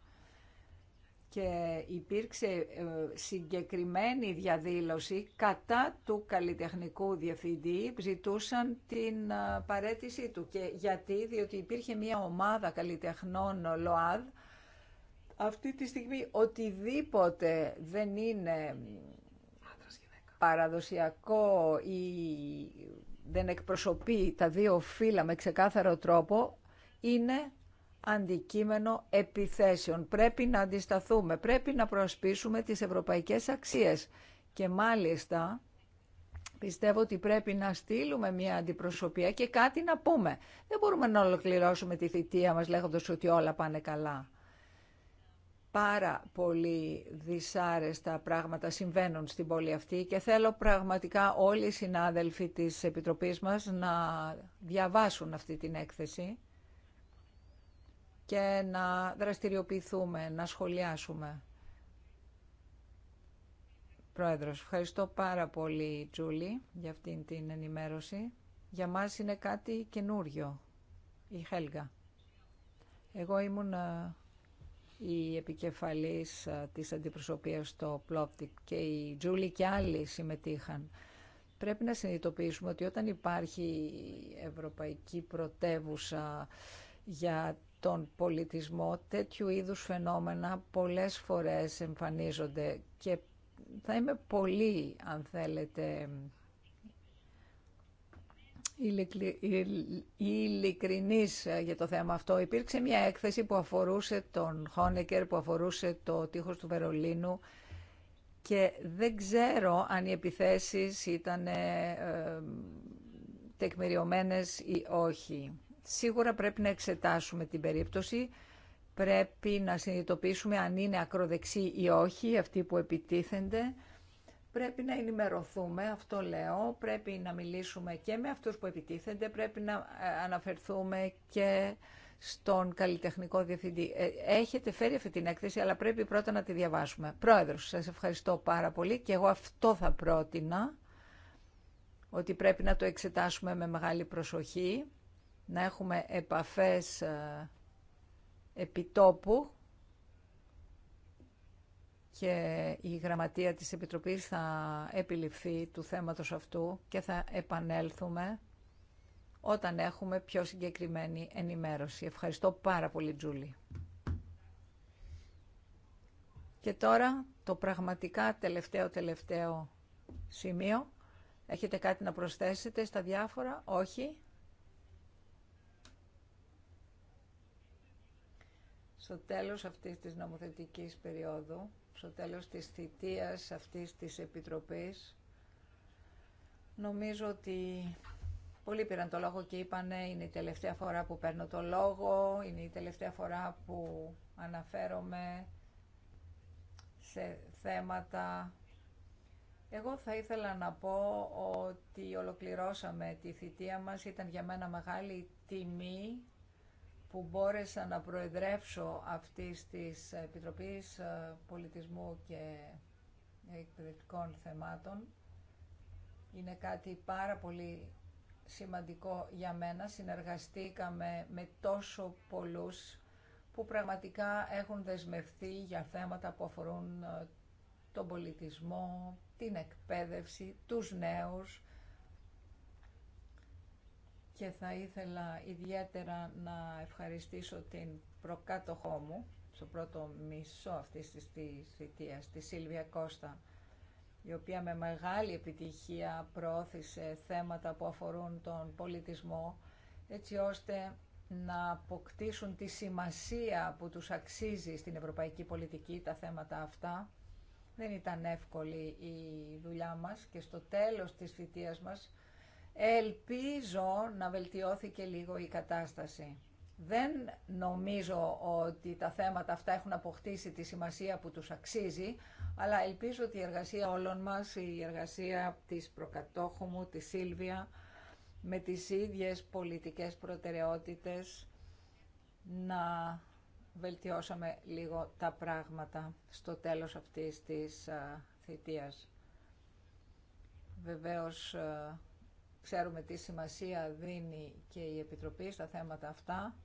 και υπήρξε ε, συγκεκριμένη διαδήλωση κατά του καλλιτεχνικού διευθυντή ζητούσαν την ε, παρέτησή του. Και γιατί, διότι υπήρχε μια ομάδα καλλιτεχνών ΛΟΑΔ αυτή τη στιγμή οτιδήποτε δεν είναι παραδοσιακό ή δεν εκπροσωπεί τα δύο φύλλα με ξεκάθαρο τρόπο, είναι αντικείμενο επιθέσεων. Πρέπει να αντισταθούμε, πρέπει να προσπίσουμε τις ευρωπαϊκές αξίες. Και μάλιστα πιστεύω ότι πρέπει να στείλουμε μια αντιπροσωπεία και κάτι να πούμε. Δεν μπορούμε να ολοκληρώσουμε τη θητεία μας λέγοντας ότι όλα πάνε καλά πάρα πολύ δυσάρεστα πράγματα συμβαίνουν στην πόλη αυτή και θέλω πραγματικά όλοι οι συνάδελφοι της Επιτροπής μας να διαβάσουν αυτή την έκθεση και να δραστηριοποιηθούμε, να σχολιάσουμε. Πρόεδρος, ευχαριστώ πάρα πολύ Τζούλη για αυτήν την ενημέρωση. Για μας είναι κάτι καινούριο, η Χέλγα. Εγώ ήμουν ε, η επικεφαλής της αντιπροσωπείας στο Πλόπτικ και η Τζούλη και άλλοι συμμετείχαν. Πρέπει να συνειδητοποιήσουμε ότι όταν υπάρχει ευρωπαϊκή πρωτεύουσα για τον πολιτισμό, τέτοιου είδους φαινόμενα πολλές φορές εμφανίζονται και θα είμαι πολύ, αν θέλετε, ειλικρινής ε, για το θέμα αυτό. Υπήρξε μια έκθεση που αφορούσε τον Χόνεκερ, που αφορούσε το τείχος του Βερολίνου και δεν ξέρω αν οι επιθέσεις ήταν ε, ε τεκμηριωμένες ή όχι. Σίγουρα πρέπει να εξετάσουμε την περίπτωση, πρέπει να συνειδητοποιήσουμε αν είναι ακροδεξοί ή όχι αυτοί που επιτίθενται Πρέπει να ενημερωθούμε, αυτό λέω, πρέπει να μιλήσουμε και με αυτούς που επιτίθενται, πρέπει να ε, αναφερθούμε και στον καλλιτεχνικό διευθυντή. Ε, έχετε φέρει αυτή την έκθεση, αλλά πρέπει πρώτα να τη διαβάσουμε. Πρόεδρος, σας ευχαριστώ πάρα πολύ και εγώ αυτό θα πρότεινα, ότι πρέπει να το εξετάσουμε με μεγάλη προσοχή, να έχουμε επαφές ε, επιτόπου και η γραμματεία της Επιτροπής θα επιληφθεί του θέματος αυτού και θα επανέλθουμε όταν έχουμε πιο συγκεκριμένη ενημέρωση. Ευχαριστώ πάρα πολύ, Τζούλη. Και τώρα το πραγματικά τελευταίο τελευταίο σημείο. Έχετε κάτι να προσθέσετε στα διάφορα, όχι. Στο τέλος αυτής της νομοθετικής περίοδου στο τέλος της θητείας αυτής της Επιτροπής. Νομίζω ότι πολλοί πήραν το λόγο και είπανε είναι η τελευταία φορά που παίρνω το λόγο, είναι η τελευταία φορά που αναφέρομαι σε θέματα. Εγώ θα ήθελα να πω ότι ολοκληρώσαμε τη θητεία μας. Ήταν για μένα μεγάλη τιμή που μπόρεσα να προεδρεύσω αυτή της Επιτροπής ε, Πολιτισμού και Εκπαιδευτικών Θεμάτων. Είναι κάτι πάρα πολύ σημαντικό για μένα. Συνεργαστήκαμε με τόσο πολλούς που πραγματικά έχουν δεσμευτεί για θέματα που αφορούν ε, τον πολιτισμό, την εκπαίδευση, τους νέους, και θα ήθελα ιδιαίτερα να ευχαριστήσω την προκάτοχό μου στο πρώτο μισό αυτής της θητείας, τη Σίλβια Κώστα, η οποία με μεγάλη επιτυχία προώθησε θέματα που αφορούν τον πολιτισμό, έτσι ώστε να αποκτήσουν τη σημασία που τους αξίζει στην ευρωπαϊκή πολιτική τα θέματα αυτά. Δεν ήταν εύκολη η δουλειά μας και στο τέλος της θητείας μας Ελπίζω να βελτιώθηκε λίγο η κατάσταση. Δεν νομίζω ότι τα θέματα αυτά έχουν αποκτήσει τη σημασία που τους αξίζει, αλλά ελπίζω ότι η εργασία όλων μας, η εργασία της προκατόχου μου, της Σίλβια, με τις ίδιες πολιτικές προτεραιότητες, να βελτιώσαμε λίγο τα πράγματα στο τέλος αυτής της θητείας. Βεβαίως Ξέρουμε τι σημασία δίνει και η Επιτροπή στα θέματα αυτά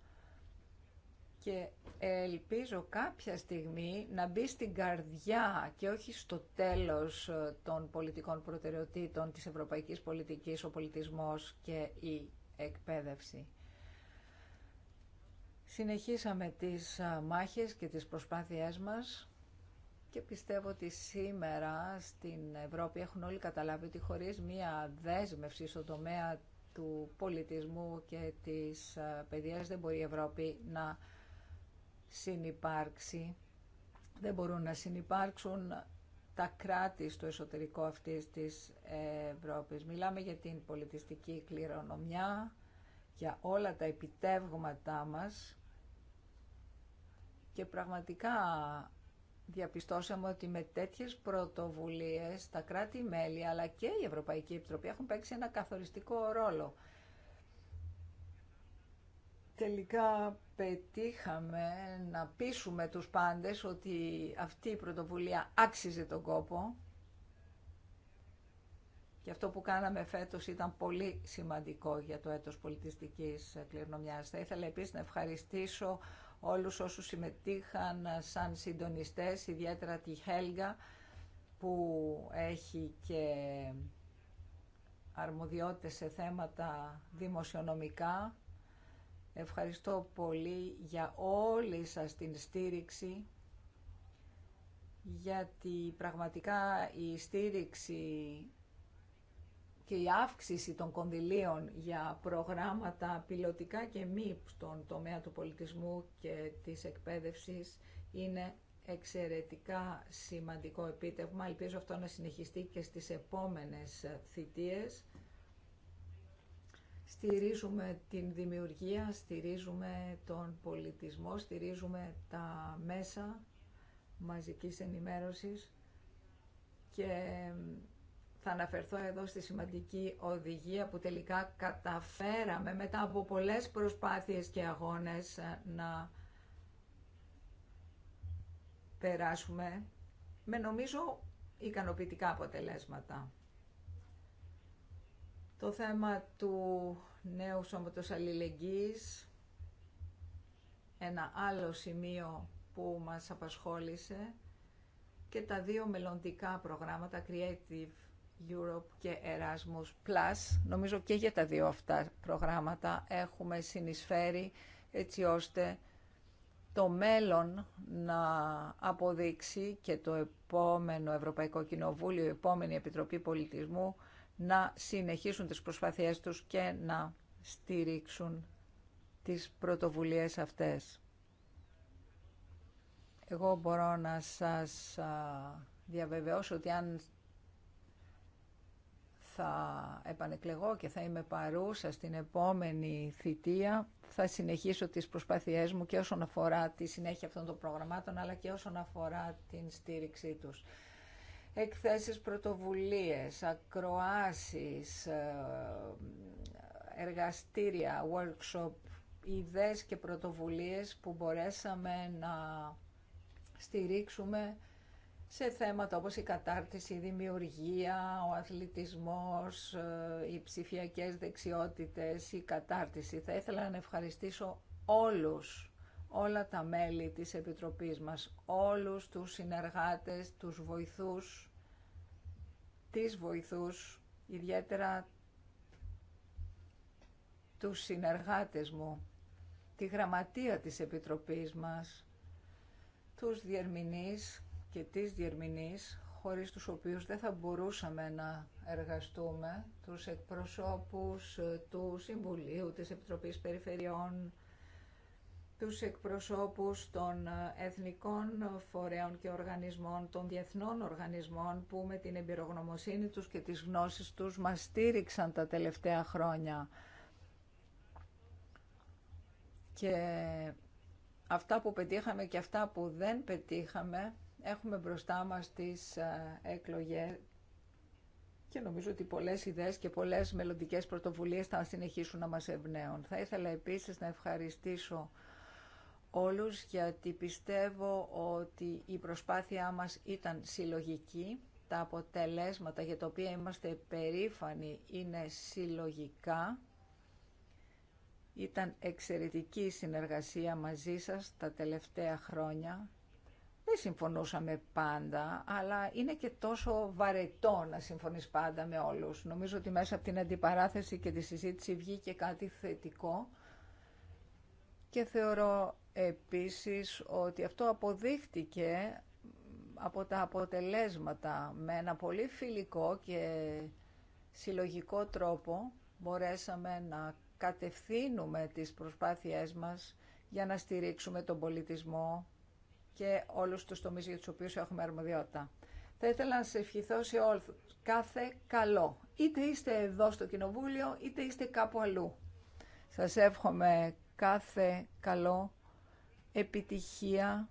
και ελπίζω κάποια στιγμή να μπει στην καρδιά και όχι στο τέλος ε, των πολιτικών προτεραιοτήτων της ευρωπαϊκής πολιτικής ο πολιτισμός και η εκπαίδευση. Συνεχίσαμε τις ε, μάχες και τις προσπάθειές μας και πιστεύω ότι σήμερα στην Ευρώπη έχουν όλοι καταλάβει ότι χωρίς μία δέσμευση στον τομέα του πολιτισμού και της ε, παιδείας δεν μπορεί η Ευρώπη να συνυπάρξει. Δεν μπορούν να συνυπάρξουν τα κράτη στο εσωτερικό αυτής της Ευρώπης. Μιλάμε για την πολιτιστική κληρονομιά, για όλα τα επιτεύγματά μας και πραγματικά διαπιστώσαμε ότι με τέτοιες πρωτοβουλίες τα κράτη-μέλη αλλά και η Ευρωπαϊκή Επιτροπή έχουν παίξει ένα καθοριστικό ρόλο. Τελικά πετύχαμε να πείσουμε τους πάντες ότι αυτή η πρωτοβουλία άξιζε τον κόπο και αυτό που κάναμε φέτος ήταν πολύ σημαντικό για το έτος πολιτιστικής κληρονομιάς. Θα ήθελα επίσης να ευχαριστήσω όλους όσους συμμετείχαν σαν συντονιστές, ιδιαίτερα τη Χέλγα που έχει και αρμοδιότητες σε θέματα δημοσιονομικά. Ευχαριστώ πολύ για όλη σας την στήριξη γιατί πραγματικά η στήριξη και η αύξηση των κονδυλίων για προγράμματα πιλωτικά και μη στον τομέα του πολιτισμού και της εκπαίδευσης είναι εξαιρετικά σημαντικό επίτευγμα. Ελπίζω αυτό να συνεχιστεί και στις επόμενες θητείες. Στηρίζουμε την δημιουργία, στηρίζουμε τον πολιτισμό, στηρίζουμε τα μέσα μαζικής ενημέρωσης και θα αναφερθώ εδώ στη σημαντική οδηγία που τελικά καταφέραμε μετά από πολλές προσπάθειες και αγώνες ε, να περάσουμε με νομίζω ικανοποιητικά αποτελέσματα. Το θέμα του νέου σώματος αλληλεγγύης, ένα άλλο σημείο που μας απασχόλησε και τα δύο μελλοντικά προγράμματα Creative Europe και Erasmus Plus. Νομίζω και για τα δύο αυτά προγράμματα έχουμε συνεισφέρει έτσι ώστε το μέλλον να αποδείξει και το επόμενο Ευρωπαϊκό Κοινοβούλιο, η επόμενη Επιτροπή Πολιτισμού να συνεχίσουν τις προσπάθειές τους και να στηρίξουν τις πρωτοβουλίες αυτές. Εγώ μπορώ να σας διαβεβαιώσω ότι αν θα επανεκλεγώ και θα είμαι παρούσα στην επόμενη θητεία, θα συνεχίσω τις προσπάθειές μου και όσον αφορά τη συνέχεια αυτών των προγραμμάτων, αλλά και όσον αφορά την στήριξή τους. Εκθέσεις πρωτοβουλίες, ακροάσεις, ε, εργαστήρια, workshop, ιδέες και πρωτοβουλίες που μπορέσαμε να στηρίξουμε σε θέματα όπως η κατάρτιση, η δημιουργία, ο αθλητισμός, ε, οι ψηφιακές δεξιότητες, η κατάρτιση. Θα ήθελα να ευχαριστήσω όλους, όλα τα μέλη της Επιτροπής μας, όλους τους συνεργάτες, τους βοηθούς, τις βοηθούς, ιδιαίτερα τους συνεργάτες μου, τη γραμματεία της Επιτροπής μας, τους διερμηνείς και τις διερμηνείς, χωρίς τους οποίους δεν θα μπορούσαμε να εργαστούμε, τους εκπροσώπους ε, του Συμβουλίου, της Επιτροπής Περιφερειών, τους εκπροσώπους των ε, εθνικών φορέων και οργανισμών, των διεθνών οργανισμών που με την εμπειρογνωμοσύνη τους και τις γνώσεις τους μας στήριξαν τα τελευταία χρόνια. Και αυτά που πετύχαμε και αυτά που δεν πετύχαμε Έχουμε μπροστά μας τις ε, εκλογές και νομίζω ότι πολλές ιδέες και πολλές μελλοντικέ πρωτοβουλίες θα συνεχίσουν να μας εμπνέουν. Θα ήθελα επίσης να ευχαριστήσω όλους γιατί πιστεύω ότι η προσπάθειά μας ήταν συλλογική. Τα αποτελέσματα για τα οποία είμαστε περήφανοι είναι συλλογικά. Ήταν εξαιρετική συνεργασία μαζί σας τα τελευταία χρόνια δεν συμφωνούσαμε πάντα, αλλά είναι και τόσο βαρετό να συμφωνείς πάντα με όλους. Νομίζω ότι μέσα από την αντιπαράθεση και τη συζήτηση βγήκε κάτι θετικό και θεωρώ επίσης ότι αυτό αποδείχτηκε από τα αποτελέσματα με ένα πολύ φιλικό και συλλογικό τρόπο μπορέσαμε να κατευθύνουμε τις προσπάθειές μας για να στηρίξουμε τον πολιτισμό και όλους τους τομείς για τους οποίους έχουμε αρμοδιότητα. Θα ήθελα να σε ευχηθώ σε όλους κάθε καλό. Είτε είστε εδώ στο Κοινοβούλιο, είτε είστε κάπου αλλού. Σας εύχομαι κάθε καλό, επιτυχία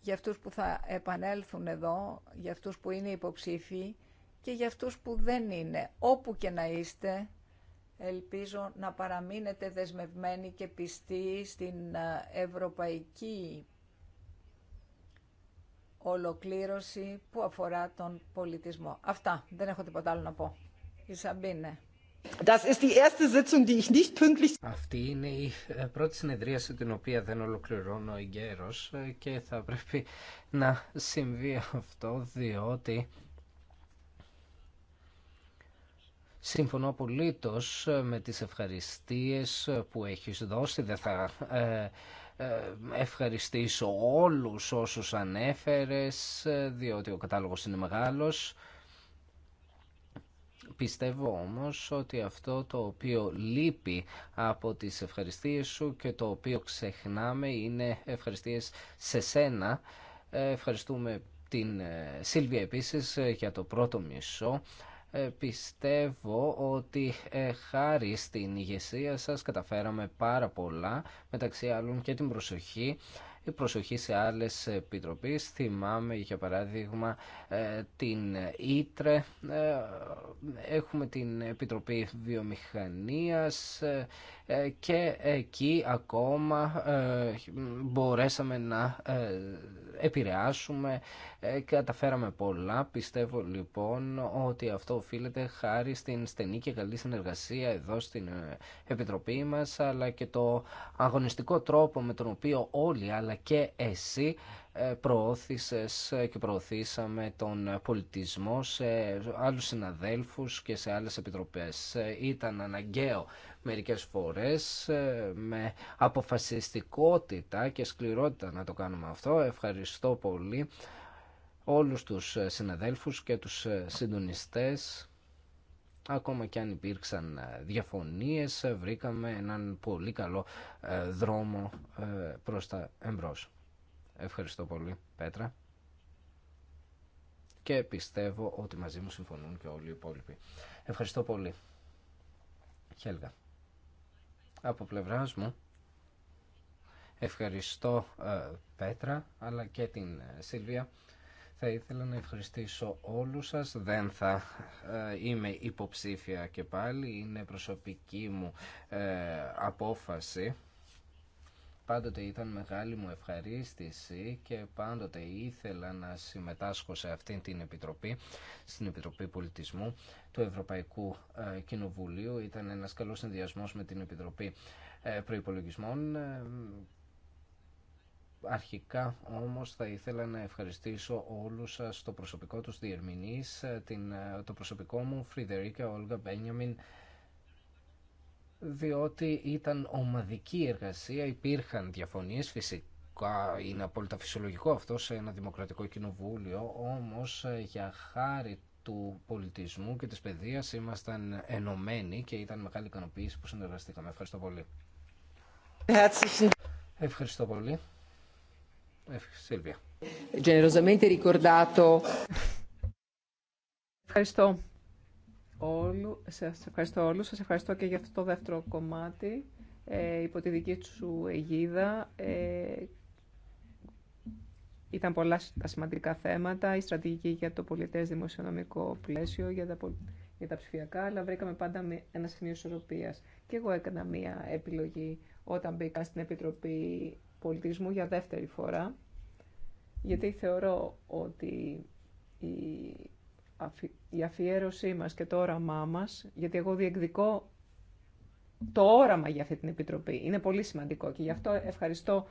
για αυτούς που θα επανέλθουν εδώ, για αυτούς που είναι υποψήφοι και για αυτούς που δεν είναι. Όπου και να είστε, Ελπίζω να παραμείνετε δεσμευμένοι και πιστοί στην ε, ευρωπαϊκή ολοκλήρωση που αφορά τον πολιτισμό. Αυτά. Δεν έχω τίποτα άλλο να πω. Η Σαμπίνε. Αυτή είναι η ε, πρώτη συνεδρίαση την οποία δεν ολοκληρώνω εγκαίρως ε, και θα πρέπει να συμβεί αυτό διότι Συμφωνώ απολύτω ε, με τις ευχαριστίες ε, που έχεις δώσει. Δεν θα ε, ευχαριστήσω όλους όσους ανέφερες, διότι ο κατάλογος είναι μεγάλος. Πιστεύω όμως ότι αυτό το οποίο λείπει από τις ευχαριστίες σου και το οποίο ξεχνάμε είναι ευχαριστίες σε σένα. Ευχαριστούμε την Σίλβια επίσης για το πρώτο μισό ε, πιστεύω ότι ε, χάρη στην ηγεσία σας καταφέραμε πάρα πολλά, μεταξύ άλλων και την προσοχή η προσοχή σε άλλες επιτροπές. Θυμάμαι για παράδειγμα ε, την Ήτρε, έχουμε την Επιτροπή Βιομηχανίας, ε, και εκεί ακόμα ε, μπορέσαμε να ε, επηρεάσουμε, καταφέραμε πολλά. Πιστεύω λοιπόν ότι αυτό οφείλεται χάρη στην στενή και καλή συνεργασία εδώ στην Επιτροπή μας, αλλά και το αγωνιστικό τρόπο με τον οποίο όλοι, αλλά και εσύ, προώθησες και προωθήσαμε τον πολιτισμό σε άλλους συναδέλφους και σε άλλες επιτροπές. Ήταν αναγκαίο μερικές φορές ε, με αποφασιστικότητα και σκληρότητα να το κάνουμε αυτό. Ευχαριστώ πολύ όλους τους ε, συναδέλφους και τους ε, συντονιστές ακόμα και αν υπήρξαν διαφωνίες βρήκαμε έναν πολύ καλό δρόμο προς τα εμπρός. Ευχαριστώ πολύ Πέτρα και πιστεύω ότι μαζί μου συμφωνούν και όλοι οι υπόλοιποι. Ευχαριστώ πολύ. Χέλγα από πλευράς μου. Ευχαριστώ ε, Πέτρα αλλά και την ε, Σίλβια. Θα ήθελα να ευχαριστήσω όλους σας. Δεν θα ε, είμαι υποψήφια και πάλι. Είναι προσωπική μου απόφαση Πάντοτε ήταν μεγάλη μου ευχαρίστηση και πάντοτε ήθελα να συμμετάσχω σε αυτήν την Επιτροπή, στην Επιτροπή Πολιτισμού του Ευρωπαϊκού ε, Κοινοβουλίου. Ήταν ένας καλός συνδυασμός με την Επιτροπή ε, Προϋπολογισμών. Ε, αρχικά όμως θα ήθελα να ευχαριστήσω όλους σας, το προσωπικό τους διερμηνείς, το προσωπικό μου Φριδερίκα Όλγα Μπένιαμιν, διότι ήταν ομαδική εργασία, υπήρχαν διαφωνίες φυσικά, είναι απόλυτα φυσιολογικό αυτό σε ένα δημοκρατικό κοινοβούλιο, όμως ε, για χάρη του πολιτισμού και της παιδείας ήμασταν ενωμένοι και ήταν μεγάλη ικανοποίηση που συνεργαστήκαμε. Ευχαριστώ πολύ. Ευχαριστώ πολύ. Σίλβια. Generosamente ricordato. Ευχαριστώ όλου, σας ευχαριστώ όλους, σας ευχαριστώ και για αυτό το δεύτερο κομμάτι ε, υπό τη δική σου αιγίδα. Ε, ήταν πολλά τα σημαντικά θέματα, η στρατηγική για το πολιτές δημοσιονομικό πλαίσιο, για τα, για τα ψηφιακά, αλλά βρήκαμε πάντα ένα σημείο ισορροπίας. Και εγώ έκανα μία επιλογή όταν μπήκα στην Επιτροπή Πολιτισμού για δεύτερη φορά, γιατί θεωρώ ότι η η αφιέρωσή μας και το όραμά μας, γιατί εγώ διεκδικώ το όραμα για αυτή την Επιτροπή. Είναι πολύ σημαντικό και γι' αυτό ευχαριστώ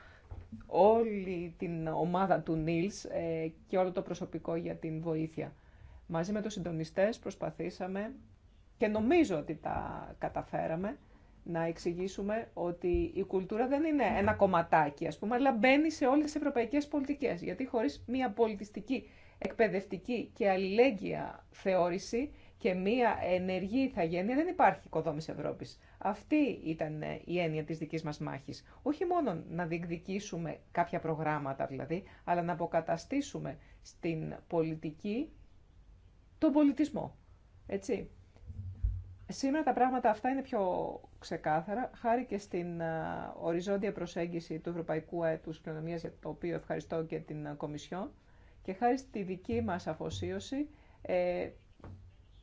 όλη την ομάδα του Νίλς ε, και όλο το προσωπικό για την βοήθεια. Μαζί με τους συντονιστές προσπαθήσαμε και νομίζω ότι τα καταφέραμε να εξηγήσουμε ότι η κουλτούρα δεν είναι ένα κομματάκι, ας πούμε, αλλά μπαίνει σε όλες τις ευρωπαϊκές πολιτικές, γιατί χωρίς μια πολιτιστική εκπαιδευτική και αλληλέγγυα θεώρηση και μία ενεργή ηθαγένεια δεν υπάρχει οικοδόμης Ευρώπης. Αυτή ήταν ε, η έννοια της δικής μας μάχης. Όχι μόνο να διεκδικήσουμε κάποια προγράμματα δηλαδή, αλλά να αποκαταστήσουμε στην πολιτική τον πολιτισμό. Έτσι. Σήμερα τα πράγματα αυτά είναι πιο ξεκάθαρα, χάρη και στην ε, οριζόντια προσέγγιση του Ευρωπαϊκού Έτους Κοινωνίας, για το οποίο ευχαριστώ και την ε, Κομισιόν, και χάρη στη δική μας αφοσίωση ε,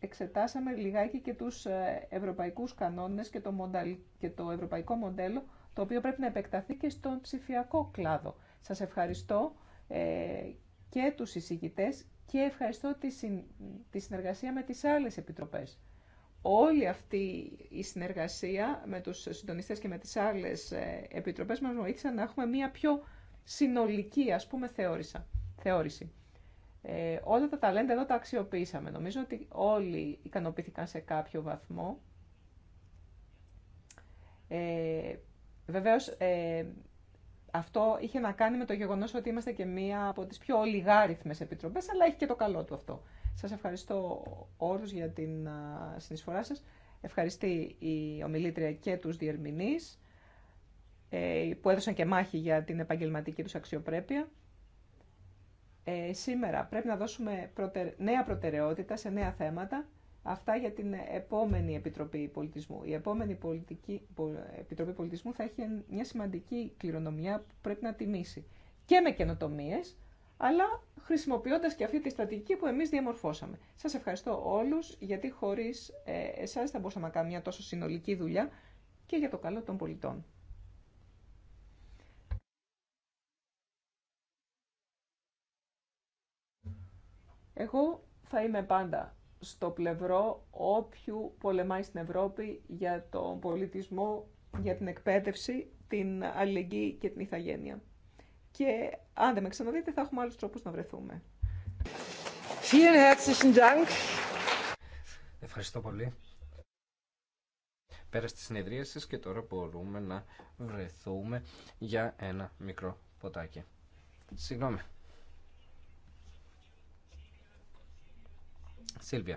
εξετάσαμε λιγάκι και τους ε, ευρωπαϊκούς κανόνες και το, και το ευρωπαϊκό μοντέλο, το οποίο πρέπει να επεκταθεί και στον ψηφιακό κλάδο. Σας ευχαριστώ ε, και τους εισηγητές και ευχαριστώ τη, τη συνεργασία με τις άλλες επιτροπές. Όλη αυτή η συνεργασία με τους συντονιστές και με τις άλλες ε, επιτροπές μας βοήθησαν να έχουμε μία πιο συνολική, ας πούμε, θεώρησα θεώρηση. Ε, όλα τα ταλέντα εδώ τα αξιοποίησαμε. Νομίζω ότι όλοι ικανοποιήθηκαν σε κάποιο βαθμό. Ε, βεβαίως, ε, αυτό είχε να κάνει με το γεγονός ότι είμαστε και μία από τις πιο ολιγάριθμες επιτροπές, αλλά έχει και το καλό του αυτό. Σας ευχαριστώ όλους για την συνεισφορά σας. Ευχαριστεί η ομιλήτρια και τους διερμηνείς ε, που έδωσαν και μάχη για την επαγγελματική τους αξιοπρέπεια. Ε, σήμερα πρέπει να δώσουμε νέα προτεραιότητα σε νέα θέματα. Αυτά για την επόμενη Επιτροπή Πολιτισμού. Η επόμενη πολιτική... Επιτροπή Πολιτισμού θα έχει μια σημαντική κληρονομιά που πρέπει να τιμήσει. Και με καινοτομίε, αλλά χρησιμοποιώντας και αυτή τη στρατηγική που εμείς διαμορφώσαμε. Σας ευχαριστώ όλους, γιατί χωρίς ε, εσάς θα μπορούσαμε να κάνουμε μια τόσο συνολική δουλειά και για το καλό των πολιτών. Εγώ θα είμαι πάντα στο πλευρό όποιου πολεμάει στην Ευρώπη για τον πολιτισμό, για την εκπαίδευση, την αλληλεγγύη και την ηθαγένεια. Και αν δεν με ξαναδείτε θα έχουμε άλλους τρόπους να βρεθούμε. Ευχαριστώ πολύ. Πέρα στη συνεδρία και τώρα μπορούμε να βρεθούμε για ένα μικρό ποτάκι. Συγγνώμη. Silvia.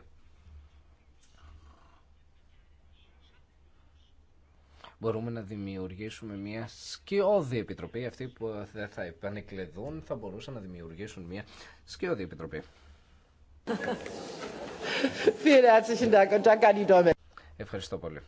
μπορούμε να δημιουργήσουμε μια σκιώδη επιτροπή. Αυτοί που δεν θα επανεκλεδούν θα μπορούσαν να δημιουργήσουν μια σκιώδη επιτροπή. Ευχαριστώ πολύ.